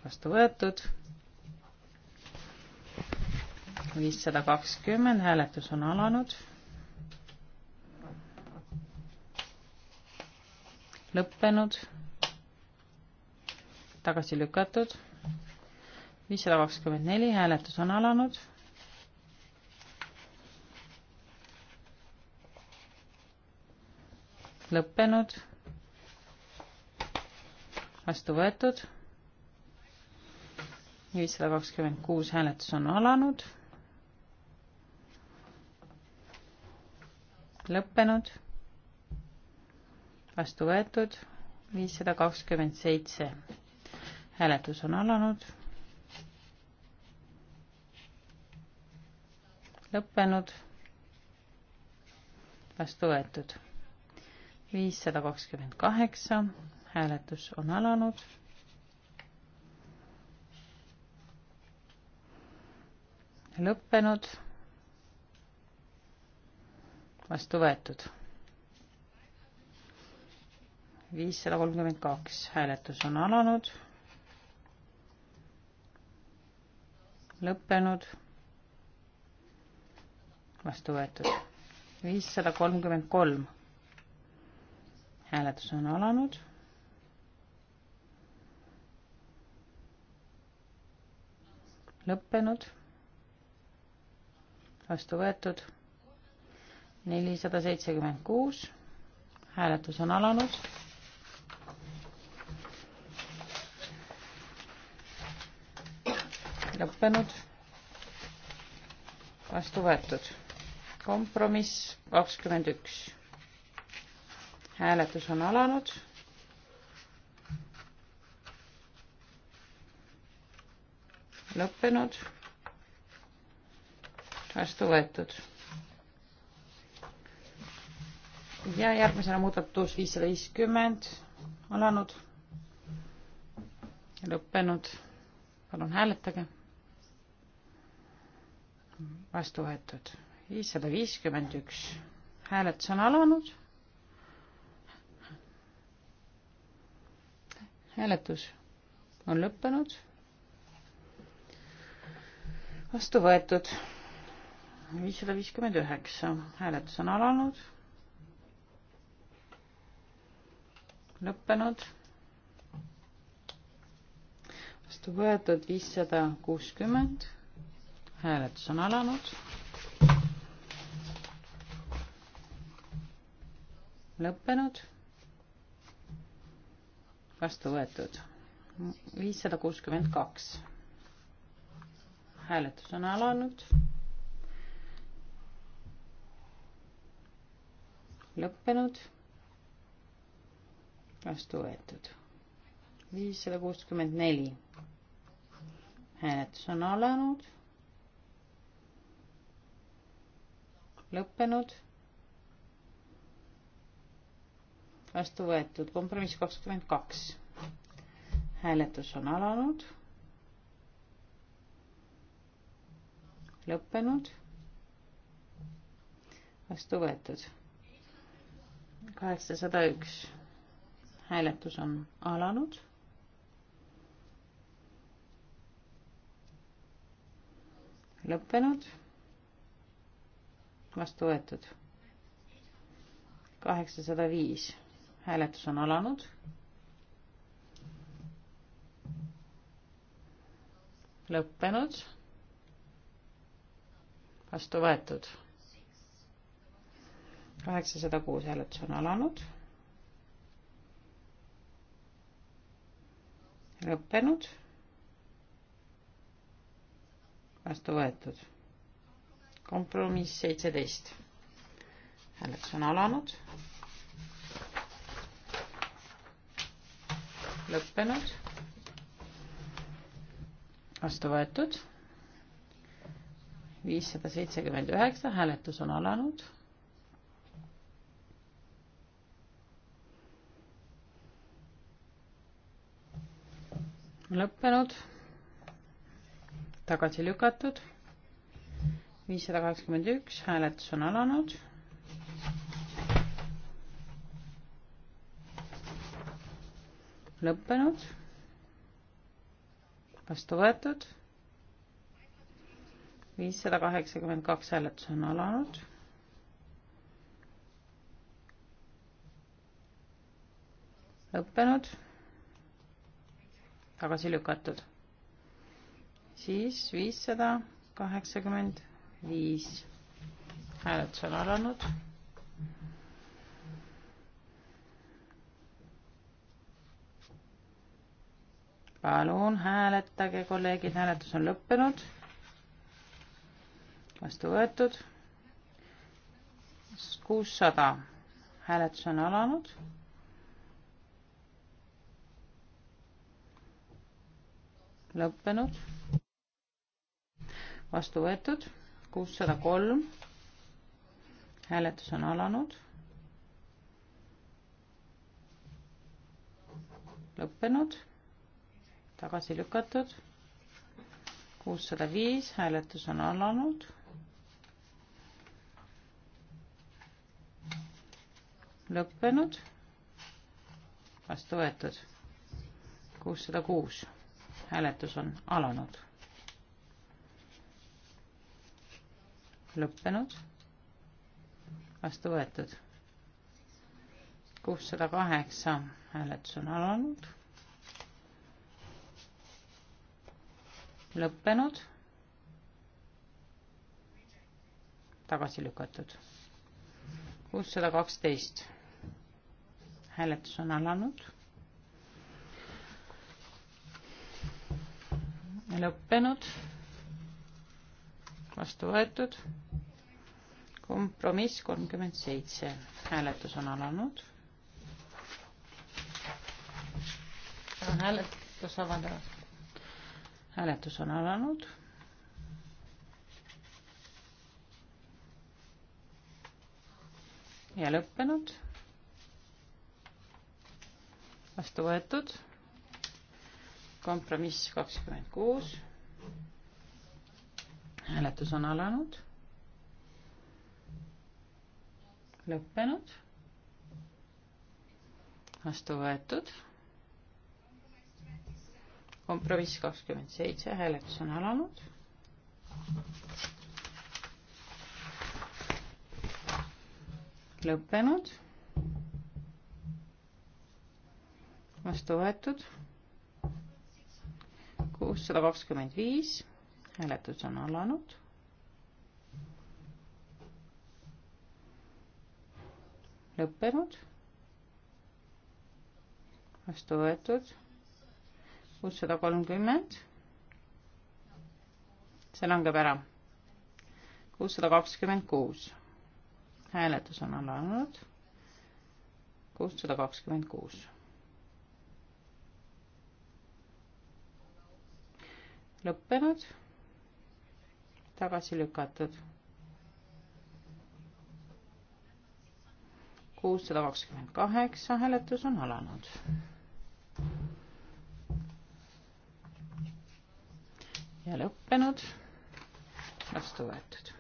vastu võetud viissada kakskümmend, hääletus on alanud. lõppenud, tagasi lükatud, viissada kakskümmend neli, hääletus on alanud. lõppenud, vastu võetud viissada kakskümmend kuus hääletus on alanud lõppenud, vastu võetud, viissada kakskümmend seitse. hääletus on alanud. lõppenud, vastu võetud, viissada kakskümmend kaheksa, hääletus on alanud lõppenud vastu võetud. viissada kolmkümmend kaks, hääletus on alanud. lõppenud. vastu võetud. viissada kolmkümmend kolm, hääletus on alanud lõppenud, vastu võetud nelisada seitsekümmend kuus, hääletus on alanud. lõppenud, vastu võetud, kompromiss kakskümmend üks, hääletus on alanud lõppenud, vastu võetud ja järgmisena muudatus viissada viiskümmend alanud, lõppenud. palun hääletage. vastu võetud viissada viiskümmend üks, hääletus on alanud. hääletus on lõppenud. vastu võetud viissada viiskümmend üheksa, hääletus on alanud lõppenud. vastu võetud viissada kuuskümmend. hääletus on alanud. lõppenud. vastu võetud viissada kuuskümmend kaks. hääletus on alanud. lõppenud vastu võetud. viissada kuuskümmend neli. hääletus on alanud. lõppenud. vastu võetud kompromiss kakskümmend kaks. hääletus on alanud. lõppenud. vastu võetud. kaheksasada üks hääletus on alanud. lõppenud. vastu võetud. kaheksasada viis, hääletus on alanud. lõppenud. vastu võetud. kaheksasada kuus hääletus on alanud lõppenud. vastu võetud. kompromiss seitseteist. hääletus on alanud. lõppenud. vastu võetud. viissada seitsekümmend üheksa, hääletus on alanud lõppenud, tagasi lükatud, viissada kaheksakümmend üks, hääletus on alanud. lõppenud, vastu võetud, viissada kaheksakümmend kaks hääletus on alanud lõppenud tagasi lükatud. siis viissada kaheksakümmend viis hääletus on alanud. palun hääletage, kolleegid, hääletus on lõppenud. vastu võetud. kuussada hääletus on alanud lõppenud, vastu võetud, kuussada kolm, hääletus on alanud, lõppenud, tagasi lükatud, kuussada viis, hääletus on alanud, lõppenud, vastu võetud, kuussada kuus hääletus on alanud. lõppenud. vastu võetud. kuussada kaheksa hääletus on alanud. lõppenud. tagasi lükatud. kuussada kaksteist hääletus on alanud lõppenud, vastu võetud, kompromiss kolmkümmend seitse, hääletus on alanud. on hääletus avaldatud, hääletus on alanud ja lõppenud. vastu võetud kompromiss kakskümmend kuus. hääletus on alanud. lõppenud. vastu võetud. kompromiss kakskümmend seitse, hääletus on alanud. lõppenud. vastu võetud sada kakskümmend viis, hääletus on alanud. lõppenud. vastu võetud kuussada kolmkümmend. see langeb ära. kuussada kakskümmend kuus. hääletus on alanud. kuussada kakskümmend kuus lõppenud, tagasi lükatud. kuussada kakskümmend kaheksa hääletus on alanud. ja lõppenud, vastu võetud.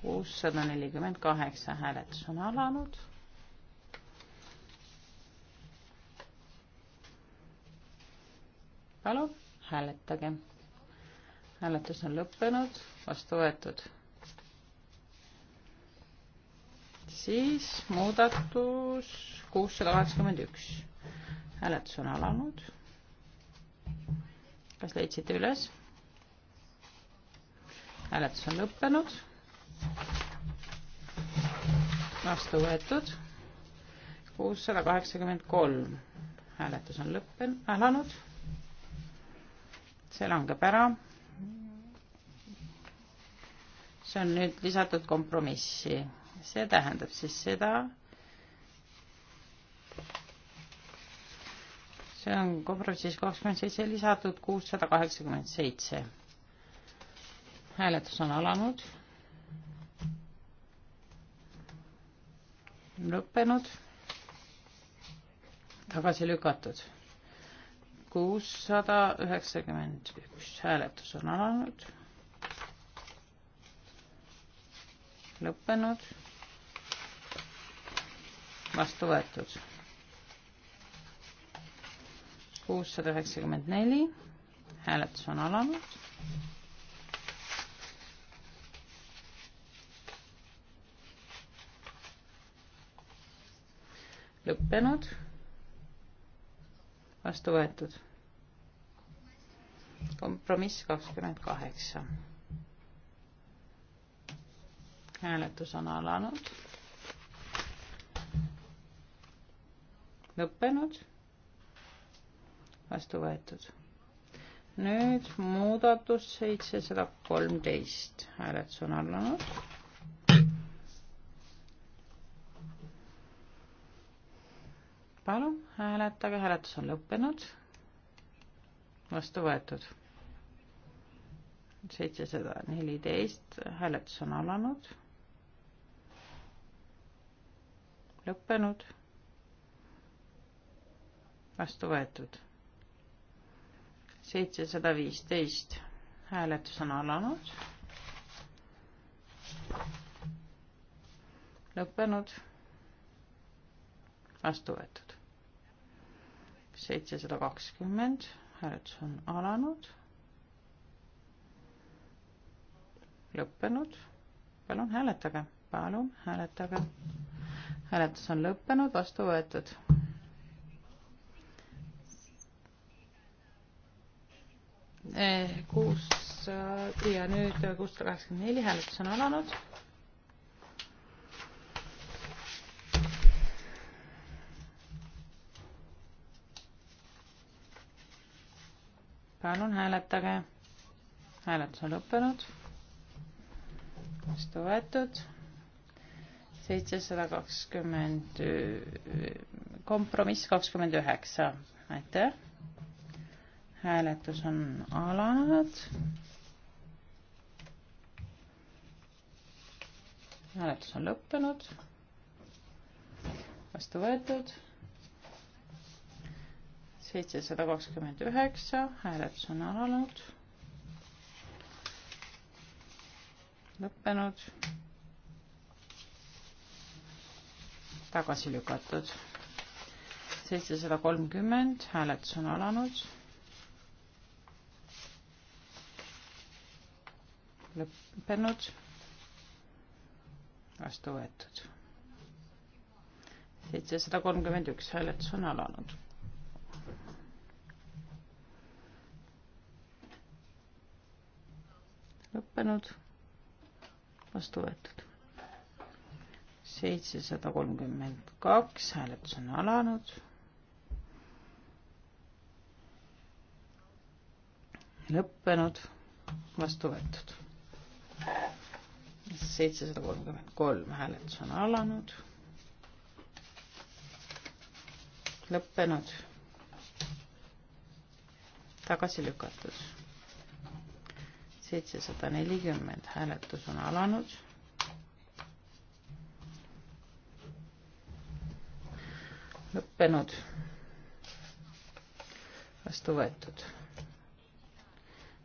kuussada nelikümmend kaheksa hääletus on alanud palun hääletage. hääletus on lõppenud, vastu võetud. siis muudatus kuussada kaheksakümmend üks. hääletus on alanud. kas leidsite üles? hääletus on lõppenud. vastu võetud. kuussada kaheksakümmend kolm. hääletus on lõppenud, alanud see langeb ära. see on nüüd lisatud kompromissi, see tähendab siis seda, see on kompromissis kakskümmend seitse lisatud kuussada kaheksakümmend seitse. hääletus on alanud. lõppenud tagasi lükatud kuussada üheksakümmend üks hääletus on alanud. lõppenud. vastu võetud. kuussada üheksakümmend neli hääletus on alanud. lõppenud vastu võetud. kompromiss kakskümmend kaheksa. hääletus on alanud. lõppenud, vastu võetud. nüüd muudatus seitsesada kolmteist, hääletus on alanud palun hääletage, hääletus on lõppenud. vastu võetud. seitsesada neliteist, hääletus on alanud. lõppenud. vastu võetud. seitsesada viisteist, hääletus on alanud. lõppenud. vastu võetud seitsesada kakskümmend, hääletus on alanud. lõppenud, palun hääletage, palun hääletage. hääletus on lõppenud, vastu võetud. Eh, kuus ja nüüd kuussada kaheksakümmend neli, hääletus on alanud palun hääletage. hääletus on lõppenud. vastu võetud. seitsesada kakskümmend, kompromiss kakskümmend üheksa, aitäh. hääletus on alanud. hääletus on lõppenud. vastu võetud seitsesada kakskümmend üheksa, hääletus on alanud. lõppenud. tagasi lükatud. seitsesada kolmkümmend, hääletus on alanud. lõppenud. vastu võetud. seitsesada kolmkümmend üks, hääletus on alanud lõppenud, vastu võetud. seitsesada kolmkümmend kaks, hääletus on alanud. lõppenud, vastu võetud. seitsesada kolmkümmend kolm, hääletus on alanud. lõppenud, tagasi lükatud seitsesada nelikümmend hääletus on alanud. lõppenud. vastu võetud.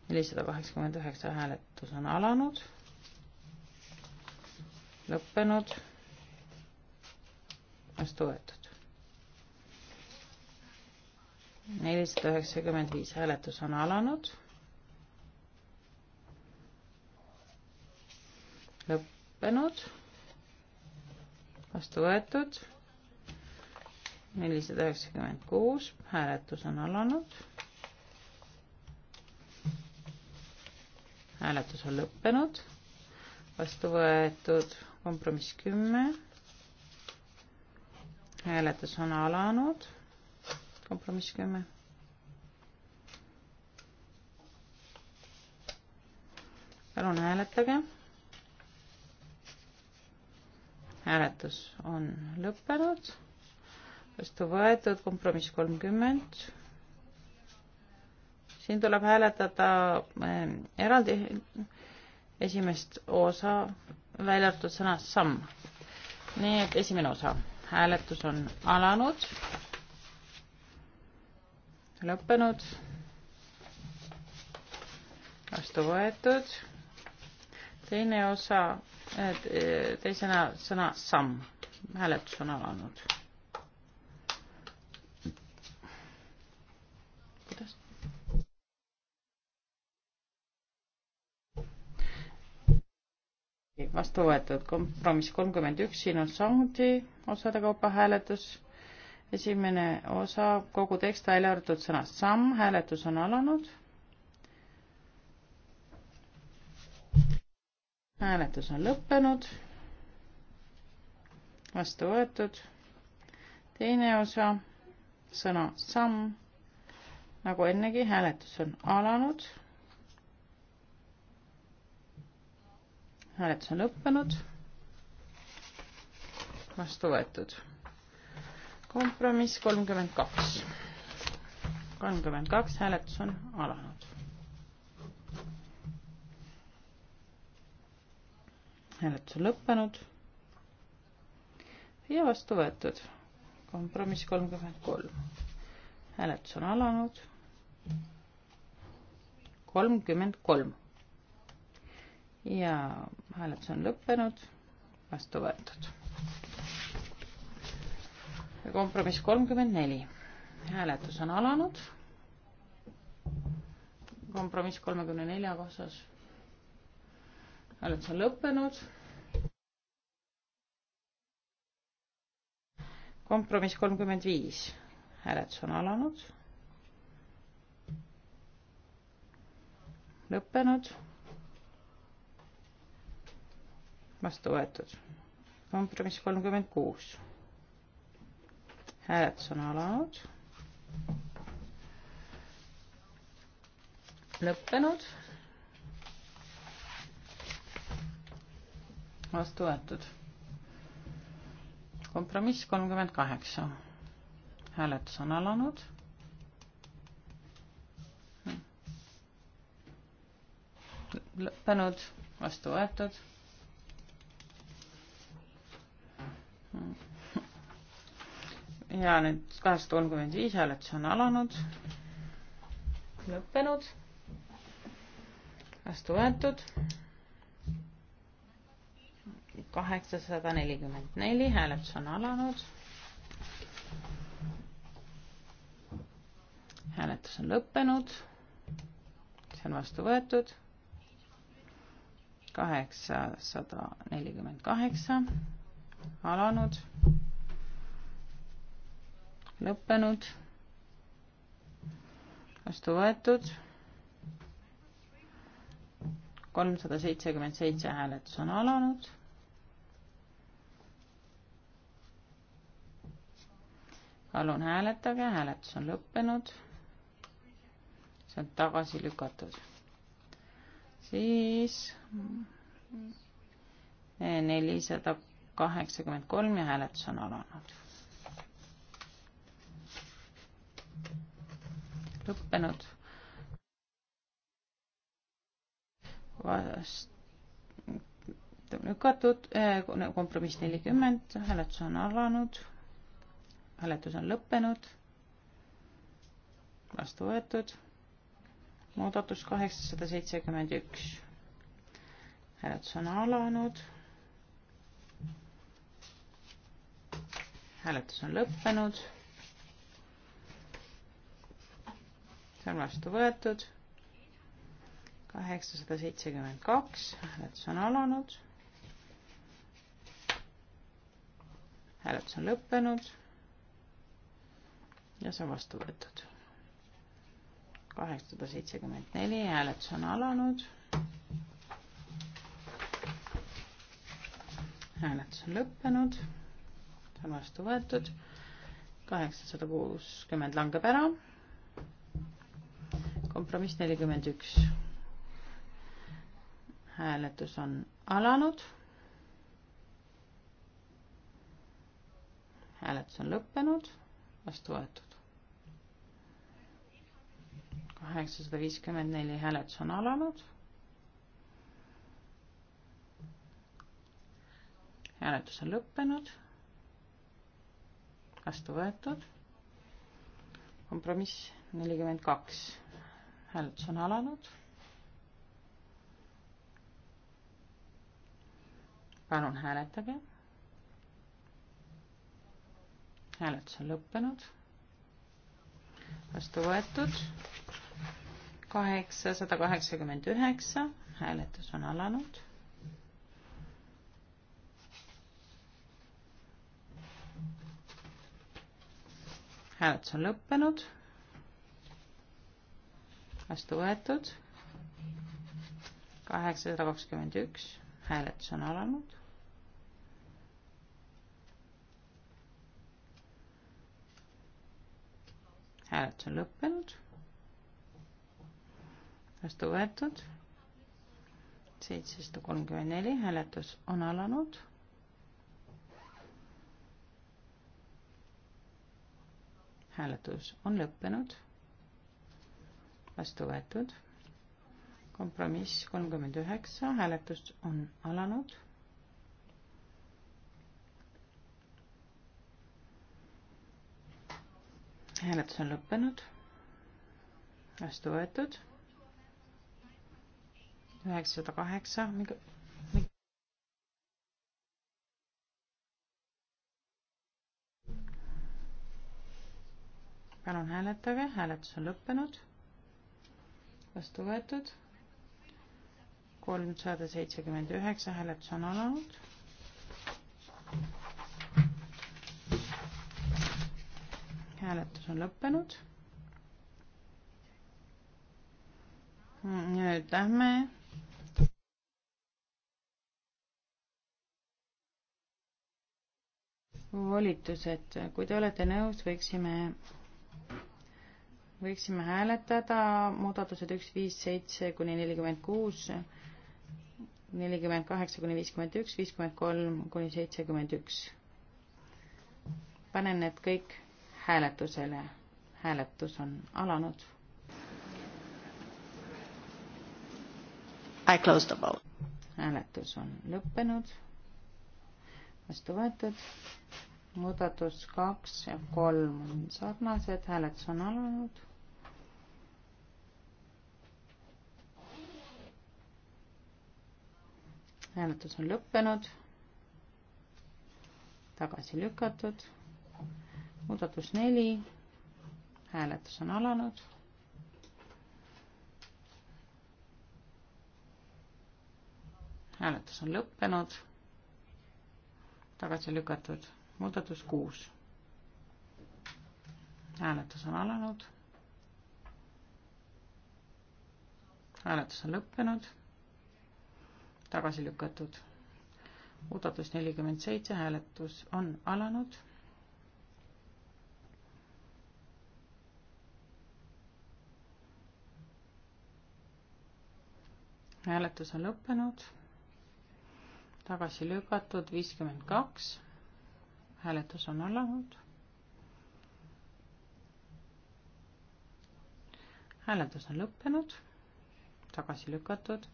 nelisada kaheksakümmend üheksa hääletus on alanud. lõppenud. vastu võetud. nelisada üheksakümmend viis hääletus on alanud lõppenud, vastu võetud, nelisada üheksakümmend kuus, hääletus on alanud. hääletus on lõppenud, vastu võetud kompromiss kümme, hääletus on alanud, kompromiss kümme palun hääletage hääletus on lõppenud, vastu võetud, kompromiss kolmkümmend. siin tuleb hääletada ähm, eraldi esimest osa, välja arvatud sõna samm. nii et esimene osa, hääletus on alanud, lõppenud, vastu võetud, teine osa E, teisena sõna samm. hääletus on alanud. kuidas? vastu võetud kompromiss kolmkümmend üks, siin on samuti osade kaupa hääletus. esimene osa, kogu tekst välja arvatud sõnast samm, hääletus on alanud hääletus on lõppenud. vastu võetud. teine osa, sõna samm. nagu ennegi, hääletus on alanud. hääletus on lõppenud. vastu võetud. kompromiss kolmkümmend kaks. kolmkümmend kaks, hääletus on alanud hääletus on lõppenud ja vastu võetud. kompromiss kolmkümmend kolm. hääletus on alanud. kolmkümmend kolm. ja hääletus on lõppenud, vastu võetud. ja kompromiss kolmkümmend neli. hääletus on alanud. kompromiss kolmekümne nelja osas hääletus on lõppenud. kompromiss kolmkümmend viis, hääletus on alanud. lõppenud. vastu võetud. kompromiss kolmkümmend kuus. hääletus on alanud. lõppenud vastu võetud. kompromiss kolmkümmend kaheksa. hääletus on alanud. lõppenud, vastu võetud. ja nüüd kaheksasada kolmkümmend viis hääletus on alanud. lõppenud, vastu võetud kaheksasada nelikümmend neli, hääletus on alanud. hääletus on lõppenud. see on vastu võetud. kaheksasada nelikümmend kaheksa, alanud. lõppenud. vastu võetud kolmsada seitsekümmend seitse hääletus on alanud. palun hääletage, hääletus on lõppenud. see on tagasi lükatud. siis nelisada kaheksakümmend kolm ja hääletus on alanud. lõppenud. vast-, lükatud, eh, kompromiss nelikümmend, hääletus on alanud hääletus on lõppenud. vastu võetud. muudatus kaheksasada seitsekümmend üks. hääletus on alanud. hääletus on lõppenud. see on vastu võetud. kaheksasada seitsekümmend kaks, hääletus on alanud hääletus on lõppenud ja see on vastu võetud. kaheksasada seitsekümmend neli, hääletus on alanud. hääletus on lõppenud, see on vastu võetud. kaheksasada kuuskümmend langeb ära. kompromiss nelikümmend üks. hääletus on alanud. hääletus on lõppenud, vastu võetud kaheksasada viiskümmend neli hääletus on alanud. hääletus on lõppenud. vastu võetud. kompromiss nelikümmend kaks. hääletus on alanud. palun hääletage. hääletus on lõppenud. vastu võetud kaheksasada kaheksakümmend üheksa, hääletus on alanud. hääletus on lõppenud. vastu võetud. kaheksasada kakskümmend üks, hääletus on alanud. hääletus on lõppenud vastu võetud. seitsesada kolmkümmend neli, hääletus on alanud. hääletus on lõppenud. vastu võetud. kompromiss kolmkümmend üheksa, hääletus on alanud hääletus on lõppenud, vastu võetud üheksasada kaheksa. palun hääletage, hääletus on lõppenud. vastu võetud. kolmsada seitsekümmend üheksa, hääletus on alanud. hääletus on lõppenud nüüd lähme volitused. kui te olete nõus, võiksime, võiksime hääletada muudatused üks, viis, seitse kuni nelikümmend kuus, nelikümmend kaheksa kuni viiskümmend üks, viiskümmend kolm kuni seitsekümmend üks. panen need kõik hääletusele. hääletus on alanud. I close the vote. hääletus on lõppenud vastu võetud. muudatus kaks ja kolm on sarnased, hääletus on alanud. hääletus on lõppenud. tagasi lükatud. muudatus neli, hääletus on alanud hääletus on lõppenud tagasi lükatud. muudatus kuus. hääletus on alanud. hääletus on lõppenud. tagasi lükatud. muudatus nelikümmend seitse, hääletus on alanud hääletus on lõppenud tagasi lükatud viiskümmend kaks, hääletus on alanud. hääletus on lõppenud, tagasi lükatud,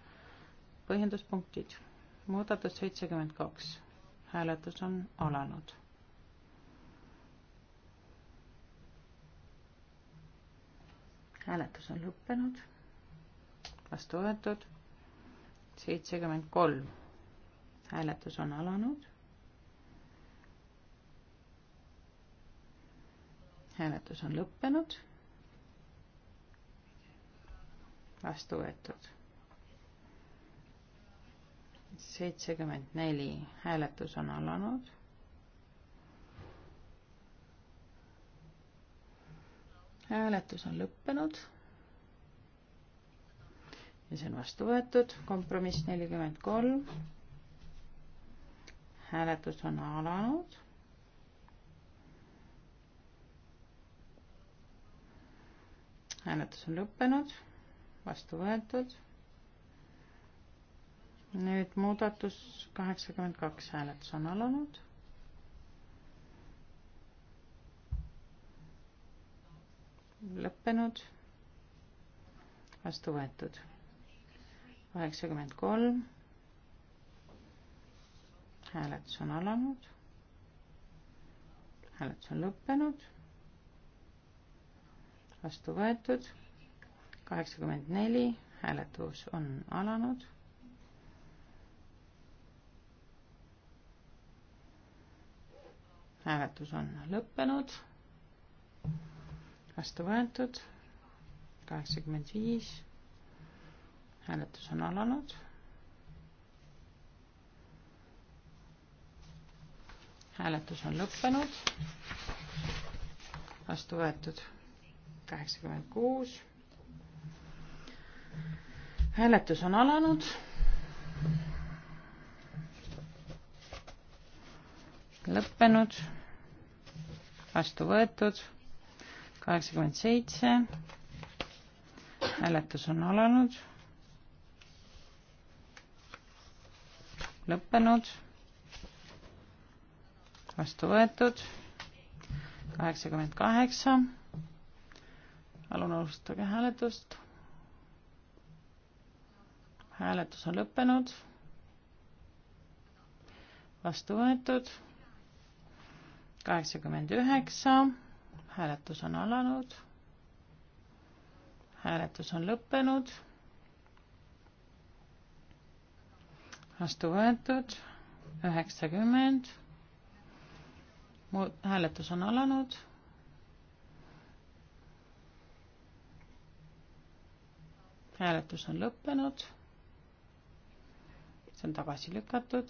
põhjenduspunktid, muudatus seitsekümmend kaks, hääletus on alanud hääletus on lõppenud, vastu võetud seitsekümmend kolm hääletus on alanud. hääletus on lõppenud. vastu võetud. seitsekümmend neli, hääletus on alanud. hääletus on lõppenud. ja see on vastu võetud, kompromiss nelikümmend kolm hääletus on alanud. hääletus on lõppenud, vastu võetud. nüüd muudatus kaheksakümmend kaks, hääletus on alanud. lõppenud, vastu võetud. kaheksakümmend kolm hääletus on alanud. hääletus on lõppenud. vastu võetud. kaheksakümmend neli, hääletus on alanud. hääletus on lõppenud. vastu võetud. kaheksakümmend viis, hääletus on alanud hääletus on lõppenud. vastu võetud kaheksakümmend kuus. hääletus on alanud. lõppenud, vastu võetud, kaheksakümmend seitse, hääletus on alanud, lõppenud vastu võetud. kaheksakümmend kaheksa. palun alustage hääletust. hääletus on lõppenud. vastu võetud. kaheksakümmend üheksa. hääletus on alanud. hääletus on lõppenud. vastu võetud. üheksakümmend mu hääletus on alanud. hääletus on lõppenud. see on tagasi lükatud.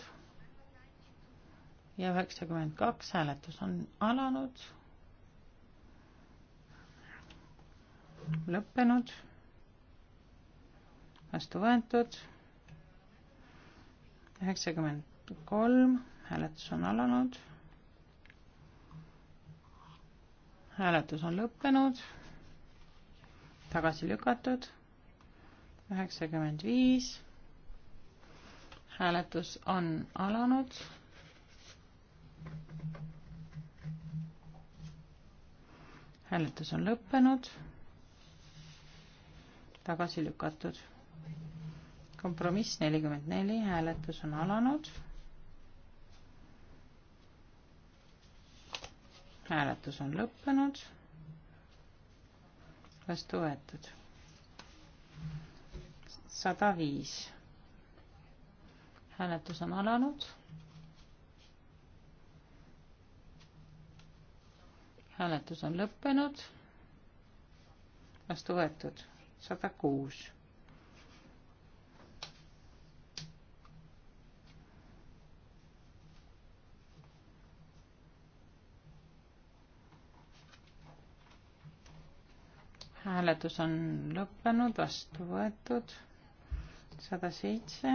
ja üheksakümmend kaks hääletus on alanud. lõppenud. vastu võetud. üheksakümmend kolm hääletus on alanud hääletus on lõppenud, tagasi lükatud, üheksakümmend viis, hääletus on alanud. hääletus on lõppenud, tagasi lükatud. kompromiss nelikümmend neli, hääletus on alanud hääletus on lõppenud. vastu võetud. sada viis. hääletus on alanud. hääletus on lõppenud. vastu võetud. sada kuus hääletus on lõppenud, vastu võetud sada seitse.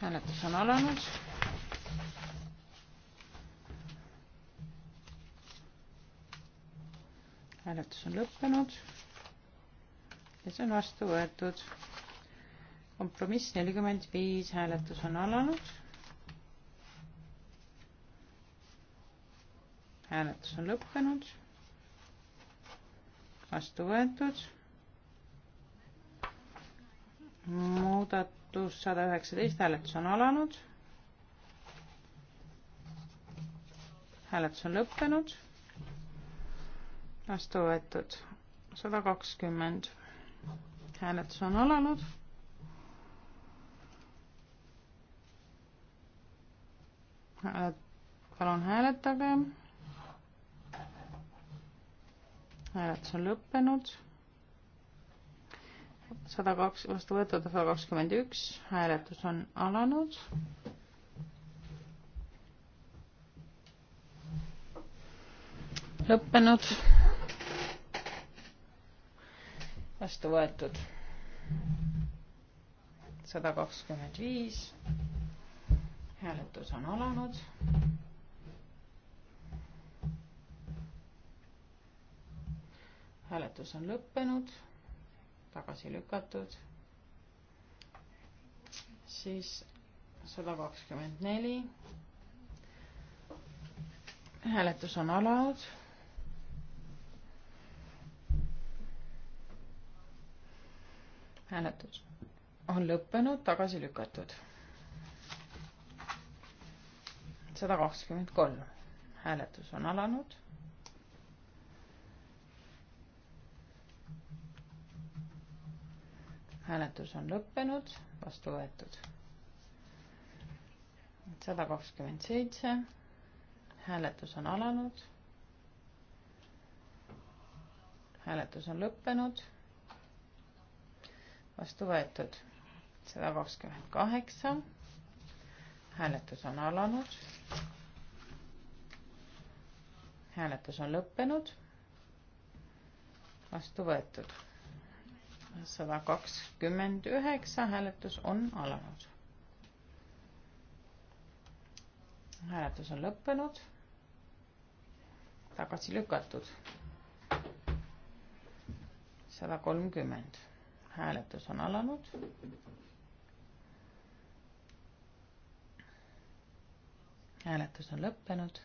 hääletus on alanud. hääletus on lõppenud ja see on vastu võetud. kompromiss nelikümmend viis, hääletus on alanud. hääletus on lõppenud vastu võetud. muudatus sada üheksateist, hääletus on alanud. hääletus on lõppenud. vastu võetud sada kakskümmend. hääletus on alanud palun hääletage. hääletus on lõppenud. sada kaks, vastu võetud sada kakskümmend üks, hääletus on alanud. lõppenud. vastu võetud sada kakskümmend viis. hääletus on alanud. hääletus on lõppenud, tagasi lükatud, siis sada kakskümmend neli. hääletus on alanud. hääletus on lõppenud, tagasi lükatud. sada kakskümmend kolm, hääletus on alanud hääletus on lõppenud, vastu võetud. sada kakskümmend seitse, hääletus on alanud. hääletus on lõppenud, vastu võetud. sada kakskümmend kaheksa, hääletus on alanud. hääletus on lõppenud, vastu võetud sada kakskümmend üheksa, hääletus on alanud. hääletus on lõppenud, tagasi lükatud. sada kolmkümmend, hääletus on alanud. hääletus on lõppenud,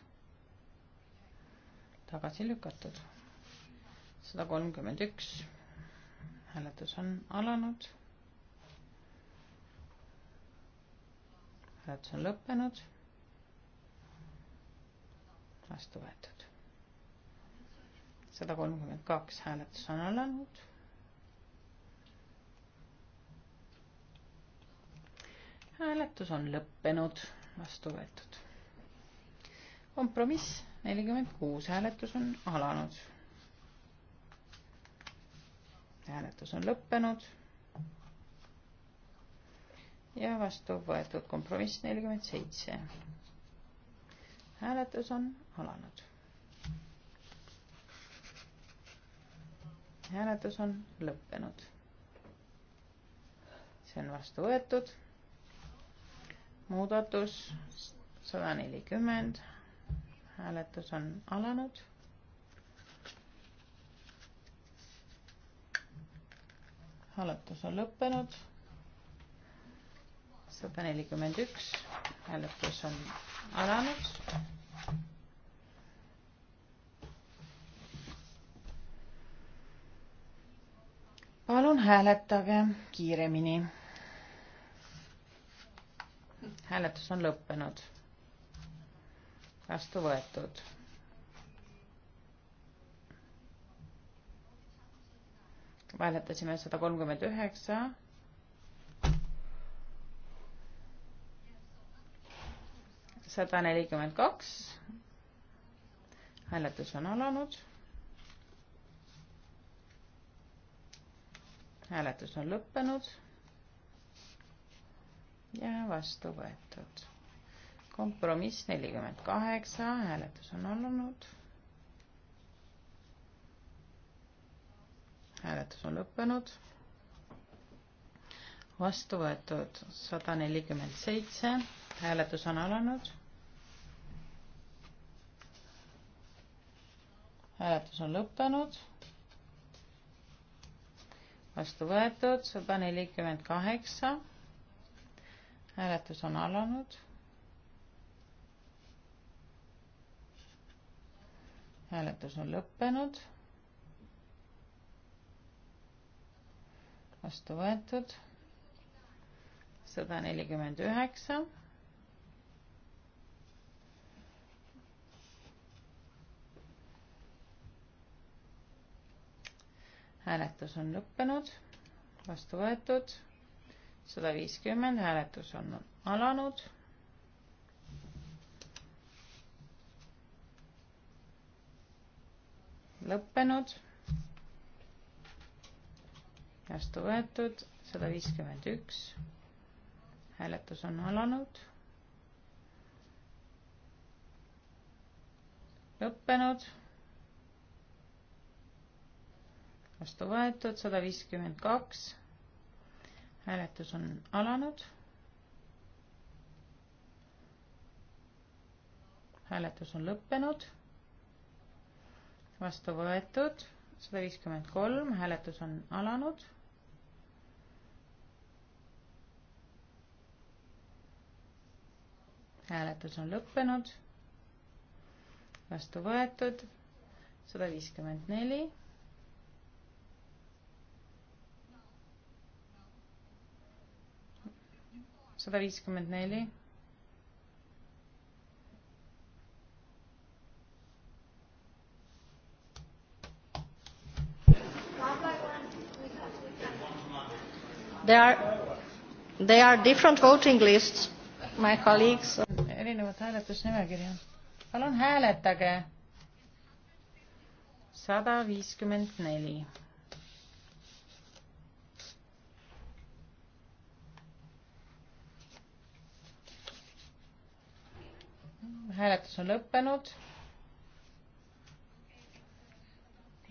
tagasi lükatud. sada kolmkümmend üks hääletus on alanud. hääletus on lõppenud. vastu võetud. sada kolmkümmend kaks hääletus on alanud. hääletus on lõppenud, vastu võetud. kompromiss nelikümmend kuus hääletus on alanud hääletus on lõppenud. ja vastu võetud kompromiss nelikümmend seitse. hääletus on alanud. hääletus on lõppenud. see on vastu võetud. muudatus sada nelikümmend. hääletus on alanud hääletus on lõppenud. sada nelikümmend üks, hääletus on alanud. palun hääletage kiiremini. hääletus on lõppenud. vastu võetud hääletasime sada kolmkümmend üheksa. sada nelikümmend kaks. hääletus on alanud. hääletus on lõppenud ja vastu võetud. kompromiss nelikümmend kaheksa, hääletus on alanud hääletus on lõppenud. vastu võetud sada nelikümmend seitse, hääletus on alanud. hääletus on lõppenud. vastu võetud sada nelikümmend kaheksa, hääletus on alanud hääletus on lõppenud vastu võetud sada nelikümmend üheksa. hääletus on lõppenud, vastu võetud, sada viiskümmend, hääletus on alanud. lõppenud vastu võetud, sada viiskümmend üks, hääletus on alanud, lõppenud, vastu võetud, sada viiskümmend kaks, hääletus on alanud, hääletus on lõppenud, vastu võetud, sada viiskümmend kolm, hääletus on alanud hääletus on lõppenud, vastu võetud, sada viiskümmend neli. sada viiskümmend neli. There are, there are different voting lists my colleagues. erinevad hääletusnimekirja. palun hääletage. sada viiskümmend neli. hääletus on lõppenud.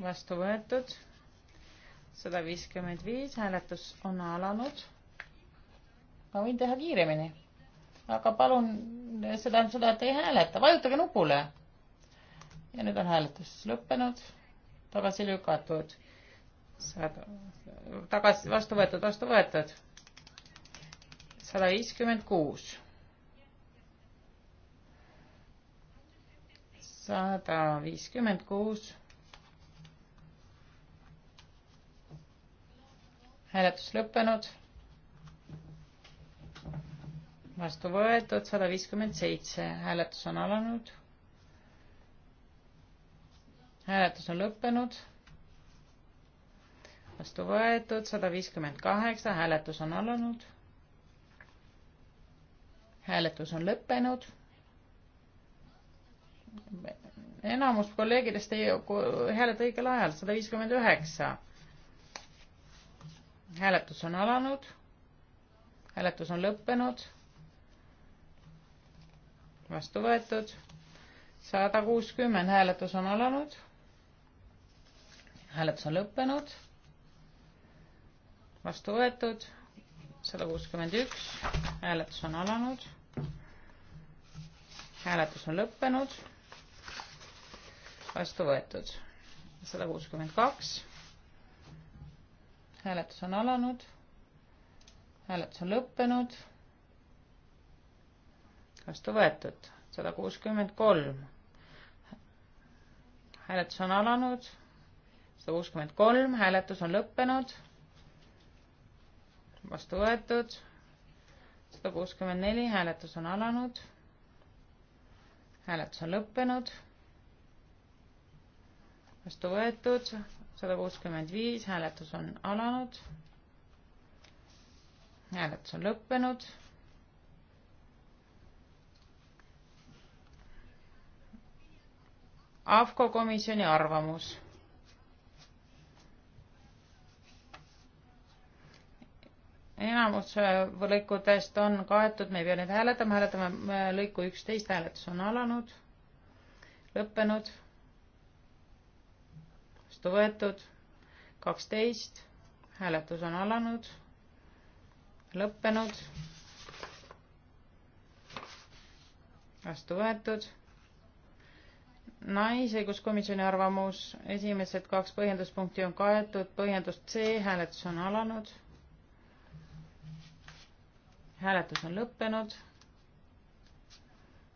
vastu võetud. sada viiskümmend viis, hääletus on alanud. ma võin teha kiiremini aga palun, see tähendab seda, et ei hääleta, vajutage nupule. ja nüüd on hääletus lõppenud, tagasi lükatud, tagasi, vastu võetud, vastu võetud, sada viiskümmend kuus. sada viiskümmend kuus. hääletus lõppenud vastu võetud, sada viiskümmend seitse, hääletus on alanud. hääletus on lõppenud. vastu võetud, sada viiskümmend kaheksa, hääletus on alanud. hääletus on lõppenud. enamus kolleegidest ei hääleta õigel ajal, sada viiskümmend üheksa. hääletus on alanud. hääletus on lõppenud vastu võetud, sada kuuskümmend, hääletus on alanud, hääletus on lõppenud, vastu võetud, sada kuuskümmend üks, hääletus on alanud, hääletus on lõppenud, vastu võetud, sada kuuskümmend kaks, hääletus on alanud, hääletus on lõppenud vastu võetud. sada kuuskümmend kolm. hääletus on alanud. sada kuuskümmend kolm, hääletus on lõppenud. vastu võetud. sada kuuskümmend neli, hääletus on alanud. hääletus on lõppenud. vastu võetud. sada kuuskümmend viis, hääletus on alanud. hääletus on lõppenud AFCO komisjoni arvamus. enamus äh, lõikudest on kaetud, me ei pea neid hääletama, hääletame äh, lõiku üksteist, hääletus on alanud, lõppenud, vastu võetud, kaksteist, hääletus on alanud, lõppenud, vastu võetud naisõiguskomisjoni arvamus, esimesed kaks põhjenduspunkti on kaetud, põhjendus C, hääletus on alanud. hääletus on lõppenud.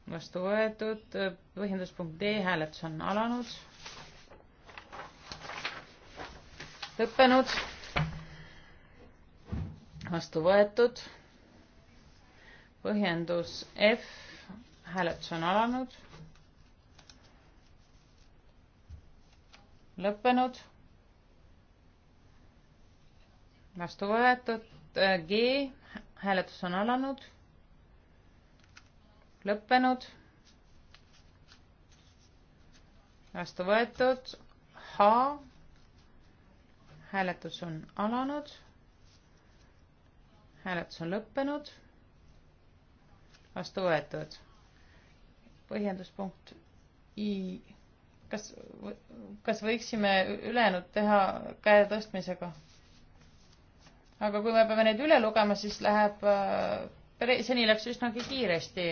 vastu võetud, põhjenduspunkt D, hääletus on alanud. lõppenud. vastu võetud. põhjendus F, hääletus on alanud lõppenud. vastu võetud. Äh, G hääletus on alanud. lõppenud. vastu võetud. H hääletus on alanud. hääletus on lõppenud. vastu võetud. põhjenduspunkt I kas, kas võiksime ülejäänud teha käe tõstmisega? aga kui me peame neid üle lugema, siis läheb, äh, seni läks üsnagi kiiresti.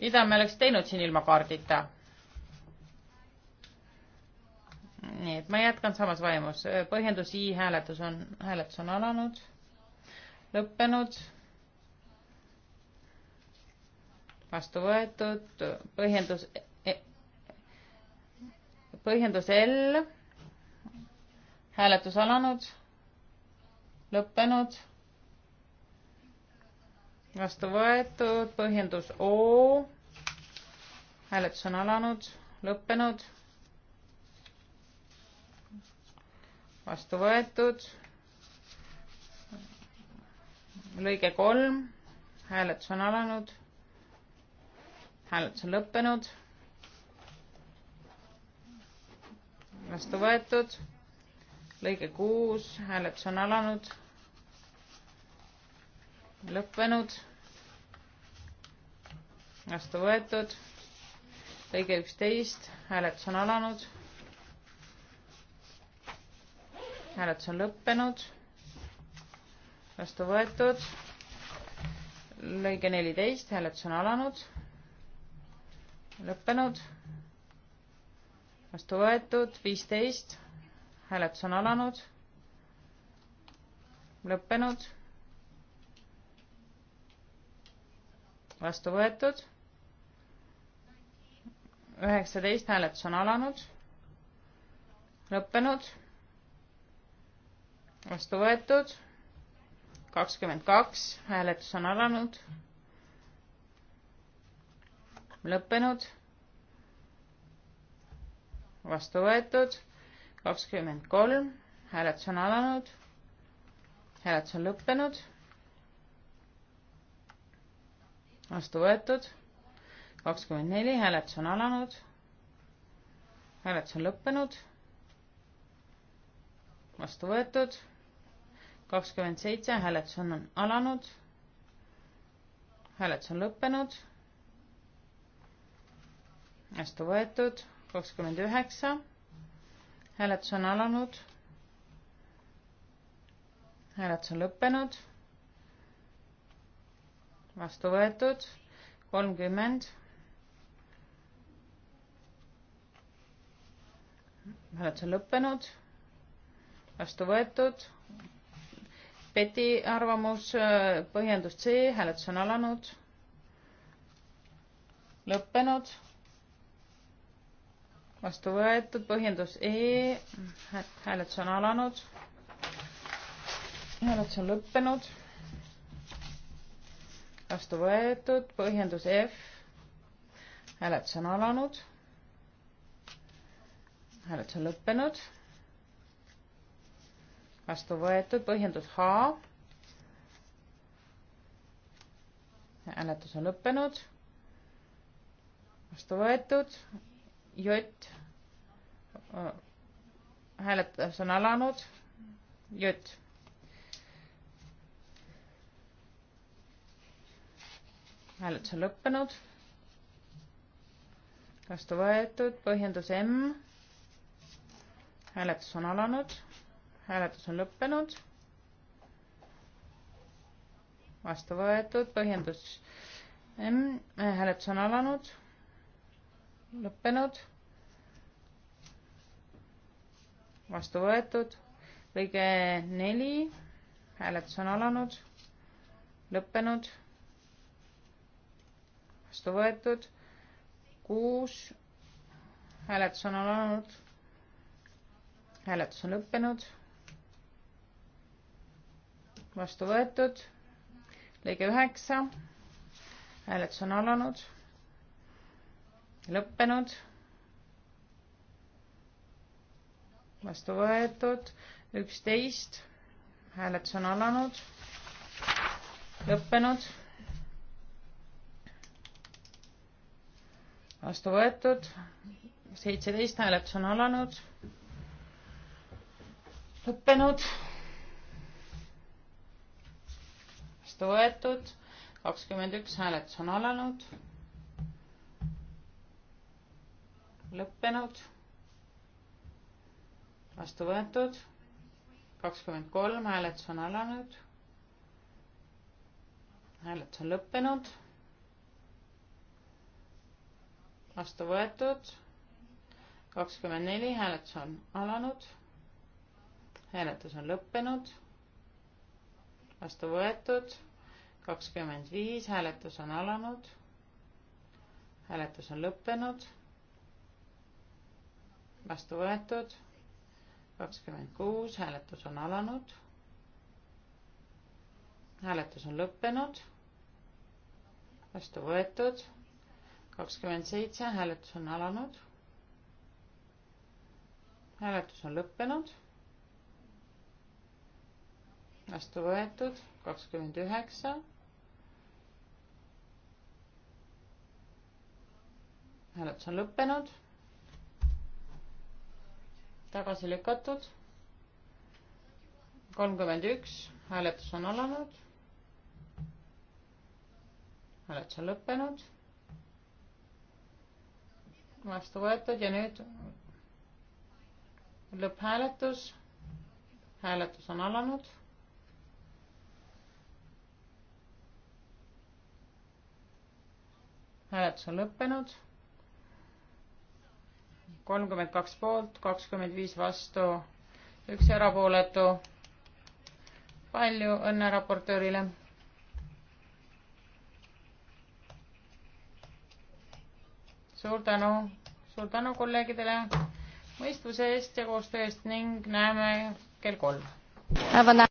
mida me oleks teinud siin ilma kaardita? nii, et ma jätkan samas vaimus. põhjendus i hääletus on, hääletus on alanud, lõppenud vastu võetud, põhjendus, e-, põhjendus L, hääletus alanud, lõppenud, vastu võetud, põhjendus O, hääletus on alanud, lõppenud, vastu võetud, lõige kolm, hääletus on alanud hääletus on lõppenud. vastu võetud. lõige kuus, hääletus on alanud. lõppenud. vastu võetud. lõige üksteist, hääletus on alanud. hääletus on lõppenud. vastu võetud. lõige neliteist, hääletus on alanud lõppenud, vastu võetud, viisteist, hääletus on alanud, lõppenud, vastu võetud, üheksateist, hääletus on alanud, lõppenud, vastu võetud, kakskümmend kaks, hääletus on alanud lõppenud, vastu võetud, kakskümmend kolm, hääletus on alanud, hääletus on lõppenud, vastu võetud, kakskümmend neli, hääletus on alanud, hääletus on lõppenud, vastu võetud, kakskümmend seitse, hääletus on alanud, hääletus on lõppenud vastu võetud, kakskümmend üheksa, hääletus on alanud, hääletus on lõppenud, vastu võetud, kolmkümmend, hääletus on lõppenud, vastu võetud, Peti arvamus, põhjendus C, hääletus on alanud, lõppenud vastu võetud, põhjendus E, hääletus on alanud. hääletus on lõppenud. vastu võetud, põhjendus F, hääletus on alanud. hääletus on lõppenud. vastu võetud, põhjendus H. hääletus on lõppenud. vastu võetud J äh, hääletus on alanud. J. hääletus on lõppenud. vastu võetud, põhjendus M. hääletus on alanud, hääletus on lõppenud. vastu võetud, põhjendus M, hääletus on alanud lõppenud. vastu võetud. lõige neli, hääletus on alanud, lõppenud, vastu võetud. kuus, hääletus on alanud, hääletus on lõppenud, vastu võetud. lõige üheksa, hääletus on alanud lõppenud. vastu võetud üksteist, hääletus on alanud, lõppenud. vastu võetud seitseteist, hääletus on alanud, lõppenud. vastu võetud kakskümmend üks, hääletus on alanud lõppenud, vastu võetud, kakskümmend kolm, hääletus on alanud, hääletus on lõppenud, vastu võetud, kakskümmend neli, hääletus on alanud, hääletus on lõppenud, vastu võetud, kakskümmend viis, hääletus on alanud, hääletus on lõppenud vastu võetud, kakskümmend kuus, hääletus on alanud. hääletus on lõppenud, vastu võetud, kakskümmend seitse, hääletus on alanud. hääletus on lõppenud, vastu võetud, kakskümmend üheksa. hääletus on lõppenud tagasi lükatud. kolmkümmend üks, hääletus on alanud. hääletus on lõppenud. vastu võetud ja nüüd lõpphääletus. hääletus on alanud hääletus on lõppenud kolmkümmend kaks poolt, kakskümmend viis vastu, üks erapooletu. palju õnne raportöörile. suur tänu, suur tänu kolleegidele mõistvuse eest ja koostöö eest ning näeme kell kolm.